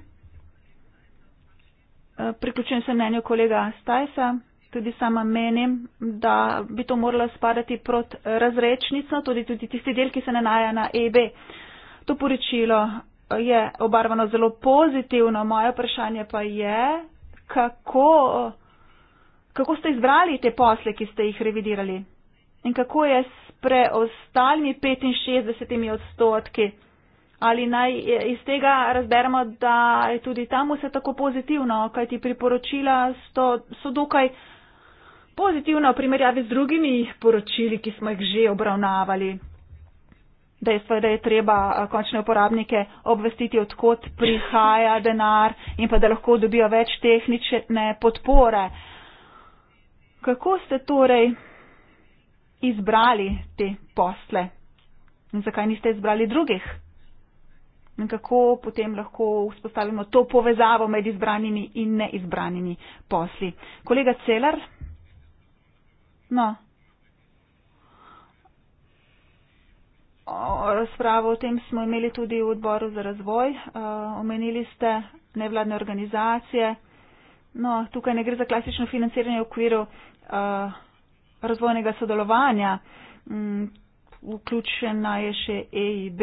priključujem se mnenju kolega Stajsa tudi sama menim, da bi to moralo spadati pod razrečnico, tudi, tudi tisti del, ki se nanaja na EB. To poročilo eh, je obarvano zelo pozitivno, moje vprašanje pa je, kako, kako ste izbrali te posle, ki ste jih revidirali in kako je s preostalimi 65 odstotki. Ali naj eh, iz tega razberemo, da je tudi tam vse tako pozitivno, kaj ti priporočila so, so dokaj pozitivna v primerjavi z drugimi poročili, ki smo jih že obravnavali. Dejstvo je, da je treba eh, končne uporabnike obvestiti, odkot prihaja denar in pa da lahko dobijo več tehnične podpore. Kako ste torej izbrali te posle in zakaj niste izbrali drugih? In kako potem lahko vzpostavimo to povezavo med izbranimi in neizbranimi posli? Kolega Celar, No. O, razpravo o tem smo imeli tudi v odboru za razvoj. O, e, omenili ste nevladne organizacije. No, tukaj ne gre za klasično financiranje v okviru o, e, razvojnega sodelovanja. M, mm, vključena je še EIB.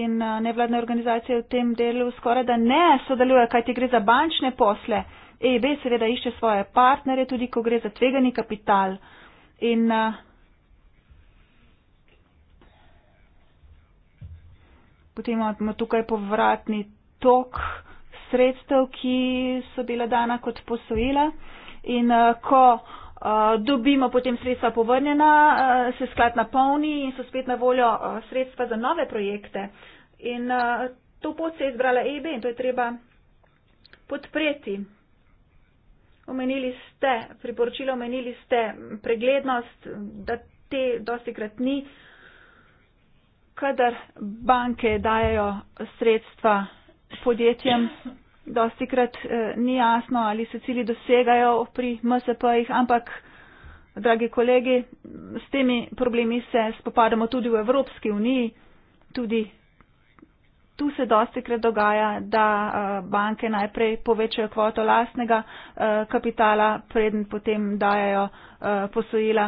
In e, nevladne organizacije v tem delu skoraj da ne sodelujejo, kajti gre za bančne posle. EIB seveda išče svoje partnere, tudi ko gre za tvegani kapital. In, Potem imamo tukaj povratni tok sredstev, ki so bila dana kot posojila in ko dobimo potem sredstva povrnjena, se sklad napolni in so spet na voljo sredstva za nove projekte. In to pot se je izbrala EIB in to je treba podpreti. Omenili ste, priporočilo omenili ste preglednost, da te dosti krat ni, kadar banke dajo sredstva podjetjem, dosti krat eh, ni jasno, ali se cilji dosegajo pri MSP-jih, ampak, dragi kolegi, s temi problemi se spopadamo tudi v Evropski uniji, tudi Tu se dosti krat dogaja, da eh, banke najprej povečajo kvoto lastnega eh, kapitala, preden potem dajajo eh, posojila.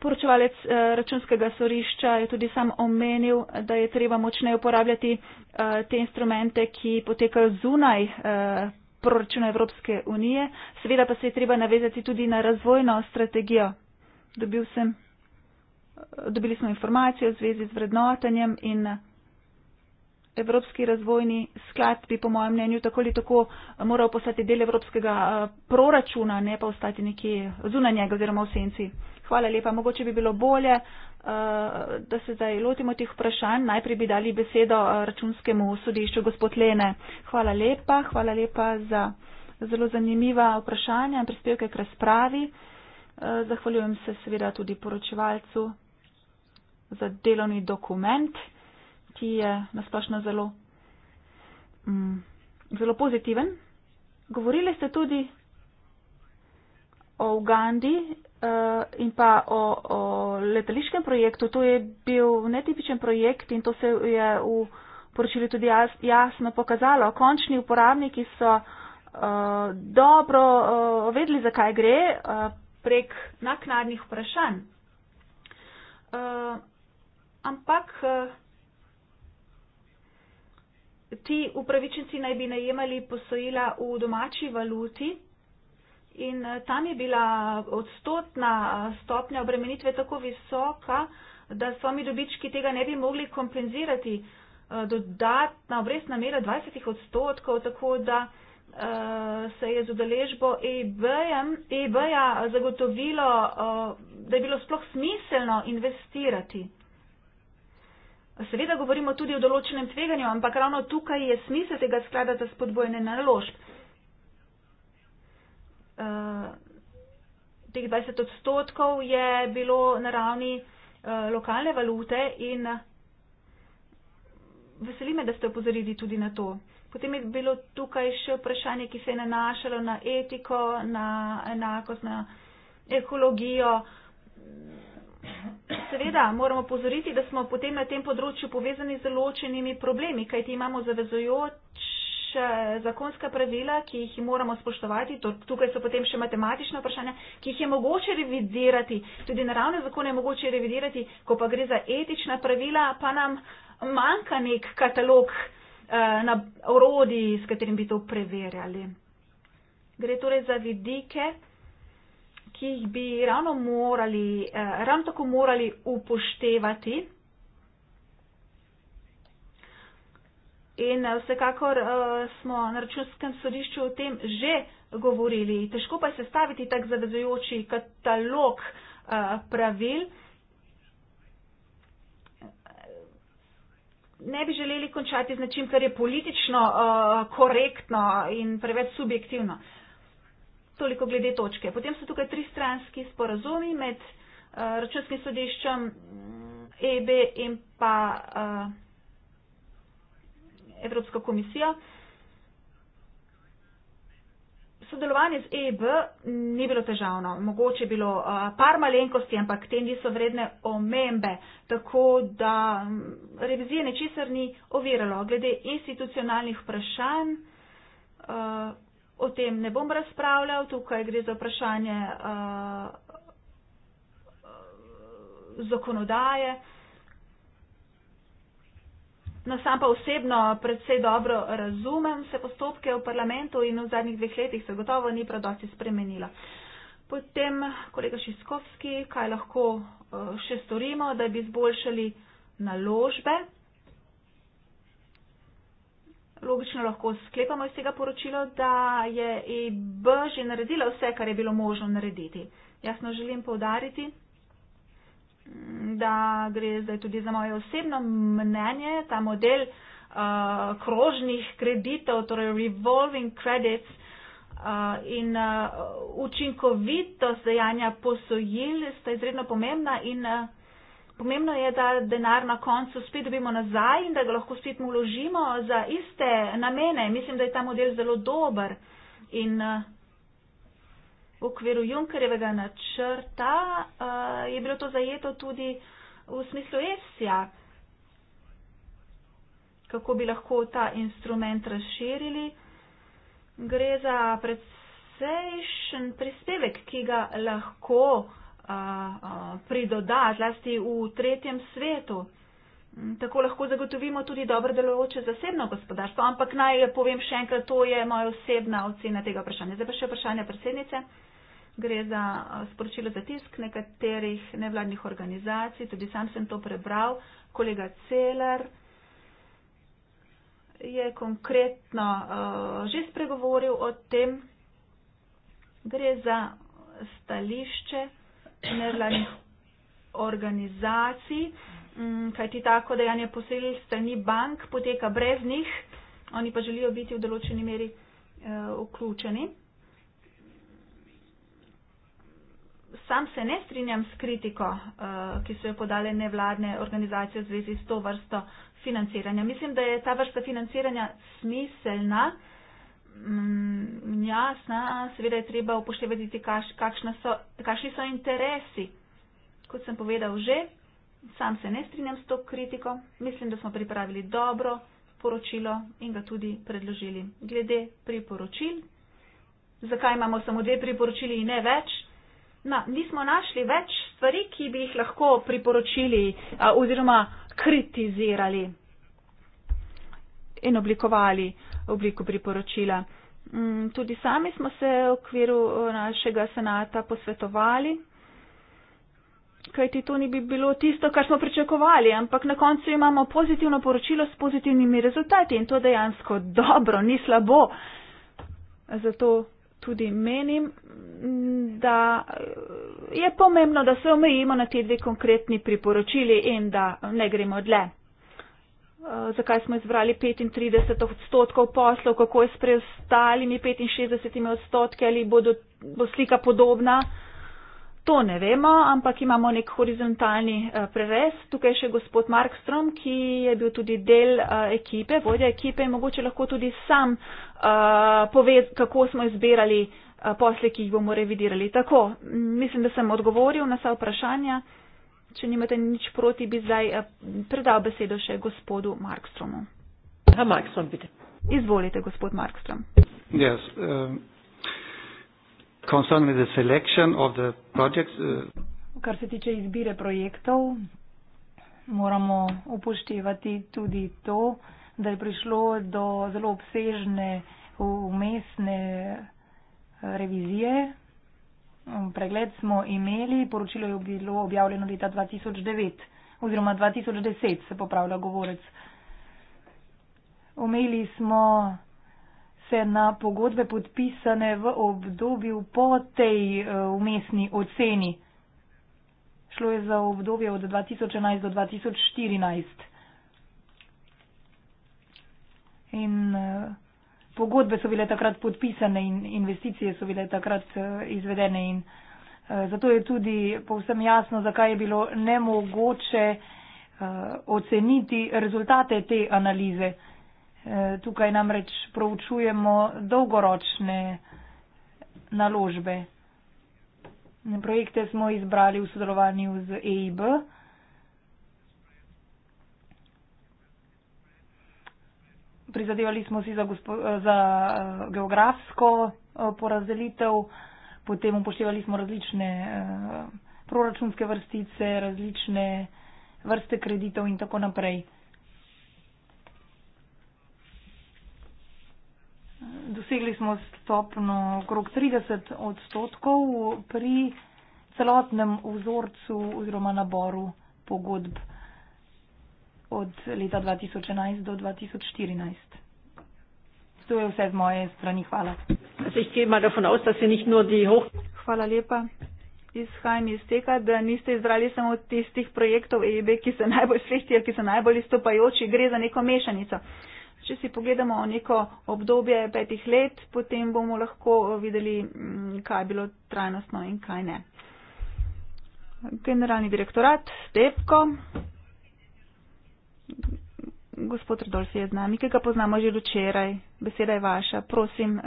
Poročevalec računskega sorišča je tudi sam omenil, da je treba močneje uporabljati te instrumente, ki potekajo zunaj proračuna Evropske unije. Seveda pa se je treba navezati tudi na razvojno strategijo. Dobil sem dobili smo informacije v zvezi z vrednotenjem in Evropski razvojni sklad bi po mojem mnenju tako ali tako moral postati del evropskega eh, proračuna, ne pa ostati nekje zunaj njega oziroma v senci. Hvala lepa. Mogoče bi bilo bolje, eh, da se zdaj lotimo tih vprašanj. Najprej bi dali besedo eh, računskemu sodišču gospod Lene. Hvala lepa. Hvala lepa za zelo zanimiva vprašanja in prispevke k razpravi. Zahvaljujem se seveda tudi poročevalcu za delovni dokument, ki je nasplošno zelo, mm, zelo pozitiven. Govorili ste tudi o Ugandi uh, in pa o, o letališkem projektu. To je bil netipičen projekt in to se je v poročilu tudi jas, jasno pokazalo. Končni uporabniki so uh, dobro uh, vedeli, zakaj gre uh, prek naknadnih vprašanj. Uh, ampak eh, ti upravičenci naj bi najemali posojila v domači valuti in eh, tam je bila odstotna stopnja obremenitve tako visoka, da s svojimi dobički tega ne bi mogli kompenzirati. Eh, dodatna obrestna mera 20 odstotkov, tako da se je z udeležbo EIB-ja e zagotovilo, da je bilo sploh smiselno investirati. Seveda govorimo tudi o določenem tveganju, ampak ravno tukaj je smisel tega sklada za spodbojene naložb. Uh, teh 20 odstotkov je bilo na ravni uh, lokalne valute in veseli me, da ste opozorili tudi na to. Potem je bilo tukaj še vprašanje, ki se je nanašalo na etiko, na enakost, na ekologijo. Seveda moramo pozoriti, da smo potem na tem področju povezani z določenimi problemi, kajti imamo zavezojoče zakonska pravila, ki jih moramo spoštovati. Tukaj so potem še matematične vprašanja, ki jih je mogoče revidirati. Tudi naravne zakone je mogoče revidirati, ko pa gre za etična pravila, pa nam manjka nek katalog eh, na orodji, s katerim bi to preverjali. Gre torej za vidike ki jih bi ravno morali, eh, ravno tako morali upoštevati. In eh, vsekakor eh, smo na računskem sodišču o tem že govorili. Težko pa je sestaviti tak zavezujoči katalog eh, pravil. Ne bi želeli končati z nečim, kar je politično eh, korektno in preveč subjektivno. Eh, toliko glede točke. Potem so tukaj tri stranski sporazumi med uh, računskim sodiščem mm, EB in pa uh, Evropsko komisijo. Sodelovanje z EB ni bilo težavno, mogoče je bilo uh, par malenkosti, ampak te niso vredne omembe, tako da mm, revizije nečesar ni oviralo. Glede institucionalnih vprašanj. Uh, o tem ne bom razpravljal, tukaj gre za vprašanje uh, zakonodaje. No, sam pa osebno predvsej dobro razumem vse postopke v parlamentu in v zadnjih dveh letih se gotovo ni predosti spremenila. Potem, kolega Šiskovski, kaj lahko eh, še storimo, da bi izboljšali naložbe? Logično lahko sklepamo iz tega poročila, da je EB že naredila vse, kar je bilo možno narediti. Jasno želim poudariti, da gre zdaj tudi za moje osebno mnenje, ta model uh, krožnih kreditov, torej revolving credits uh, in uh, učinkovitost dejanja posojil sta izredno pomembna in uh, Pomembno je, da denar na koncu spet dobimo nazaj in da ga lahko spet uložimo za iste namene. Mislim, da je ta model zelo dober in eh, v okviru Junkerjevega načrta eh, je bilo to zajeto tudi v smislu ESIA, kako bi lahko ta instrument razširili. Gre za precejšen prispevek, ki ga lahko uh, a, a, pridoda, zlasti v tretjem svetu. Mm, tako lahko zagotovimo tudi dobro delujoče zasebno gospodarstvo, ampak naj povem še enkrat, to je moja osebna ocena tega vprašanja. Zdaj pa še vprašanje predsednice. Gre za sporočilo za tisk nekaterih nevladnih organizacij, tudi sam sem to prebral. Kolega Celer je konkretno uh, že spregovoril o tem. Gre za stališče nevladnih organizacij, mm, kajti tako dejanje posebej strani bank poteka brez njih, oni pa želijo biti v določeni meri eh, vključeni. Sam se ne strinjam s kritiko, eh, ki so jo podale nevladne organizacije v zvezi s to vrsto financiranja. Mislim, da je ta vrsta financiranja smiselna mm, jasna, seveda je treba upoštevati, kaš, so, kakšni so interesi. Kot sem povedal že, sam se ne strinjam s to kritiko, mislim, da smo pripravili dobro poročilo in ga tudi predložili. Glede priporočil, zakaj imamo samo dve priporočili in ne več? Na, nismo našli več stvari, ki bi jih lahko priporočili a, oziroma kritizirali in oblikovali obliko priporočila. Mm, tudi sami smo se v okviru eh, našega senata posvetovali, kajti to ni bi bilo tisto, kar smo pričakovali, ampak na koncu imamo pozitivno poročilo s pozitivnimi rezultati in to dejansko dobro, ni slabo. Zato tudi menim, da eh, je pomembno, da se omejimo na te dve konkretni priporočili in da ne gremo dlje. Eh, zakaj smo izbrali 35 odstotkov poslov, kako je s preostalimi 65 odstotki, ali bodo, bo slika podobna. To ne vemo, ampak imamo nek horizontalni eh, prerez. Tukaj je še gospod Markstrom, ki je bil tudi del eh, ekipe, vodja ekipe in mogoče lahko tudi sam pove, kako smo izbirali posle, ki jih bomo revidirali. Tako, mislim, da sem odgovoril na vsa vprašanja če nimate nič proti, bi zdaj eh, predal besedo še gospodu Markstromu. Ha, Markstrom, bitte. Izvolite, gospod Markstrom. Yes, um, concerning the selection of the projects. Uh... Kar se tiče izbire projektov, moramo upoštevati tudi to, da je prišlo do zelo obsežne umestne eh, revizije Mm, pregled smo imeli, poročilo je bilo objavljeno leta 2009 oziroma 2010, se popravlja govorec. Omejili smo se na pogodbe podpisane v obdobju po tej umestni eh, oceni. Šlo je za obdobje od 2011 do 2014. In eh, pogodbe so bile takrat podpisane in investicije so bile takrat eh, izvedene in eh, zato je tudi povsem jasno, zakaj je bilo nemogoče eh, oceniti rezultate te analize. Tukaj namreč proučujemo dolgoročne naložbe. Projekte smo izbrali v sodelovanju z EIB. prizadevali smo si za, gospo, za eh, geografsko eh, porazdelitev, potem upoštevali smo različne eh, proračunske vrstice, različne vrste kreditov in tako naprej. Dosegli smo stopno okrog 30 odstotkov pri celotnem vzorcu oziroma naboru pogodb od leta 2011 do 2014. To je vse z moje strani. Hvala. Aus, hoch... Hvala lepa. Izhajam iz tega, da niste izbrali samo tistih projektov EIB, ki so najbolj svehti, ki so najbolj izstopajoči. Gre za neko mešanico. Če si pogledamo neko obdobje petih let, potem bomo lahko videli, mm, kaj je bilo trajnostno in kaj ne. Generalni direktorat Stepko gospod Rodolf je z nami, ki ga poznamo že včeraj. Beseda je vaša. Prosim, eh,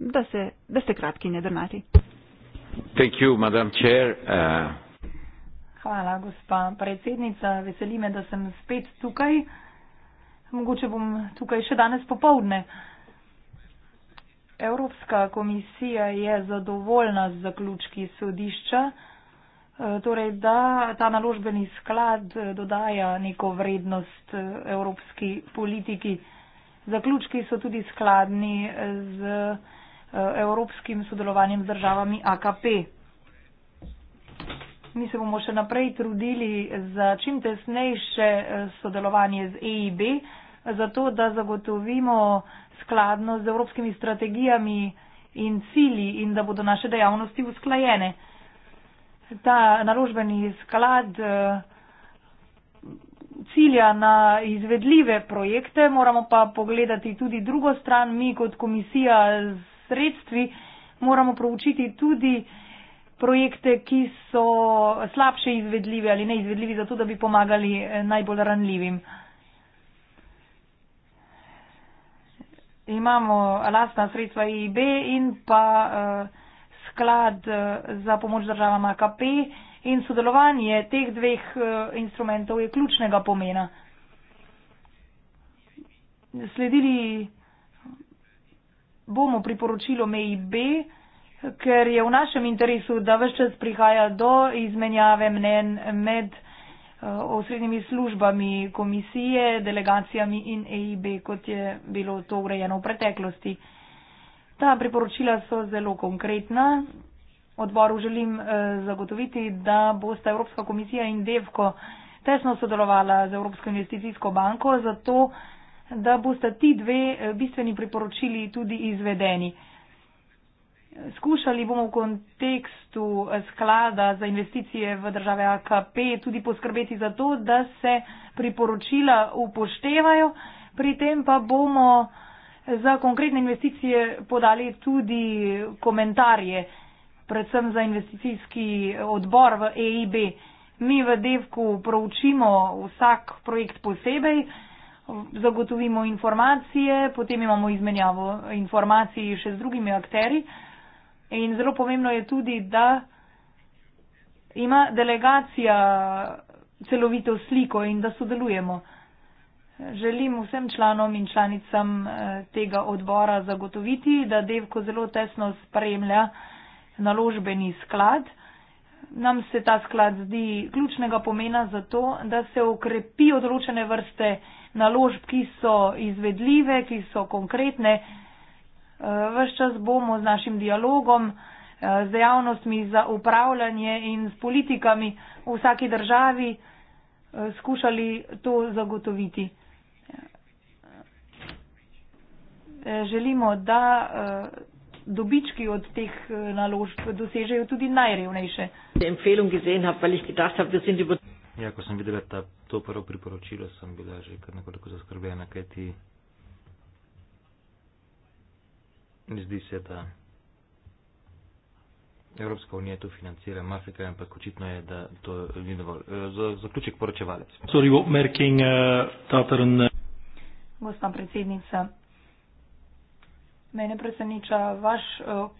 da, se, da ste kratki in jedrnati. Eh. Hvala, gospa predsednica. Veseli me, da sem spet tukaj. Mogoče bom tukaj še danes popovdne. Evropska komisija je zadovoljna z zaključki sodišča. Eh, torej, da ta naložbeni sklad eh, dodaja neko vrednost eh, evropski politiki. Zaključki so tudi skladni z evropskim sodelovanjem z državami AKP. Mi se bomo še naprej trudili za čim tesnejše sodelovanje z EIB, zato da zagotovimo skladnost z evropskimi strategijami in cilji in da bodo naše dejavnosti usklajene ta naložbeni sklad eh, cilja na izvedljive projekte, moramo pa pogledati tudi drugo stran. Mi kot komisija z sredstvi moramo proučiti tudi projekte, ki so slabše izvedljivi ali neizvedljivi, zato da bi pomagali eh, najbolj ranljivim. Imamo lastna sredstva e IB in pa uh, sklad eh, za pomoč državama KP in sodelovanje teh dveh eh, instrumentov je ključnega pomena. Sledili bomo priporočilo MEIB, ker je v našem interesu, da vse čas prihaja do izmenjave mnen med eh, osrednjimi službami komisije, delegacijami in EIB, kot je bilo to urejeno v preteklosti. Ta priporočila so zelo konkretna. Odboru želim eh, zagotoviti, da bosta Evropska komisija in Devko tesno sodelovala z Evropsko investicijsko banko, zato da bosta ti dve eh, bistveni priporočili tudi izvedeni. Skušali bomo v kontekstu eh, sklada za investicije v države AKP tudi poskrbeti za to, da se priporočila upoštevajo, pri tem pa bomo za konkretne investicije podali tudi komentarje, predvsem za investicijski odbor v EIB. Mi v Devku proučimo vsak projekt posebej, zagotovimo informacije, potem imamo izmenjavo informacij še z drugimi akteri. In zelo pomembno je tudi, da ima delegacija celovito sliko in da sodelujemo. Želim vsem članom in članicam eh, tega odbora zagotoviti, da Devko zelo tesno spremlja naložbeni sklad. Nam se ta sklad zdi ključnega pomena za to, da se okrepi odločene vrste naložb, ki so izvedljive, ki so konkretne. Eh, ves čas bomo z našim dialogom, eh, z dejavnostmi za upravljanje in s politikami v vsaki državi skušali to zagotoviti. Eh, želimo, da eh, dobički od teh eh, naložb dosežejo tudi najrevnejše. Ja, ko sem videla ta, to prvo priporočilo, sem bila že kar nekoliko zaskrbljena, kaj ti zdi se, da Evropska unija to financira, Mafika, ampak očitno je, da to ni dovolj. Zaključek poročevalec. Sorry, what marking, uh, Gospa predsednica, mene preseneča vaš uh,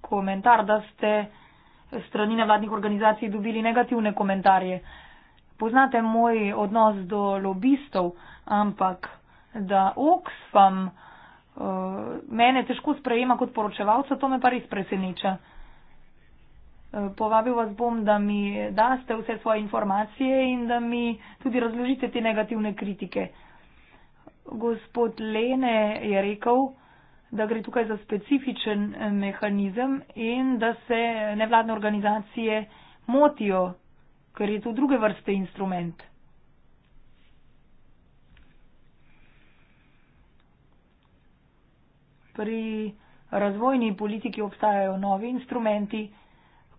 komentar, da ste strani nevladnih organizacij dobili negativne komentarje. Poznate moj odnos do lobistov, ampak da Oxfam uh, eh, mene težko sprejema kot poročevalca, to me pa res preseneča. Eh, povabil vas bom, da mi daste vse svoje informacije in da mi tudi razložite te negativne kritike. Gospod Lene je rekel, da gre tukaj za specifičen eh, mehanizem in da se nevladne organizacije motijo, ker je to druge vrste instrument. Pri razvojni politiki obstajajo novi instrumenti,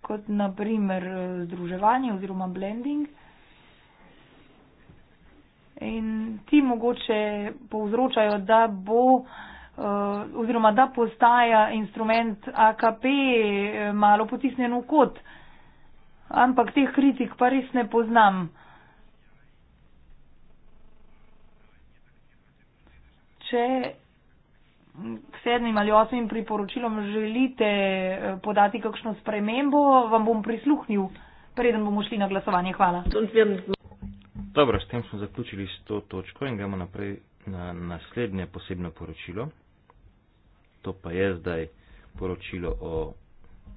kot naprimer eh, združevanje oziroma blending. In ti mogoče povzročajo, da bo uh, Eh, oziroma da postaja instrument AKP eh, malo potisnjen v kot. Ampak teh kritik pa res ne poznam. Če k sedmim ali osmim priporočilom želite eh, podati kakšno spremembo, vam bom prisluhnil, preden bomo šli na glasovanje. Hvala. Dobro, s tem smo zaključili s to točko in gremo naprej na naslednje posebno poročilo. To pa je zdaj poročilo o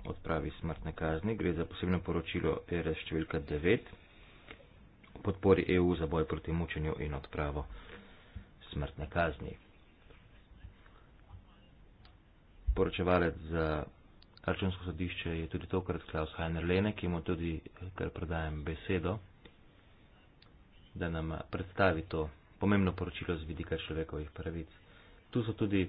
odpravi smrtne kazni. Gre za posebno poročilo RS številka 9 o podpori EU za boj proti mučenju in odpravo smrtne kazni. Poročevalec za računsko sodišče je tudi tokrat Klaus Heiner Lene, ki mu tudi kar predajem besedo, da nam predstavi to pomembno poročilo z vidika človekovih pravic. Tu so tudi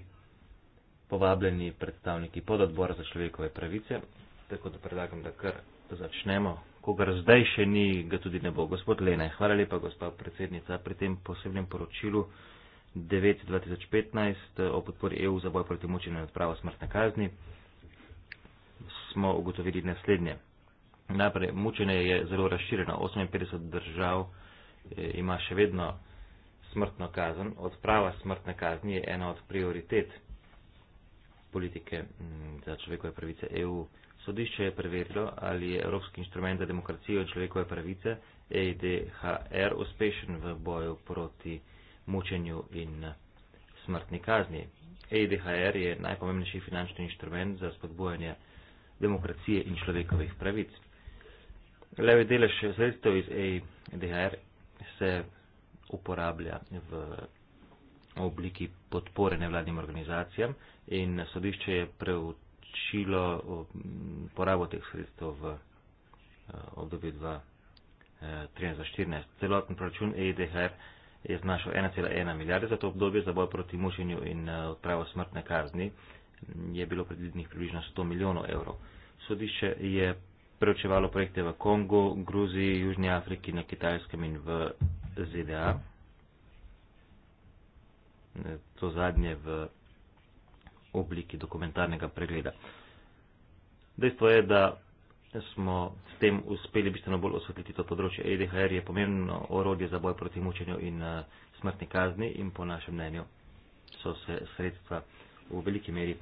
povabljeni predstavniki pododbora za človekove pravice, tako da predlagam, da kar začnemo. Kogar zdaj še ni, ga tudi ne bo. Gospod Lene, hvala lepa, gospa predsednica, pri tem posebnem poročilu 9.2015 o podpori EU za boj proti mučenju in odpravo smrtne kazni smo ugotovili naslednje. Najprej, mučenje je zelo razširjeno. 58 držav eh, ima še vedno smrtno kazen. Odprava smrtne kazni je ena od prioritet politike mm, za človekove pravice EU. Sodišče je preverilo, ali je Evropski inštrument za demokracijo in človekove pravice EIDHR uspešen v boju proti mučenju in smrtni kazni. EIDHR je najpomembnejši finančni inštrument za spodbujanje demokracije in človekovih pravic. Levi delež sredstev iz EIDHR se uporablja v obliki podpore nevladnim organizacijam in sodišče je preučilo mm, porabo teh sredstev v eh, obdobju 2013-2014. Eh, Celoten proračun EIDHR je znašel 1,1 milijarde za to obdobje za boj proti mušenju in eh, odpravo smrtne kazni. Je bilo predvidenih približno 100 milijonov evrov. Sodišče je preučevalo projekte v Kongu, Gruziji, Južnji Afriki, na Kitajskem in v ZDA. To zadnje v obliki dokumentarnega pregleda. Dejstvo je, da smo s tem uspeli bistveno bolj osvetliti to področje. EDHR je pomembno orodje za boj proti mučenju in eh, smrtni kazni in po našem mnenju so se sredstva v veliki meri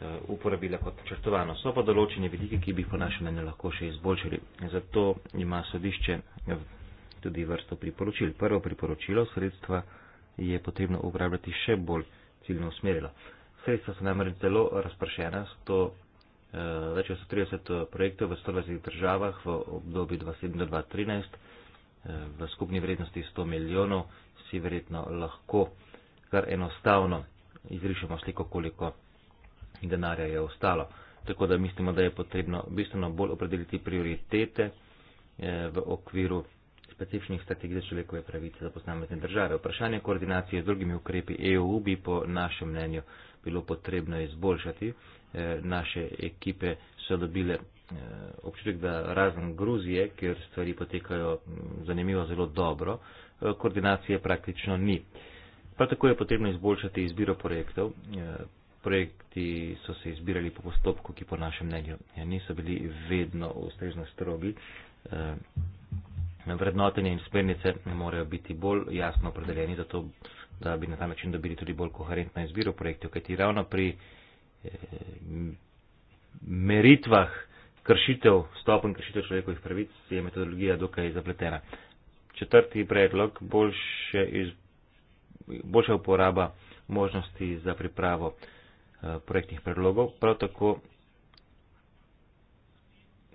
Eh, uporabile kot načrtovano. So pa določene vidike, ki bi jih po našem mnenju lahko še izboljšali. Zato ima sodišče eh, tudi vrsto priporočil. Prvo priporočilo sredstva je potrebno uporabljati še bolj ciljno usmerjeno. Sredstva so namreč zelo razpršena, to eh, več kot 130 projektov v 120 državah v obdobju 2007-2013 v skupni vrednosti 100 milijonov si verjetno lahko kar enostavno izrišemo sliko, koliko in denarja je ostalo. Tako da mislimo, da je potrebno bistveno bolj opredeliti prioritete eh, v okviru specifičnih strategij za človekove pravice za posamezne države. Vprašanje koordinacije z drugimi ukrepi EU bi po našem mnenju bilo potrebno izboljšati. Eh, naše ekipe so dobile eh, občutek, da razen Gruzije, kjer stvari potekajo mm, zanimivo zelo dobro, koordinacije praktično ni. Prav tako je potrebno izboljšati izbiro projektov, projekti so se izbirali po postopku, ki po našem mnenju ja, niso bili vedno ustrezno strogi. Eh, vrednotenje in smernice morajo biti bolj jasno opredeljeni, zato da bi na ta način dobili tudi bolj koherentno izbiro projektov, kajti ravno pri eh, meritvah kršitev, stopen kršitev človekovih pravic je metodologija dokaj zapletena. Četrti predlog, boljše iz, boljša uporaba možnosti za pripravo eh, Eh, projektnih predlogov. Prav tako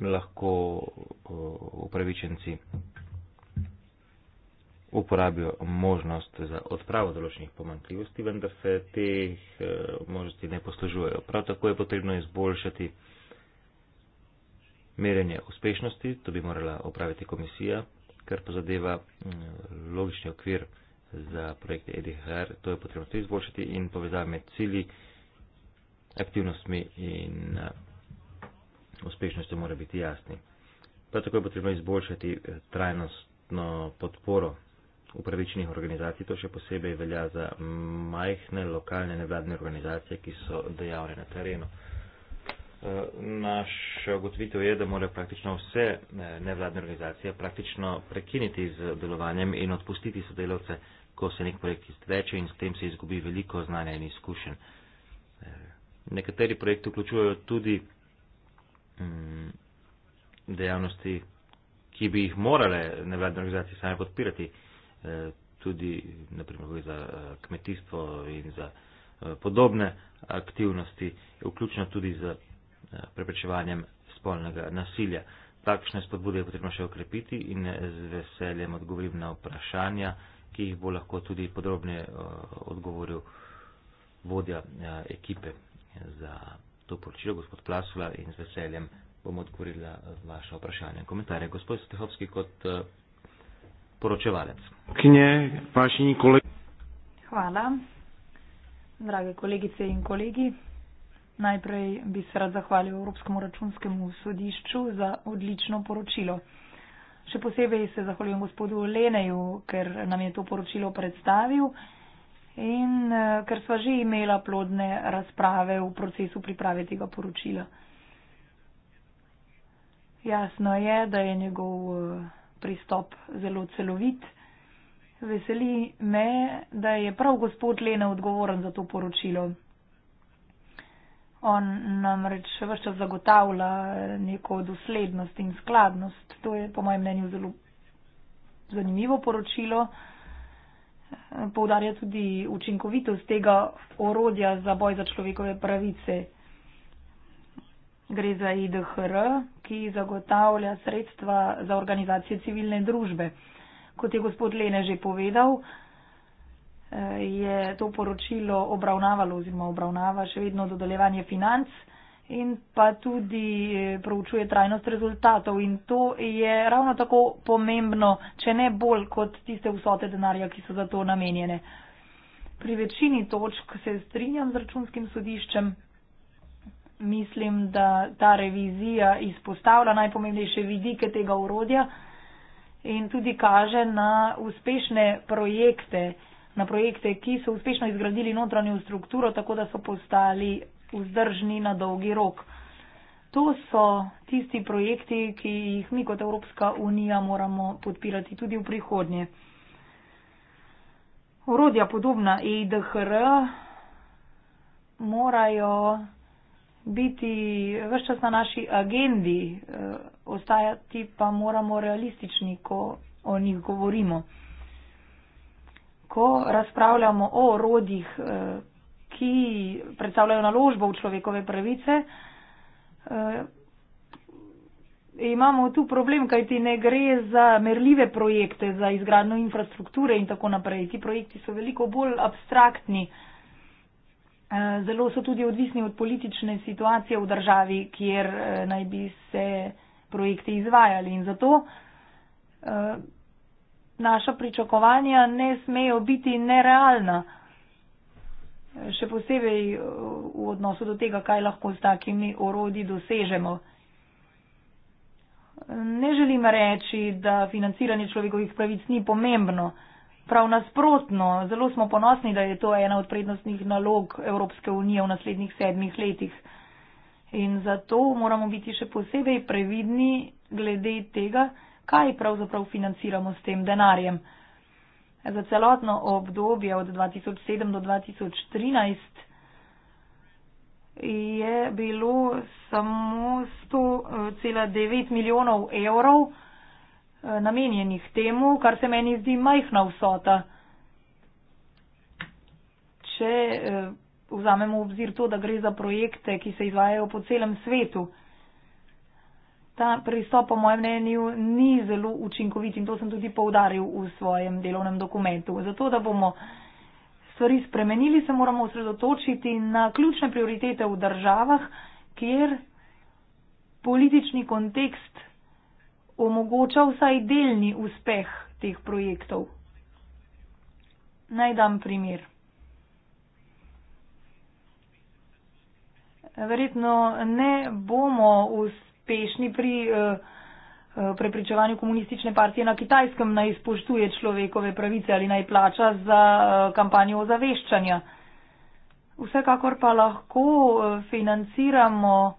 lahko eh, upravičenci uporabijo možnost za odpravo določenih pomankljivosti, vendar se teh eh, možnosti ne poslužujejo. Prav tako je potrebno izboljšati merjenje uspešnosti, to bi morala opraviti komisija, ker pa zadeva logični okvir za projekte EDHR, to je potrebno tudi izboljšati in povezave med cilji aktivnostmi in eh, uspešnostjo mora biti jasni. Prav tako je potrebno izboljšati eh, trajnostno podporo upravičenih organizacij, to še posebej velja za majhne lokalne nevladne organizacije, ki so dejavne na terenu. Eh, naša ugotovitev je, da morajo praktično vse nevladne organizacije praktično prekiniti z delovanjem in odpustiti sodelavce, ko se nek projekt izteče in s tem se izgubi veliko znanja in izkušenj. Nekateri projekti vključujejo tudi mm, dejavnosti, ki bi jih morale nevladne organizacije same podpirati, e, tudi naprimer za e, kmetijstvo in za e, podobne aktivnosti, vključno tudi z preprečevanjem spolnega nasilja. Takšne spodbude je potrebno še okrepiti in z veseljem odgovorim na vprašanja, ki jih bo lahko tudi podrobne odgovoril vodja ekipe za to poročilo, gospod Plasula, in z veseljem bom odgovorila vaše vprašanje in komentarje. Gospod Stehovski, kot eh, poročevalec. Kine, vašini kolegi. Hvala. Drage kolegice in kolegi, najprej bi se rad zahvalil Evropskemu računskemu sodišču za odlično poročilo. Še posebej se zahvaljujem gospodu Leneju, ker nam je to poročilo predstavil in uh, ker sva že imela plodne razprave v procesu priprave tega poročila. Jasno je, da je njegov uh, pristop zelo celovit. Veseli me, da je prav gospod Lena odgovoren za to poročilo. On namreč vse čas zagotavlja eh, neko doslednost in skladnost. To je po mojem mnenju zelo zanimivo poročilo poudarja tudi učinkovitost tega orodja za boj za človekove pravice. Gre za IDHR, ki zagotavlja sredstva za organizacije civilne družbe. Kot je gospod Lene že povedal, eh, je to poročilo obravnavalo oziroma obravnava še vedno dodeljevanje financ in pa tudi eh, proučuje trajnost rezultatov. In to je ravno tako pomembno, če ne bolj kot tiste vsote denarja, ki so za to namenjene. Pri večini točk se strinjam z računskim sodiščem. Mislim, da ta revizija izpostavlja najpomembnejše vidike tega urodja in tudi kaže na uspešne projekte, na projekte, ki so uspešno izgradili notranjo strukturo, tako da so postali vzdržni na dolgi rok. To so tisti projekti, ki jih mi kot Evropska unija moramo podpirati tudi v prihodnje. Urodja podobna EIDHR morajo biti vse čas na naši agendi, eh, ostajati pa moramo realistični, ko o njih govorimo. Ko razpravljamo o urodjih, eh, ki predstavljajo naložbo v človekove pravice, uh, imamo tu problem, kajti ne gre za merljive projekte, za izgradno infrastrukture in tako naprej. Ti projekti so veliko bolj abstraktni. Eh, zelo so tudi odvisni od politične situacije v državi, kjer eh, naj bi se projekti izvajali. In zato naša pričakovanja ne smejo biti nerealna še posebej eh, v odnosu do tega, kaj lahko s takimi orodji dosežemo. Ne želim reči, da financiranje človekovih pravic ni pomembno. Prav nasprotno, zelo smo ponosni, da je to ena od prednostnih nalog Evropske unije v naslednjih sedmih letih. In zato moramo biti še posebej previdni glede tega, kaj pravzaprav financiramo s tem denarjem za celotno obdobje od 2007 do 2013 je bilo samo 100,9 eh, milijonov evrov eh, namenjenih temu, kar se meni zdi majhna vsota. Če eh, vzamemo v obzir to, da gre za projekte, ki se izvajajo po celem svetu ta pristop, po mojem mnenju, ni zelo učinkovit in to sem tudi poudaril v svojem delovnem dokumentu. Zato, da bomo stvari spremenili, se moramo osredotočiti na ključne prioritete v državah, kjer politični kontekst omogoča vsaj delni uspeh teh projektov. Naj dam primer. Verjetno ne bomo uspeli uspešni pri eh, eh, prepričevanju komunistične partije na kitajskem, naj spoštuje človekove pravice ali naj plača za eh, kampanjo ozaveščanja. Vsekakor pa lahko financiramo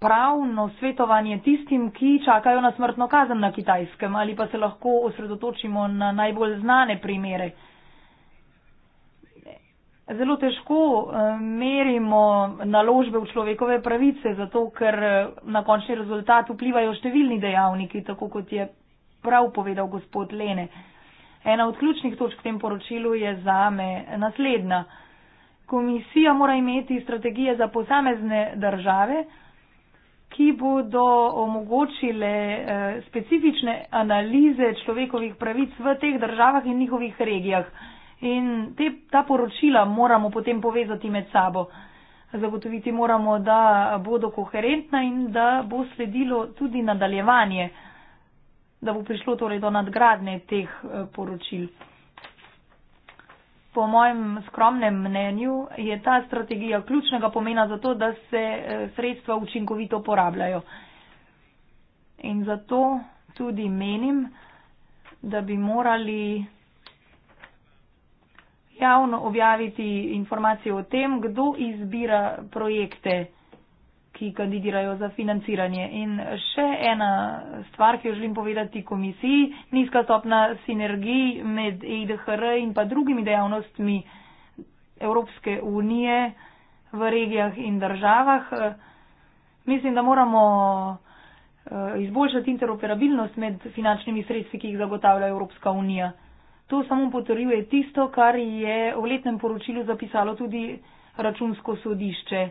pravno svetovanje tistim, ki čakajo na smrtno kazen na kitajskem ali pa se lahko osredotočimo na najbolj znane primere. Zelo težko eh, merimo naložbe v človekove pravice, zato ker eh, na končni rezultat vplivajo številni dejavniki, tako kot je prav povedal gospod Lene. Ena od ključnih točk v tem poročilu je zame naslednja. Komisija mora imeti strategije za posamezne države, ki bodo omogočile eh, specifične analize človekovih pravic v teh državah in njihovih regijah. In te, ta poročila moramo potem povezati med sabo. Zagotoviti moramo, da bodo koherentna in da bo sledilo tudi nadaljevanje, da bo prišlo torej do nadgradne teh eh, poročil. Po mojem skromnem mnenju je ta strategija ključnega pomena za to, da se eh, sredstva učinkovito porabljajo. In zato tudi menim, da bi morali javno objaviti informacije o tem, kdo izbira projekte, ki kandidirajo za financiranje. In še ena stvar, ki jo želim povedati komisiji, nizka stopna sinergij med EIDHR in pa drugimi dejavnostmi Evropske unije v regijah in državah. Mislim, da moramo eh, izboljšati interoperabilnost med finančnimi sredstvi, ki jih zagotavlja Evropska unija. To samo potrjuje tisto, kar je v letnem poročilu zapisalo tudi računsko sodišče.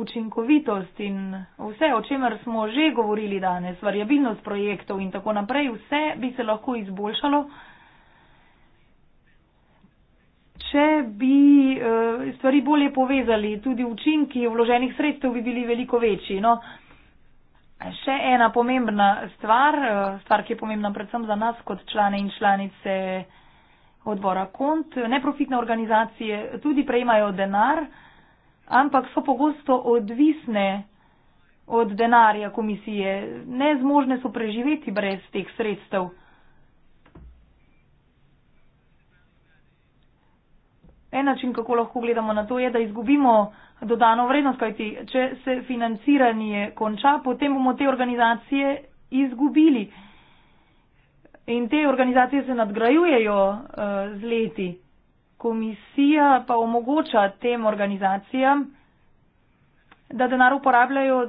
Učinkovitost in vse, o čemer smo že govorili danes, variabilnost projektov in tako naprej, vse bi se lahko izboljšalo, če bi eh, stvari bolje povezali. Tudi učinki vloženih sredstev bi bili veliko večji. No? Še ena pomembna stvar, eh, stvar, ki je pomembna predvsem za nas kot člane in članice odbora KONT. Neprofitne organizacije tudi prejmajo denar, ampak so pogosto odvisne od denarja komisije. Nezmožne so preživeti brez teh sredstev. En način, kako lahko gledamo na to, je, da izgubimo dodano vrednost, kajti če se financiranje konča, potem bomo te organizacije izgubili. In te organizacije se nadgrajujejo uh, z leti. Komisija pa omogoča tem organizacijam, da denar uporabljajo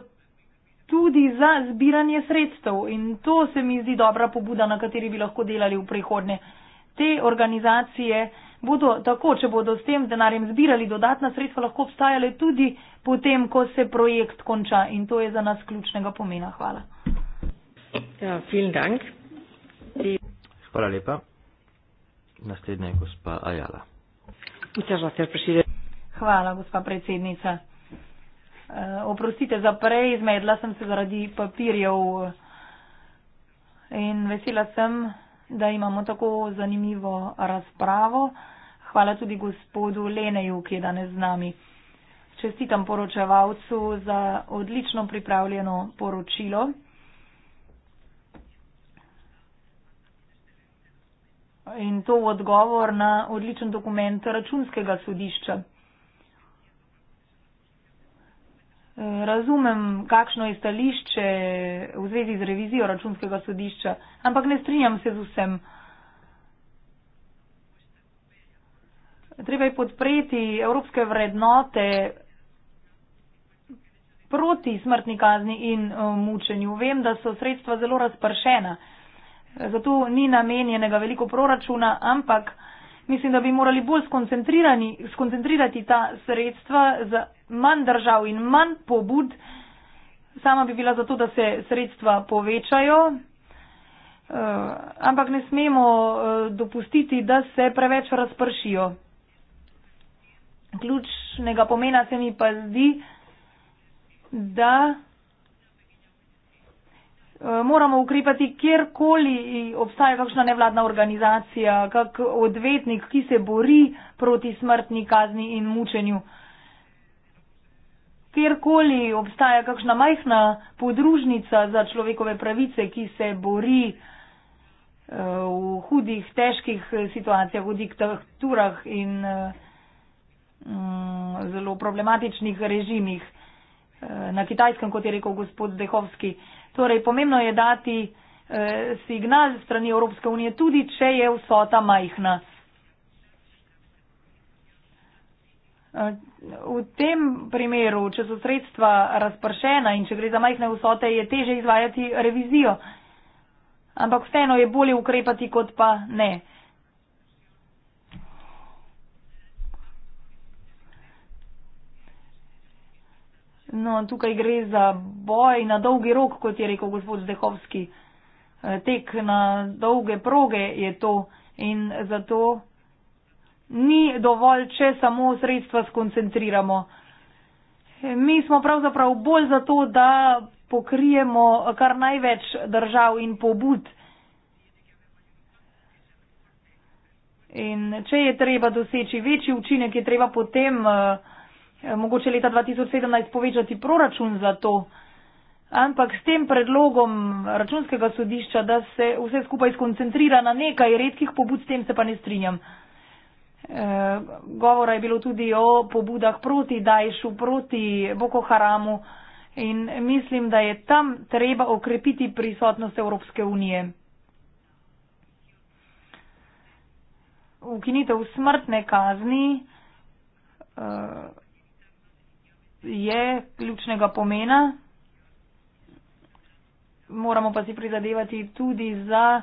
tudi za zbiranje sredstev. In to se mi zdi dobra pobuda, na kateri bi lahko delali v prihodnje. Te organizacije uh, bodo tako, če bodo s tem denarjem zbirali dodatna sredstva, lahko obstajale tudi potem, ko se projekt konča. In to je za nas ključnega pomena. Hvala. Ja, dank. I... Hvala lepa. Naslednja je gospa Ajala. Hvala, gospa predsednica. Eh, oprostite za prej, izmedla sem se zaradi papirjev eh, in vesela sem, da imamo tako zanimivo razpravo. Hvala tudi gospodu Leneju, ki je danes z nami. Čestitam poročevalcu za odlično pripravljeno poročilo. In to v odgovor na odličen dokument računskega sodišča. Razumem, kakšno je stališče v zvezi z revizijo računskega sodišča, ampak ne strinjam se z vsem. Treba je podpreti evropske vrednote proti smrtni kazni in eh, mučenju. Vem, da so sredstva zelo razpršena, zato ni namenjenega veliko proračuna, ampak. Mislim, da bi morali bolj skoncentrirati ta sredstva z manj držav in manj pobud. Sama bi bila za to, da se sredstva povečajo, eh, ampak ne smemo eh, dopustiti, da se preveč razpršijo. Ključnega pomena se mi pa zdi, da Eh, moramo ukrepati, kjerkoli obstaja kakšna nevladna organizacija, kak odvetnik, ki se bori proti smrtni kazni in mučenju. Kjerkoli obstaja kakšna majhna podružnica za človekove pravice, ki se bori eh, v hudih, težkih eh, situacijah, v diktaturah in mm, zelo problematičnih režimih. Na kitajskem, kot je rekel gospod Dehovski, Torej, pomembno je dati eh, signal strani Evropske unije, tudi če je vsota majhna. Eh, v tem primeru, če so sredstva razpršena in če gre za majhne vsote, je teže izvajati revizijo. Ampak vseeno je bolje ukrepati, kot pa ne. No, tukaj gre za boj na dolgi rok, kot je rekel gospod Zdehovski. Eh, tek na dolge proge je to in zato ni dovolj, če samo sredstva skoncentriramo. Eh, mi smo pravzaprav bolj zato, da pokrijemo kar največ držav in pobud. In če je treba doseči večji učinek, je treba potem. Uh, Eh, mogoče leta 2017 povečati proračun za to, ampak s tem predlogom računskega sodišča, da se vse skupaj skoncentrira na nekaj redkih pobud, s tem se pa ne strinjam. E, govora je bilo tudi o pobudah proti Dajšu, proti Boko Haramu in mislim, da je tam treba okrepiti prisotnost Evropske unije. Ukinitev smrtne kazni. E, je ključnega pomena. Moramo pa si prizadevati tudi za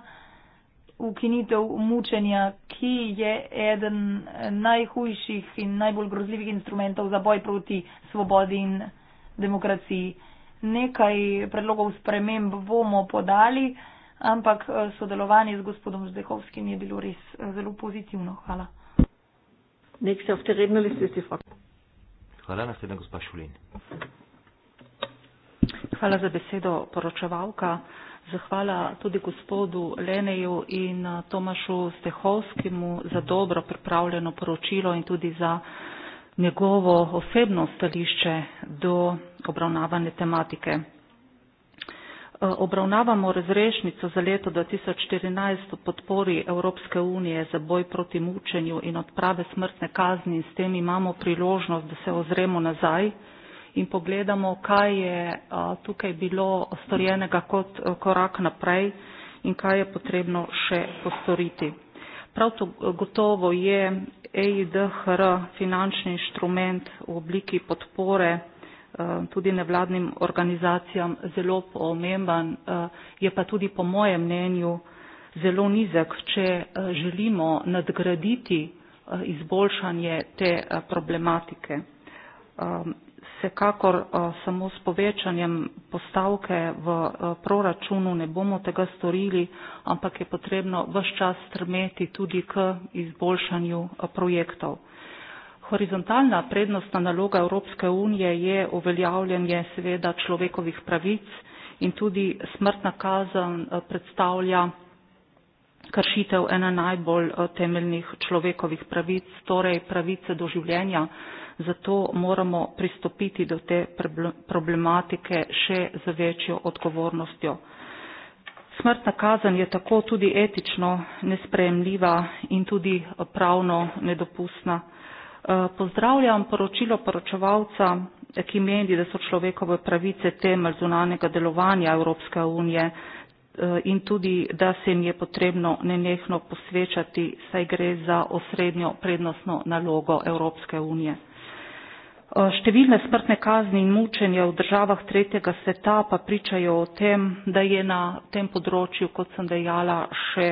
ukinitev mučenja, ki je eden najhujših in najbolj grozljivih instrumentov za boj proti svobodi in demokraciji. Nekaj predlogov sprememb bomo podali, ampak eh, sodelovanje z gospodom Zdehovskim je bilo res eh, zelo pozitivno. Hvala. Nekaj se v terenu, ali ste si fakt. Hvala. Naslednja gospa Šulin. Hvala za besedo, poročevalka. Zahvala tudi gospodu Leneju in eh, Tomašu Stehovskemu za dobro pripravljeno poročilo in tudi za njegovo osebno stališče do obravnavane tematike. Eh, obravnavamo razrešnico za leto 2014 v podpori Evropske unije za boj proti mučenju in odprave smrtne kazni in s tem imamo priložnost, da se ozremo nazaj in pogledamo, kaj je eh, tukaj bilo storjenega kot eh, korak naprej in kaj je potrebno še postoriti. Prav to gotovo je EIDHR finančni inštrument v obliki podpore Eh, tudi nevladnim organizacijam zelo pomemben, eh, je pa tudi po mojem mnenju zelo nizek, če eh, želimo nadgraditi izboljšanje te problematike. Ehm, Sekakor samo s povečanjem postavke v proračunu ne bomo tega storili, ampak je potrebno vse čas strmeti tudi k izboljšanju projektov. Horizontalna prednostna naloga Evropske unije je uveljavljanje seveda človekovih pravic in tudi smrtna kazen eh, predstavlja kršitev ena najbolj eh, temeljnih človekovih pravic, torej pravice do življenja. Zato moramo pristopiti do te problematike še z večjo odgovornostjo. Smrtna kazen je tako tudi etično nespremljiva in tudi eh, pravno nedopustna. Eh, pozdravljam poročilo poročevalca, ki meni, da so človekove pravice temelj zunanega delovanja Evropske unije eh, in tudi, da se jim je potrebno nenehno posvečati, saj gre za osrednjo prednostno nalogo Evropske unije. Eh, številne smrtne kazni in mučenja v državah tretjega sveta pa pričajo o tem, da je na tem področju, kot sem dejala, še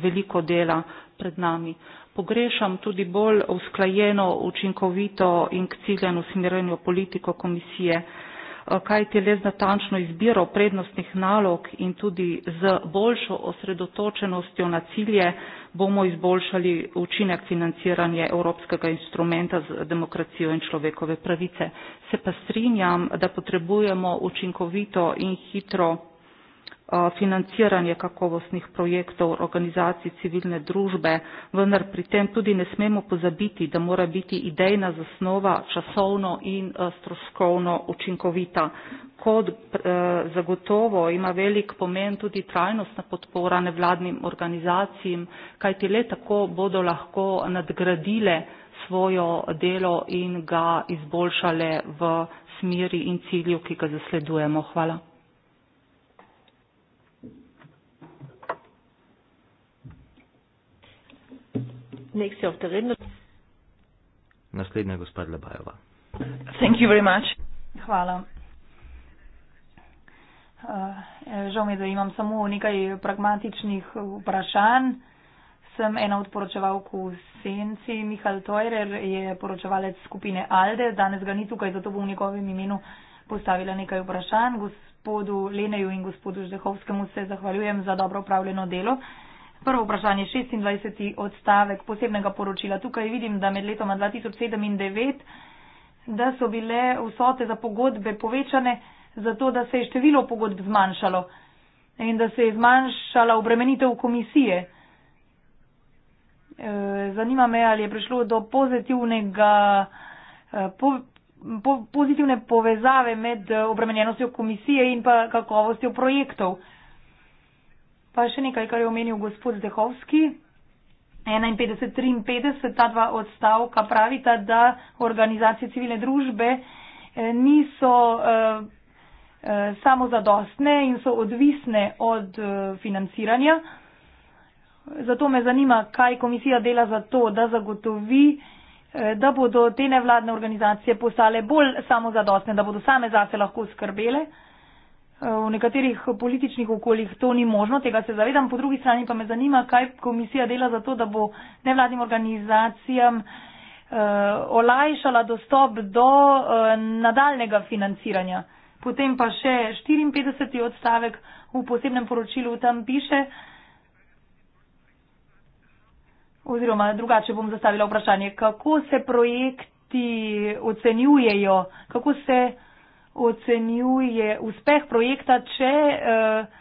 veliko dela pred nami pogrešam tudi bolj usklajeno, učinkovito in k ciljem usmerjeno politiko komisije, eh, kajti le z natančno izbiro prednostnih nalog in tudi z boljšo osredotočenostjo na cilje bomo izboljšali učinek financiranja Evropskega instrumenta za demokracijo in človekove pravice. Se pa strinjam, da potrebujemo učinkovito in hitro financiranje kakovostnih projektov organizacij civilne družbe, vendar pri tem tudi ne smemo pozabiti, da mora biti idejna zasnova časovno in stroškovno učinkovita. Kot e, zagotovo ima velik pomen tudi trajnostna podpora nevladnim organizacijam, kajti le tako bodo lahko nadgradile svojo delo in ga izboljšale v smeri in cilju, ki ga zasledujemo. Hvala. Next of the rind. Naslednja gospod Lebajova. Thank you very much. Hvala. Uh, žal mi je, da imam samo nekaj pragmatičnih vprašanj. Sem ena od poročevalk v senci. Mihal Tojrer je poročevalec skupine Alde. Danes ga ni tukaj, zato bom v njegovem imenu postavila nekaj vprašanj. Gospodu Leneju in gospodu Ždehovskemu se zahvaljujem za dobro upravljeno delo. Uh, Prvo vprašanje, 26. odstavek posebnega poročila. Tukaj vidim, da med letoma 2007 in 2009, da so bile vsote za pogodbe povečane, zato da se je število pogodb zmanjšalo in da se je zmanjšala obremenitev komisije. E, zanima me, ali je prišlo do pozitivnega, e, po, po, pozitivne povezave med obremenjenostjo komisije in pa kakovostjo projektov. Pa še nekaj, kar je omenil gospod Zdehovski. 51-53, ta dva odstavka pravita, da organizacije civilne družbe eh, niso eh, eh, samo zadostne in so odvisne od financiranja. Zato me zanima, kaj komisija dela za to, da zagotovi, da bodo te nevladne organizacije postale bolj samozadostne, da bodo same zase lahko skrbele. V nekaterih političnih okoljih to ni možno, tega se zavedam. Po drugi strani pa me zanima, kaj komisija dela za to, da bo nevladnim organizacijam eh, olajšala dostop do eh, nadaljnega financiranja. Potem pa še 54. odstavek v posebnem poročilu tam piše. Oziroma, drugače bom zastavila vprašanje, kako se projekti ocenjujejo, kako se ocenjuje uspeh projekta, če uh,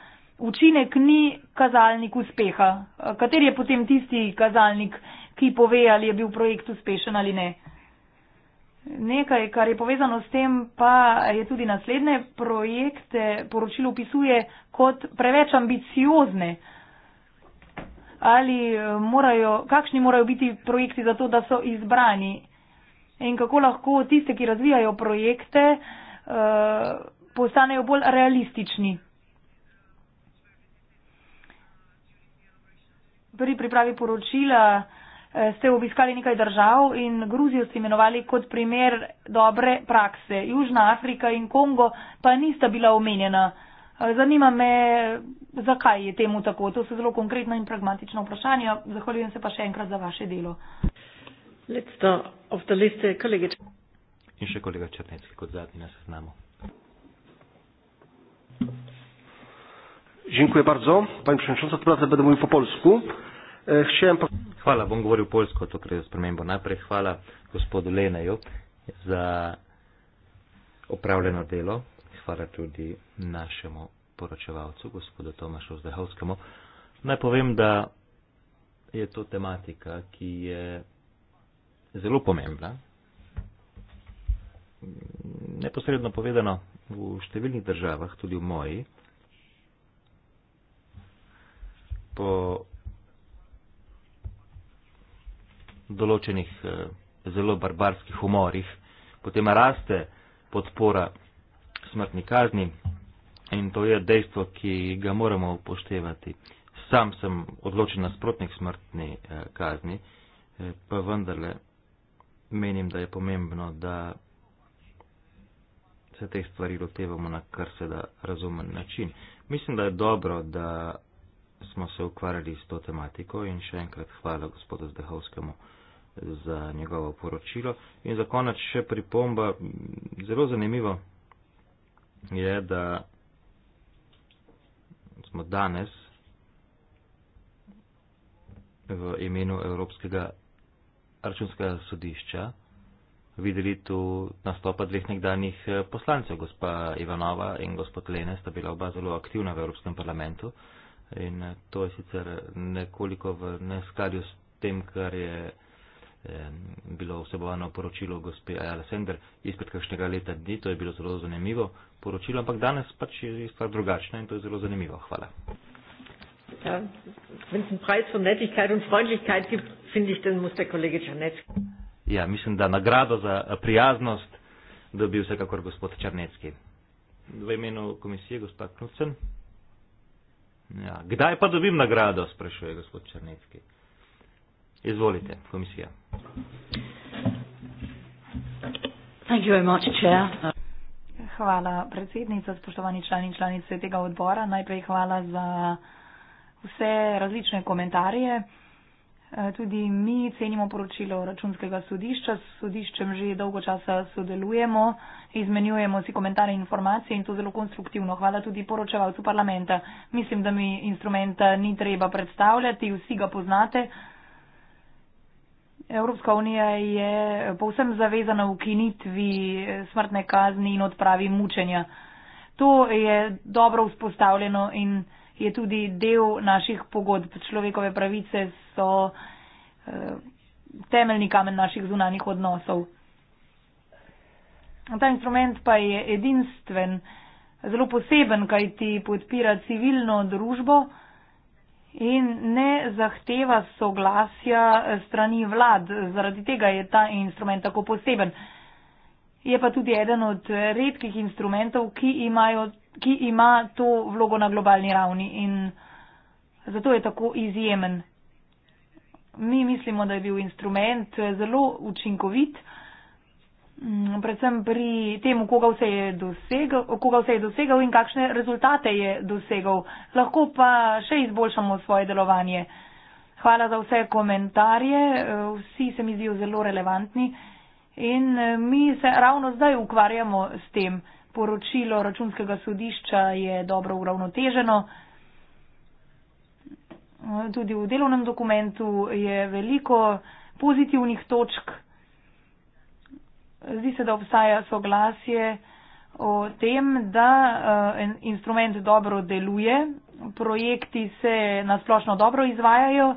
učinek ni kazalnik uspeha. Eh, kater je potem tisti kazalnik, ki pove, ali je bil projekt uspešen ali ne? Nekaj, kar je povezano s tem, pa je tudi naslednje projekte poročilo opisuje kot preveč ambiciozne. Ali eh, morajo, kakšni morajo biti projekti za to, da so izbrani? In kako lahko tiste, ki razvijajo projekte, uh, Eh, postanejo bolj realistični. Pri pripravi poročila eh, ste obiskali nekaj držav in Gruzijo ste imenovali kot primer dobre prakse. Južna Afrika in Kongo pa nista bila omenjena. Eh, zanima me, zakaj je temu tako. To so zelo konkretna in pragmatična vprašanja. Zahvaljujem se pa še enkrat za vaše delo. Let's start off the list, colleague. In še kolega Črnecki kot zadnji na seznamu. Dziękuję bardzo, panie przewodniczący. To prawda, będę mówił po polsku. E, chciałem. Po... Chwała, bo mówił po polsku, to kryje zmianę. Najpierw chwała gospodu Leneju za oprawione dzieło. Chwała tudi naszemu poroczowcu, gospodu Tomaszu Zdechowskiemu. Najpowiem, że jest to tematyka, która jest bardzo ważna neposredno povedano, v številnih državah, tudi v moji, po določenih eh, zelo barbarskih umorih, potem raste podpora smrtni kazni in to je dejstvo, ki ga moramo upoštevati. Sam sem odločen nasprotnik smrtni eh, kazni, eh, pa vendarle menim, da je pomembno, da se teh stvari lotevamo na kar se da razumen način. Mislim, da je dobro, da smo se ukvarjali s to tematiko in še enkrat hvala gospodu Zdehovskemu za njegovo poročilo. In za konec še pripomba, zelo zanimivo je, da smo danes v imenu Evropskega računskega sodišča videli tu nastopa dveh nekdanjih eh, poslancev, gospa Ivanova in gospod Lene, sta bila oba zelo aktivna v Evropskem parlamentu in eh, to je sicer nekoliko v neskladju s tem, kar je bilo vsebovano poročilo gospe Ajala Sender izpred kakšnega leta dni, to je bilo zelo zanimivo poročilo, ampak danes pač je stvar drugačna in to je zelo zanimivo. Hvala. Ja, wenn es einen Preis für Nettigkeit und Freundlichkeit gibt, finde ich, dann muss der Kollege Czarnecki. Ja, mislim, da nagrado za eh, prijaznost dobi vsekakor gospod Črnecki. V imenu komisije, gospod Knudsen. Ja, kdaj pa dobim nagrado, sprašuje gospod Črnecki. Izvolite, komisija. Thank you very much, chair. Hvala, predsednica, spoštovani člani in članice tega odbora. Najprej hvala za vse različne komentarje. Uh, Eh, tudi mi cenimo poročilo računskega sodišča, s sodiščem že dolgo časa sodelujemo, izmenjujemo si komentarje in informacije in to zelo konstruktivno. Hvala tudi poročevalcu parlamenta. Mislim, da mi instrumenta ni treba predstavljati, vsi ga poznate. Evropska unija je povsem zavezana v ukinitvi smrtne kazni in odpravi mučenja. To je dobro vzpostavljeno in je tudi del naših pogodb. Človekove pravice so eh, temeljni kamen naših zunanih odnosov. Ta instrument pa je edinstven, zelo poseben, kaj ti podpira civilno družbo in ne zahteva soglasja strani vlad. Zaradi tega je ta instrument tako poseben. Je pa tudi eden od redkih instrumentov, ki, imajo, ki ima to vlogo na globalni ravni in zato je tako izjemen. Mi mislimo, da je bil instrument zelo učinkovit, mm, predvsem pri tem, koga vse je dosegel, koga vse je dosegel in kakšne rezultate je dosegel. Lahko pa še izboljšamo svoje delovanje. Hvala za vse komentarje, eh, vsi se mi zdijo zelo relevantni. In eh, mi se ravno zdaj ukvarjamo s tem. Poročilo računskega sodišča je dobro uravnoteženo. Eh, tudi v delovnem dokumentu je veliko pozitivnih točk. Zdi se, da obstaja soglasje o tem, da eh, instrument dobro deluje, projekti se nasplošno dobro izvajajo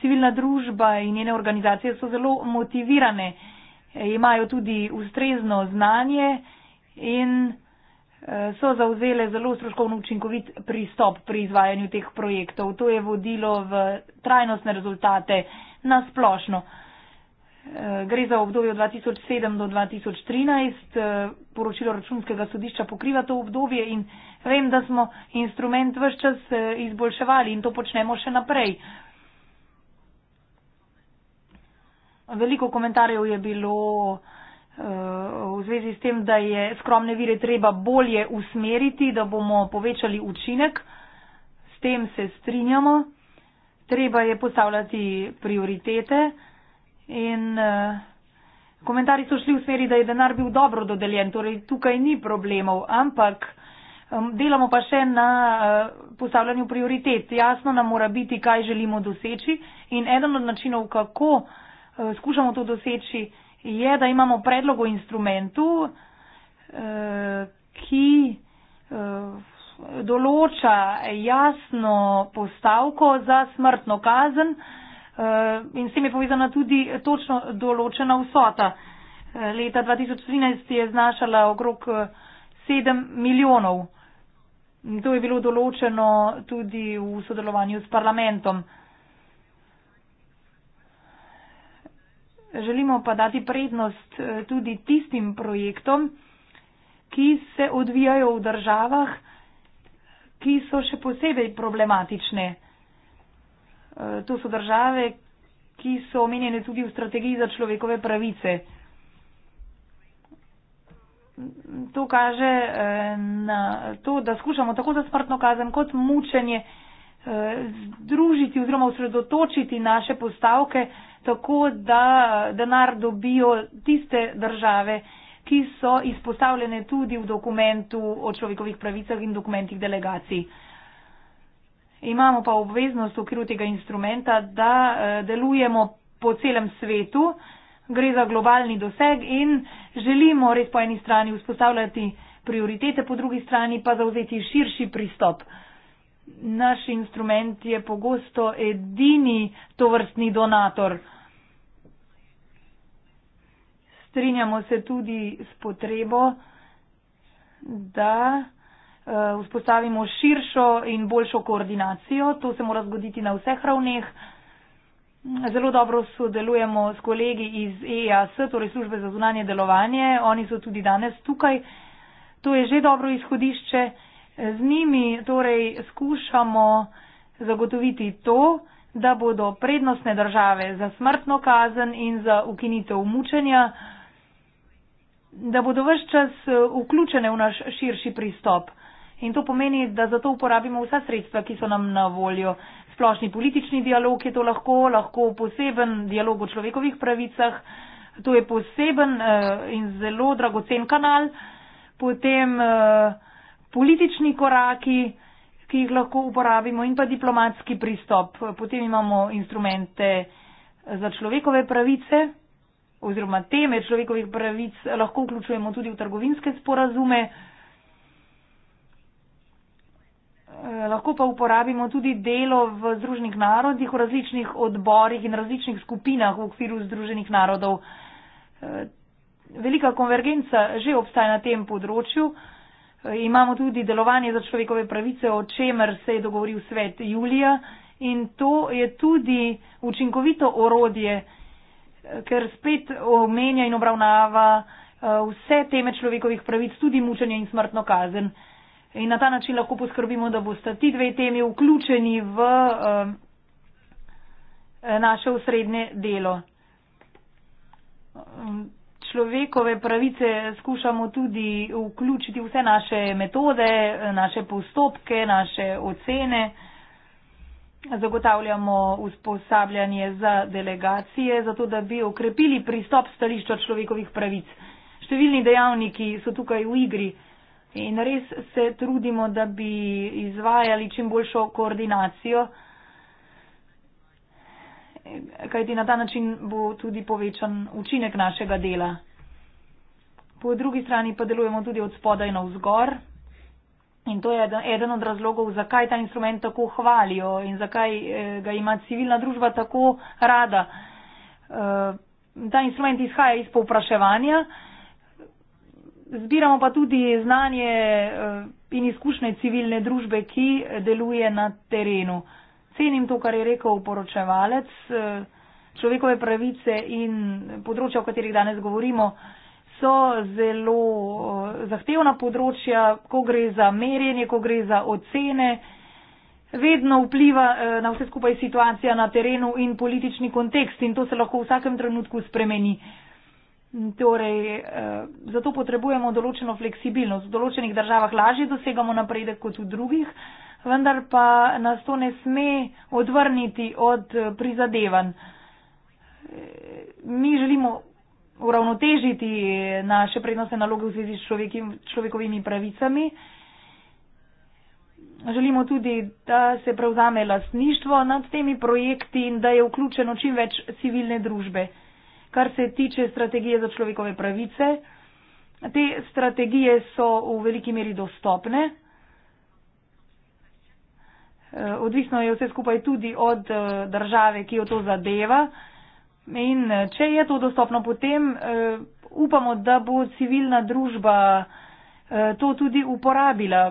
civilna družba in njene organizacije so zelo motivirane, imajo tudi ustrezno znanje in eh, so zauzele zelo stroškovno učinkovit pristop pri izvajanju teh projektov. To je vodilo v trajnostne rezultate na splošno. Eh, gre za obdobje od 2007 do 2013. Eh, poročilo računskega sodišča pokriva to obdobje in vem, da smo instrument vse čas izboljševali in to počnemo še naprej. Veliko komentarjev je bilo eh, v zvezi s tem, da je skromne vire treba bolje usmeriti, da bomo povečali učinek. S tem se strinjamo. Treba je postavljati prioritete in eh, komentarji so šli v smeri, da je denar bil dobro dodeljen, torej tukaj ni problemov, ampak delamo pa še na eh, postavljanju prioritet. Jasno nam mora biti, kaj želimo doseči in eden od načinov, kako Eh, skušamo to doseči, je, da imamo predlog o instrumentu, eh, ki eh, določa jasno postavko za smrtno kazen in s tem je povezana tudi točno določena vsota. Leta 2013 je znašala okrog 7 milijonov. To je bilo določeno tudi v sodelovanju s parlamentom. Želimo pa dati prednost eh, tudi tistim projektom, ki se odvijajo v državah, ki so še posebej problematične. Eh, to so države, ki so omenjene tudi v strategiji za človekove pravice. To kaže eh, na to, da skušamo tako za smrtno kazen kot mučenje Eh, združiti oziroma usredotočiti naše postavke tako, da eh, denar dobijo tiste države, ki so izpostavljene tudi v dokumentu o človekovih pravicah in dokumentih delegacij. Imamo pa obveznost v okviru tega instrumenta, da eh, delujemo po celem svetu, gre za globalni doseg in želimo res po eni strani vzpostavljati prioritete, po drugi strani pa zauzeti širši pristop naš instrument je pogosto edini tovrstni donator. Strinjamo se tudi s potrebo, da eh, vzpostavimo širšo in boljšo koordinacijo. To se mora zgoditi na vseh ravneh. Zelo dobro sodelujemo s kolegi iz EAS, torej službe za zunanje delovanje. Oni so tudi danes tukaj. To je že dobro izhodišče. Z njimi torej skušamo zagotoviti to, da bodo prednostne države za smrtno kazen in za ukinitev mučenja, da bodo vse čas e, vključene v naš širši pristop. In to pomeni, da za to uporabimo vsa sredstva, ki so nam na voljo. Splošni politični dialog je to lahko, lahko poseben dialog o človekovih pravicah, to je poseben e, in zelo dragocen kanal. Potem e, politični koraki, ki jih lahko uporabimo in pa diplomatski pristop. Potem imamo instrumente za človekove pravice oziroma teme človekovih pravic, lahko vključujemo tudi v trgovinske sporazume. Eh, lahko pa uporabimo tudi delo v Združenih narodih, v različnih odborih in različnih skupinah v okviru Združenih narodov. Eh, velika konvergenca že obstaja na tem področju. Imamo tudi delovanje za človekove pravice, o čemer se je dogovoril svet Julija in to je tudi učinkovito orodje, ker spet omenja in obravnava eh, vse teme človekovih pravic, tudi mučenje in smrtno kazen. In na ta način lahko poskrbimo, da boste ti dve temi vključeni v eh, eh, naše usrednje delo človekove pravice skušamo tudi vključiti vse naše metode, naše postopke, naše ocene. Zagotavljamo usposabljanje za delegacije, zato da bi okrepili pristop stališča človekovih pravic. Številni dejavniki so tukaj v igri in res se trudimo, da bi izvajali čim boljšo koordinacijo kajti na ta način bo tudi povečan učinek našega dela. Po drugi strani pa delujemo tudi od spodaj na vzgor in to je eden od razlogov, zakaj ta instrument tako hvalijo in zakaj eh, ga ima civilna družba tako rada. Eh, ta instrument izhaja iz povpraševanja, zbiramo pa tudi znanje eh, in izkušnje civilne družbe, ki deluje na terenu cenim to, kar je rekel poročevalec. Eh, človekove pravice in področja, o katerih danes govorimo, so zelo eh, zahtevna področja, ko gre za merjenje, ko gre za ocene. Vedno vpliva eh, na vse skupaj situacija na terenu in politični kontekst in to se lahko v vsakem trenutku spremeni. Torej, zato potrebujemo določeno fleksibilnost. V določenih državah lažje dosegamo napredek kot v drugih vendar pa nas to ne sme odvrniti od eh, prizadevanj. Mi želimo uravnotežiti eh, naše prednostne naloge v zvezi s človekim, človekovimi pravicami. Želimo tudi, da se prevzame lastništvo nad temi projekti in da je vključeno čim več civilne družbe. Kar se tiče strategije za človekove pravice, te strategije so v veliki meri dostopne. Eh, odvisno je vse skupaj tudi od eh, države, ki jo to zadeva. In eh, če je to dostopno, potem upamo, da bo civilna družba to tudi uporabila.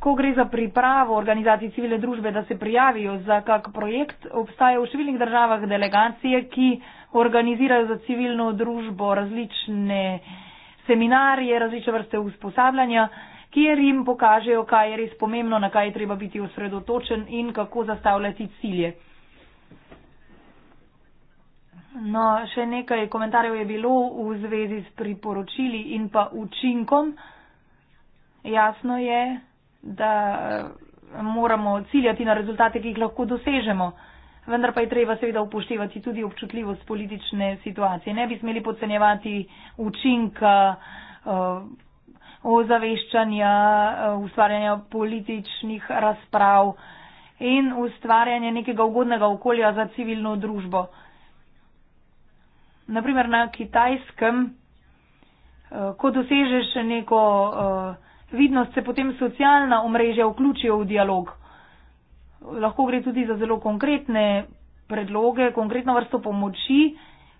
Ko gre za pripravo organizacij civilne družbe, da se prijavijo za kak projekt, obstaja v številnih državah delegacije, ki organizirajo za civilno družbo različne seminarje, različne vrste usposabljanja kjer jim pokažejo, kaj je res pomembno, na kaj je treba biti osredotočen in kako zastavljati cilje. No, še nekaj komentarjev je bilo v zvezi s priporočili in pa učinkom. Jasno je, da eh, moramo ciljati na rezultate, ki jih lahko dosežemo. Vendar pa je treba seveda upoštevati tudi občutljivost politične situacije. Ne bi smeli podcenjevati učinka uh, ozaveščanja, eh, ustvarjanja političnih razprav in ustvarjanje nekega ugodnega okolja za civilno družbo. Naprimer na kitajskem, eh, ko dosežeš neko eh, vidnost, se potem socialna omrežja vključijo v dialog. Lahko gre tudi za zelo konkretne predloge, konkretno vrsto pomoči.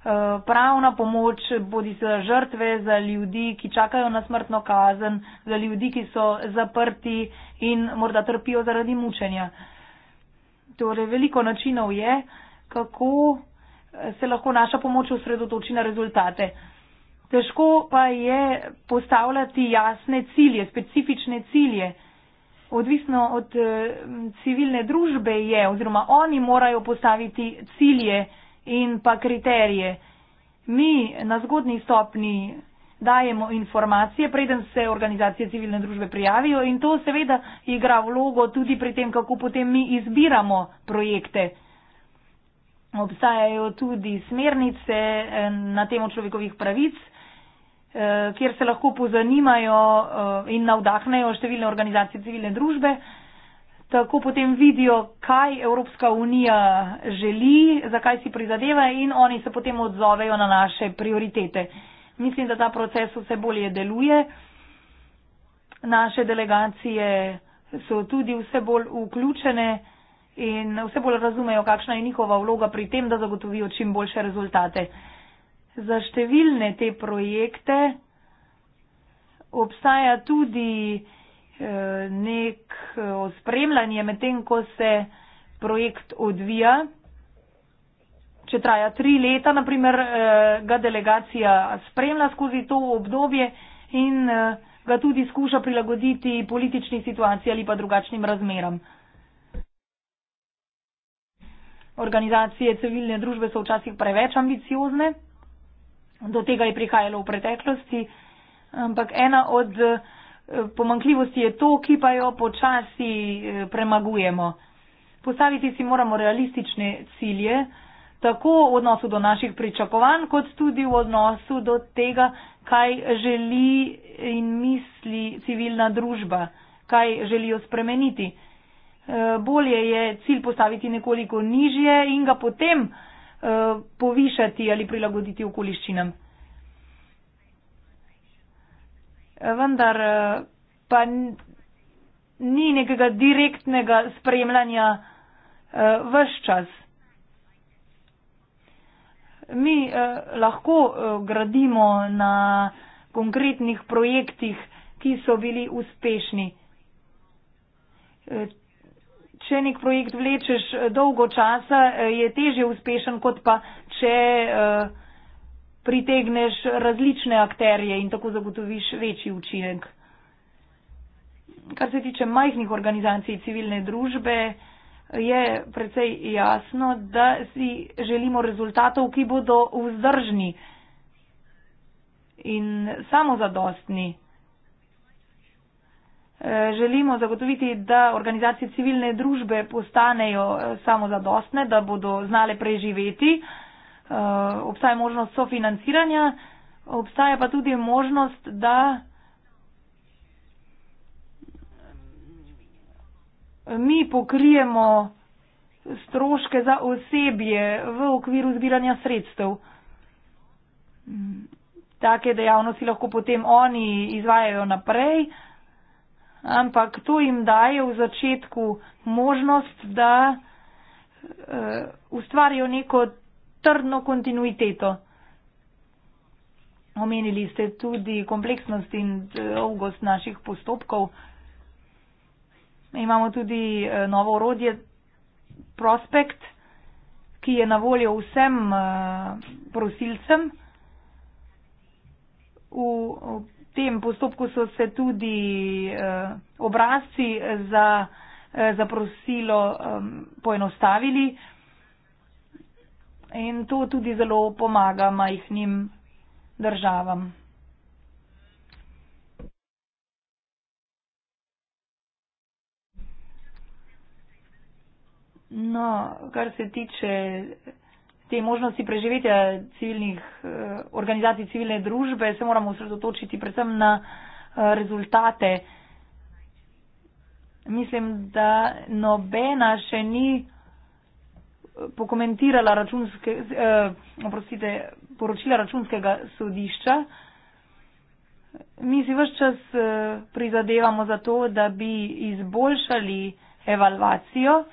Eh, pravna pomoč, bodi se žrtve, za ljudi, ki čakajo na smrtno kazen, za ljudi, ki so zaprti in morda trpijo zaradi mučenja. Torej, veliko načinov je, kako eh, se lahko naša pomoč osredotoči na rezultate. Težko pa je postavljati jasne cilje, specifične cilje. Odvisno od eh, civilne družbe je, oziroma oni morajo postaviti cilje, in pa kriterije. Mi na zgodni stopni dajemo informacije, preden se organizacije civilne družbe prijavijo in to seveda igra vlogo tudi pri tem, kako potem mi izbiramo projekte. Obstajajo tudi smernice eh, na temo človekovih pravic, eh, kjer se lahko pozanimajo eh, in navdahnejo številne organizacije civilne družbe tako potem vidijo, kaj Evropska unija želi, zakaj si prizadeva in oni se potem odzovejo na naše prioritete. Mislim, da ta proces vse bolje deluje. Naše delegacije so tudi vse bolj vključene in vse bolj razumejo, kakšna je njihova vloga pri tem, da zagotovijo čim boljše rezultate. Za številne te projekte obstaja tudi nek eh, spremljanje med tem, ko se projekt odvija. Če traja tri leta, naprimer, eh, ga delegacija spremlja skozi to obdobje in eh, ga tudi skuša prilagoditi politični situaciji ali pa drugačnim razmeram. Organizacije civilne družbe so včasih preveč ambiciozne, do tega je prihajalo v preteklosti, ampak ena od pomankljivosti je to, ki pa jo počasi eh, premagujemo. Postaviti si moramo realistične cilje, tako v odnosu do naših pričakovanj, kot tudi v odnosu do tega, kaj želi in misli civilna družba, kaj želijo spremeniti. Eh, bolje je cilj postaviti nekoliko nižje in ga potem eh, povišati ali prilagoditi okoliščinam. vendar eh, pa ni nekega direktnega spremljanja eh, vse čas. Mi eh, lahko gradimo na konkretnih projektih, ki so bili uspešni. Če nek projekt vlečeš dolgo časa, je teže uspešen, kot pa če uh, pritegneš različne akterje in tako zagotoviš večji učinek. Kar se tiče majhnih organizacij civilne družbe, je precej jasno, da si želimo rezultatov, ki bodo vzdržni in samozadostni. Eh, želimo zagotoviti, da organizacije civilne družbe postanejo eh, samozadostne, da bodo znale preživeti. Eh, obstaja možnost sofinanciranja, obstaja pa tudi možnost, da mi pokrijemo stroške za osebje v okviru zbiranja sredstev. Take dejavnosti lahko potem oni izvajajo naprej, ampak to jim daje v začetku možnost, da uh, ustvarijo neko trdno kontinuiteto. Omenili ste tudi kompleksnost in eh, dolgost naših postopkov. Imamo tudi eh, novo orodje Prospekt, ki je na voljo vsem eh, prosilcem. V tem postopku so se tudi obrazci za, za prosilo poenostavili in to tudi zelo pomaga majhnim državam. No, kar se tiče te možnosti preživetja civilnih eh, organizacij civilne družbe, se moramo osredotočiti predvsem na eh, rezultate. Mislim, da nobena še ni pokomentirala računske, eh, oprostite, poročila računskega sodišča. Mi si vse čas eh, prizadevamo za to, da bi izboljšali evalvacijo,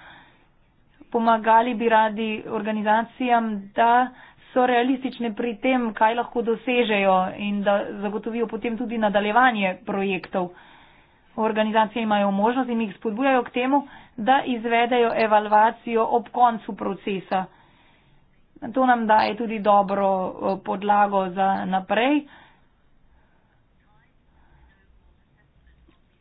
pomagali bi radi organizacijam, da so realistične pri tem, kaj lahko dosežejo in da zagotovijo potem tudi nadaljevanje projektov. Eh, organizacije imajo možnost in jih spodbujajo k temu, da izvedejo evalvacijo ob koncu procesa. To nam daje tudi dobro podlago za naprej.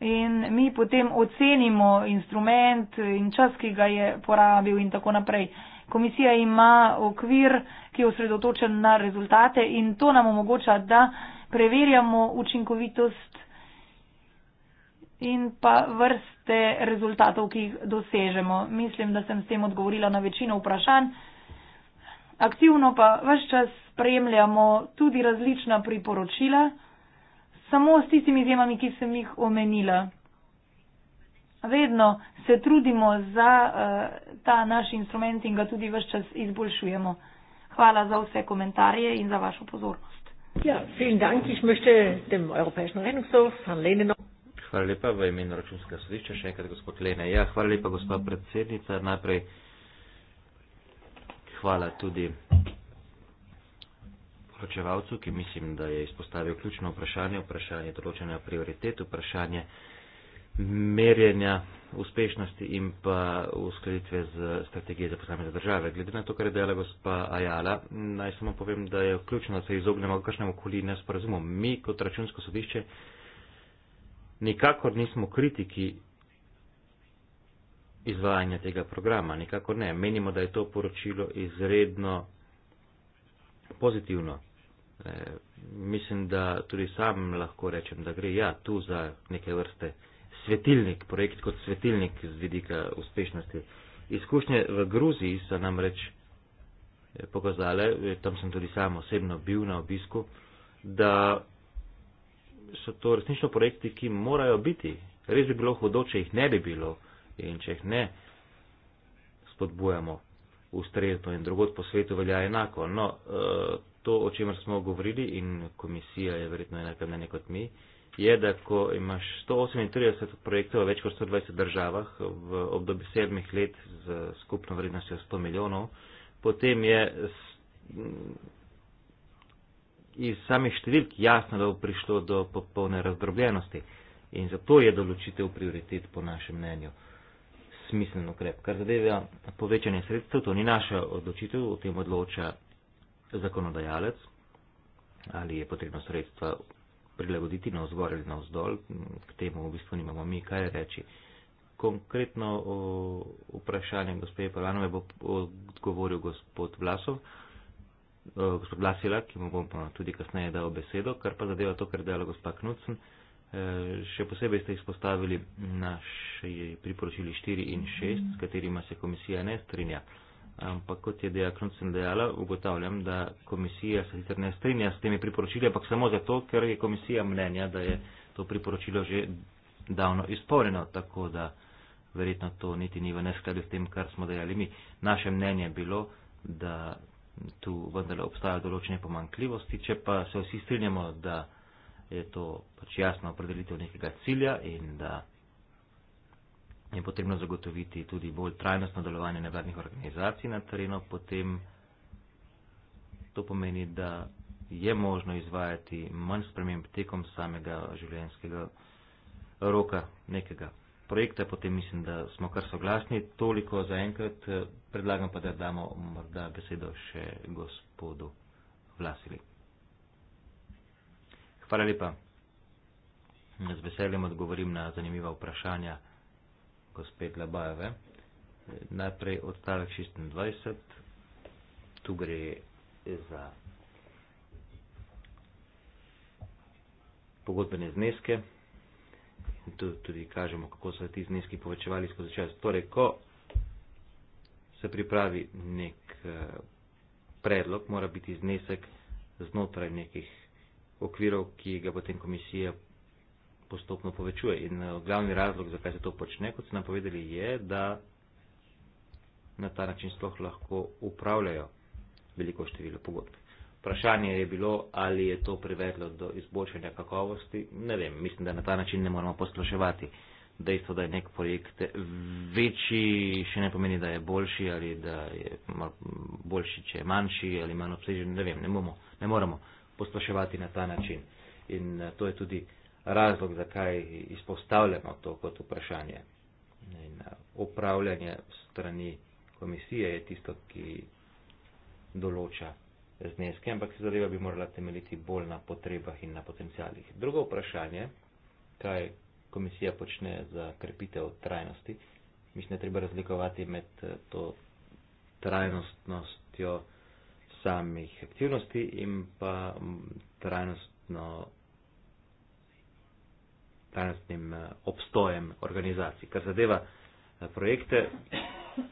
In mi potem ocenimo instrument in čas, ki ga je porabil in tako naprej. Komisija ima okvir, ki je osredotočen na rezultate in to nam omogoča, da preverjamo učinkovitost in pa vrste rezultatov, ki jih dosežemo. Mislim, da sem s tem odgovorila na večino vprašanj. Aktivno pa vse čas spremljamo tudi različna priporočila, samo s tistimi izjemami, ki sem jih omenila. Vedno se trudimo za uh, ta naš instrument in ga tudi vse čas izboljšujemo. Hvala za vse komentarje in za vašo pozornost. Ja, Hvala lepa v imenu računskega sodišča, še enkrat gospod Lene. Ja, hvala lepa gospa predsednica. Najprej hvala tudi poročevalcu, ki mislim, da je izpostavil ključno vprašanje, vprašanje določenja prioritet, vprašanje merjenja uspešnosti in pa uskladitve z strategije za posamezne države. Glede na to, kar je dejala gospa Ajala, naj samo povem, da je ključno, da se izognemo kakšnemu koli nesporazumu. Mi kot računsko sodišče nikakor nismo kritiki izvajanja tega programa, nikakor ne. Menimo, da je to poročilo izredno pozitivno. E, mislim, da tudi sam lahko rečem, da gre ja tu za neke vrste svetilnik, projekt kot svetilnik z vidika uspešnosti. Izkušnje v Gruziji so nam reč e, pokazale, e, tam sem tudi sam osebno bil na obisku, da so to resnično projekti, ki morajo biti. Res bi bilo hudo, če jih ne bi bilo in če jih ne spodbujamo ustrezno in drugot po svetu velja enako. No, eh, to, o čemer smo govorili in komisija je verjetno enaka mnenja kot mi, je, da ko imaš 138 projektov v več kot 120 državah v obdobju sedmih let z skupno vrednostjo 100 milijonov, potem je iz samih številk jasno, da bo prišlo do popolne razdrobljenosti. In zato je določitev prioritet, po našem mnenju, smiselno ukrep. Kar zadeva povečanje sredstev, to ni naša odločitev, o tem odloča zakonodajalec, ali je potrebno sredstva prilagoditi na vzgor ali na vzdolj, k temu v bistvu nimamo mi kaj reči. Konkretno vprašanje gospe Pavlanove bo odgovoril gospod Vlasov. Eh, gospod Blasila, ki mu bom tudi kasneje dal besedo, kar pa zadeva to, kar je dela gospod Knudsen. Eh, še posebej ste izpostavili naše priporočili 4 in 6, s katerima se komisija ne strinja. Ampak kot je dejal Knudsen dejala, ugotavljam, da komisija se sicer ne strinja s temi priporočili, ampak samo zato, ker je komisija mnenja, da je to priporočilo že davno izpolnjeno, tako da verjetno to niti ni v neskladju s tem, kar smo dejali mi. Naše mnenje je bilo, da tu vendarle obstajajo določene pomankljivosti, če pa se vsi strinjamo, da je to pač jasna opredelitev nekega cilja in da je potrebno zagotoviti tudi bolj trajnostno delovanje nevladnih organizacij na terenu, potem to pomeni, da je možno izvajati manj sprememb tekom samega življenjskega roka nekega projekta, potem mislim, da smo kar soglasni. Toliko za enkrat. Eh, predlagam pa, da damo morda besedo še gospodu Vlasili. Hvala lepa. Z veseljem odgovorim na zanimiva vprašanja gospe Labajeve. Najprej odstavek 26. Tu gre za pogodbene zneske tu tudi kažemo, kako so ti zneski povečevali skozi čas. Torej, ko se pripravi nek eh, predlog, mora biti znesek znotraj nekih okvirov, ki ga potem komisija postopno povečuje. In eh, glavni razlog, zakaj se to počne, kot ste nam povedali, je, da na ta način sploh lahko upravljajo veliko število pogodb. Vprašanje je bilo, ali je to privedlo do izboljšanja kakovosti. Ne vem, mislim, da na ta način ne moramo posploševati. Dejstvo, da je nek projekt večji, še ne pomeni, da je boljši ali da je boljši, če je manjši ali manj obsežen. Ne vem, ne, bomo, ne moramo posploševati na ta način. In eh, to je tudi razlog, zakaj izpostavljamo to kot vprašanje. In upravljanje eh, strani komisije je tisto, ki določa zneske, ampak se zadeva bi morala temeljiti bolj na potrebah in na potencijalih. Drugo vprašanje, kaj komisija počne za krepitev trajnosti, mislim, da treba razlikovati med eh, to trajnostnostjo samih aktivnosti in pa mm, trajnostno trajnostnim eh, obstojem organizacij. Kar zadeva eh, projekte,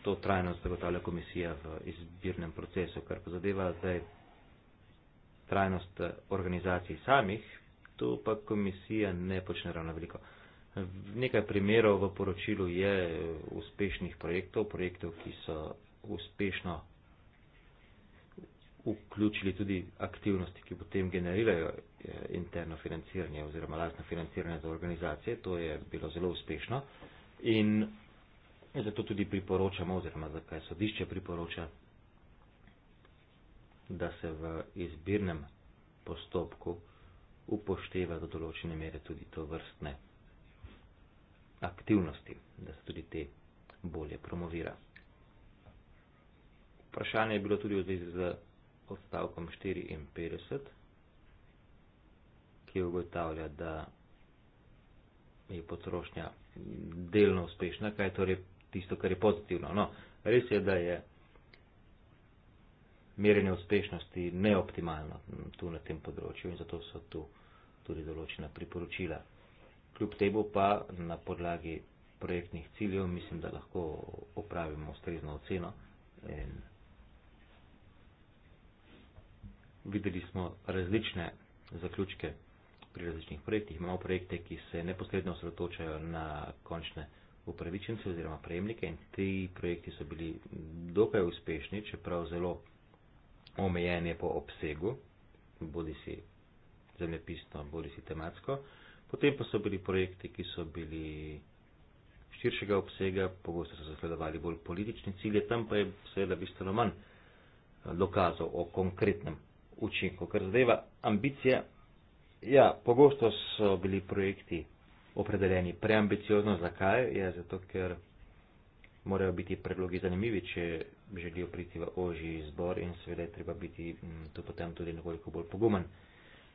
to trajnost zagotavlja komisija v izbirnem procesu, kar pa zadeva zdaj trajnost eh, organizacij samih, tu pa komisija ne počne ravno veliko. Nekaj primerov v poročilu je eh, uspešnih projektov, projektov, ki so uspešno vključili tudi aktivnosti, ki potem generirajo eh, interno financiranje oziroma lastno financiranje za organizacije. To je bilo zelo uspešno. In In zato tudi priporočamo, oziroma zakaj sodišče priporoča, da se v izbirnem postopku upošteva do določene mere tudi to vrstne aktivnosti, da se tudi te bolje promovira. Vprašanje je bilo tudi v zvezi z odstavkom 54, ki ugotavlja, da je potrošnja delno uspešna, kaj torej tisto, kar je pozitivno. No, res je, da je merjenje uspešnosti neoptimalno tu na tem področju in zato so tu tudi določena priporočila. Kljub temu pa na podlagi projektnih ciljev mislim, da lahko opravimo ustrezno oceno. Videli smo različne zaključke pri različnih projektih. Imamo projekte, ki se neposredno osredotočajo na končne upravičence oziroma prejemnike in ti projekti so bili dokaj uspešni, čeprav zelo omejeni po obsegu, bodi si zemljepisno, bodi si tematsko. Potem pa so bili projekti, ki so bili širšega obsega, pogosto so zasledovali bolj politične cilje, tam pa je seveda bistveno manj eh, dokazov o konkretnem učinku. Kar zadeva ambicije, ja, pogosto so bili projekti opredeljeni. Preambiciozno zakaj? Ja, zato, ker morajo biti predlogi zanimivi, če želijo priti v ožji izbor in seveda je treba biti mm, tu potem tudi nekoliko bolj pogumen.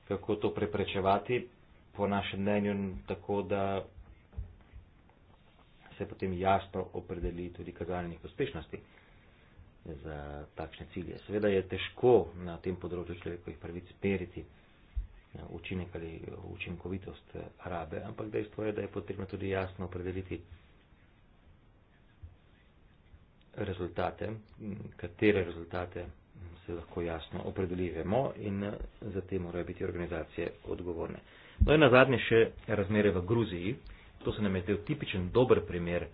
Kako to preprečevati? Po našem mnenju tako, da se potem jasno opredeli tudi kazalnih uspešnosti za takšne cilje. Seveda je težko na tem področju človekovih pravic meriti učinek ali učinkovitost rabe, ampak dejstvo je, da je potrebno tudi jasno opredeliti rezultate, katere rezultate se lahko jasno opredelivemo in za te morajo biti organizacije odgovorne. No in na zadnje še razmere v Gruziji. To se nam je zdel tipičen dober primer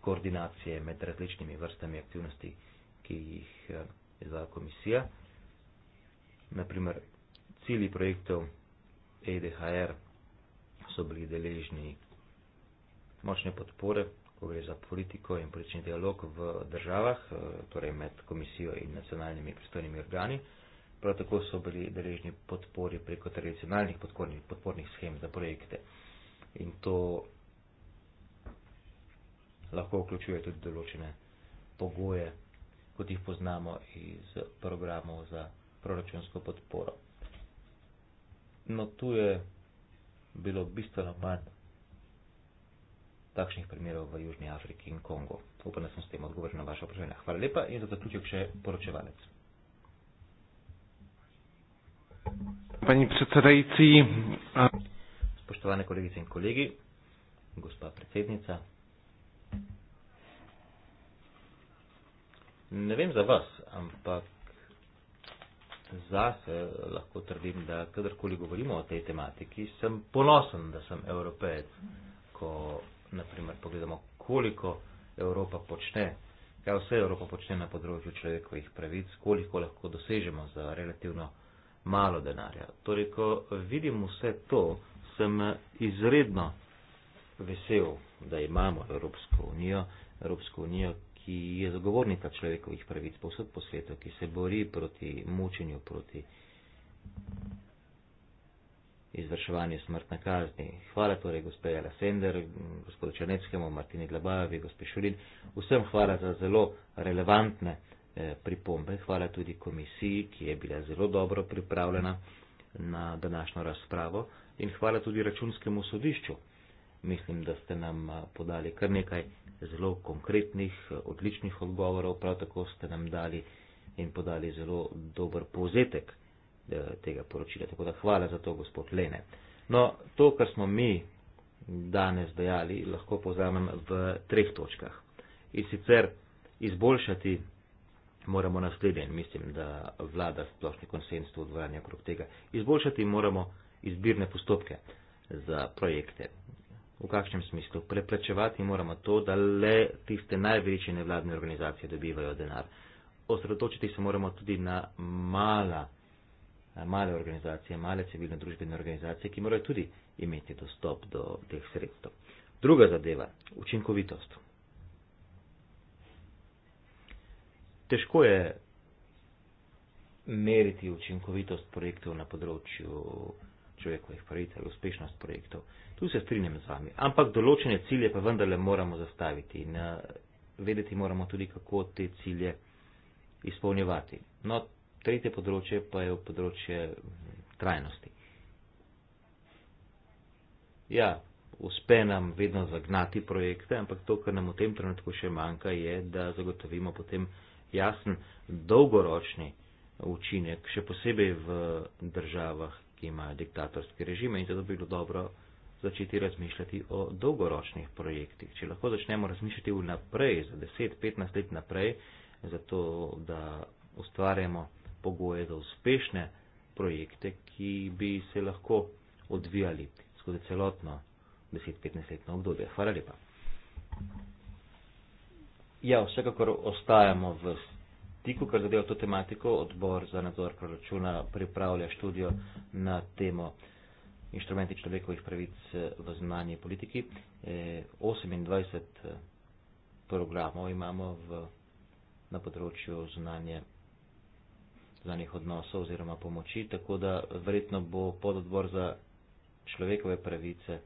koordinacije med različnimi vrstami aktivnosti, ki jih eh, izvaja komisija. Naprimer, cilji projektov EDHR so bili deležni močne podpore, ko gre za politiko in politični dialog v državah, eh, torej med komisijo in nacionalnimi pristojnimi organi. Prav tako so bili deležni podpori preko tradicionalnih podpornih, podpornih schem za projekte. In to lahko vključuje tudi določene pogoje, kot jih poznamo iz programov za proračunsko podporo no tu je bilo bistveno manj takšnih primerov v Južni Afriki in Kongo. Upam, da sem s tem odgovoril na vaše vprašanje. Hvala lepa in za zaključek še poročevalec. Pani predsedajci. Spoštovane kolegice in kolegi, gospa predsednica. Ne vem za vas, ampak za se eh, lahko trdim, da kadarkoli govorimo o tej tematiki, sem ponosen, da sem evropejec. Ko naprimer pogledamo, koliko Evropa počne, kaj vse Evropa počne na področju človekovih pravic, koliko lahko dosežemo za relativno malo denarja. Torej, ko vidim vse to, sem eh, izredno vesel, da imamo Evropsko unijo, Evropsko unijo, ki je zagovornica človekovih pravic posod po svetu, ki se bori proti mučenju, proti izvrševanju smrtne kazni. Hvala torej gospod Jala Sender, gospodu Černeckemu, Martini Glabavi, gospod Šulin. Vsem hvala za zelo relevantne eh, pripombe. Hvala tudi komisiji, ki je bila zelo dobro pripravljena na današnjo razpravo. In hvala tudi računskemu sodišču mislim, da ste nam podali kar nekaj zelo konkretnih, odličnih odgovorov, prav tako ste nam dali in podali zelo dober povzetek tega poročila. Tako da hvala za to, gospod Lene. No, to, kar smo mi danes dejali, lahko povzamem v treh točkah. In sicer izboljšati moramo naslednje, mislim, da vlada splošni konsens tu odvajanja okrog tega. Izboljšati moramo izbirne postopke za projekte v kakšnem smislu. Preplačevati moramo to, da le tiste največje nevladne organizacije dobivajo denar. Osredotočiti se moramo tudi na mala, male organizacije, male civilne družbene organizacije, ki morajo tudi imeti dostop do teh sredstev. Druga zadeva, učinkovitost. Težko je meriti učinkovitost projektov na področju človekovih pravic ali uspešnost projektov. Tu se strinjam z vami. Ampak določene cilje pa vendarle moramo zastaviti in eh, vedeti moramo tudi, kako te cilje izpolnjevati. No, tretje področje pa je področje mm, trajnosti. Ja, uspe nam vedno zagnati projekte, ampak to, kar nam v tem trenutku še manjka, je, da zagotovimo potem jasen dolgoročni učinek, še posebej v državah, ki imajo diktatorske režime in zato bi bilo dobro, začeti razmišljati o dolgoročnih projektih. Če lahko začnemo razmišljati vnaprej, za 10-15 let naprej, zato da ustvarjamo pogoje za uspešne projekte, ki bi se lahko odvijali skozi celotno 10-15 letno obdobje. Hvala lepa. Ja, vsekakor ostajamo v stiku, kar zadeva to tematiko. Odbor za nadzor proračuna pripravlja študijo na temo inštrumenti človekovih pravic eh, v znanje politiki. 28 eh, eh, programov imamo v, na področju znanje znanih odnosov oziroma pomoči, tako da verjetno bo pododbor za človekove pravice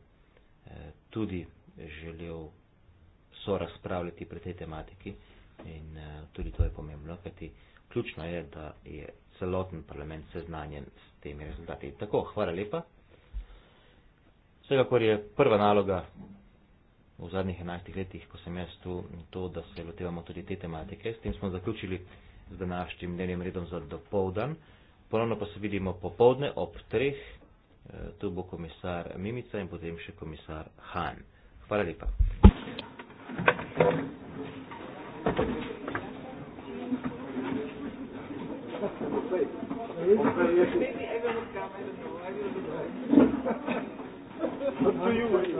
tudi želel so razpravljati pri tej tematiki in tudi to je pomembno, kajti ključno je, da je celoten parlament seznanjen s temi rezultati. Tako, hvala lepa. Vsega, kar je prva naloga v zadnjih enajstih letih, ko sem jaz tu, to, da se lotevamo tudi te tematike. S tem smo zaključili z današnjim dnevnim redom za dopoldan. Ponovno pa se vidimo popovdne ob treh. Eh, tu bo komisar Mimica in potem še komisar Han. Hvala lepa. Thank you. Nadaljujem.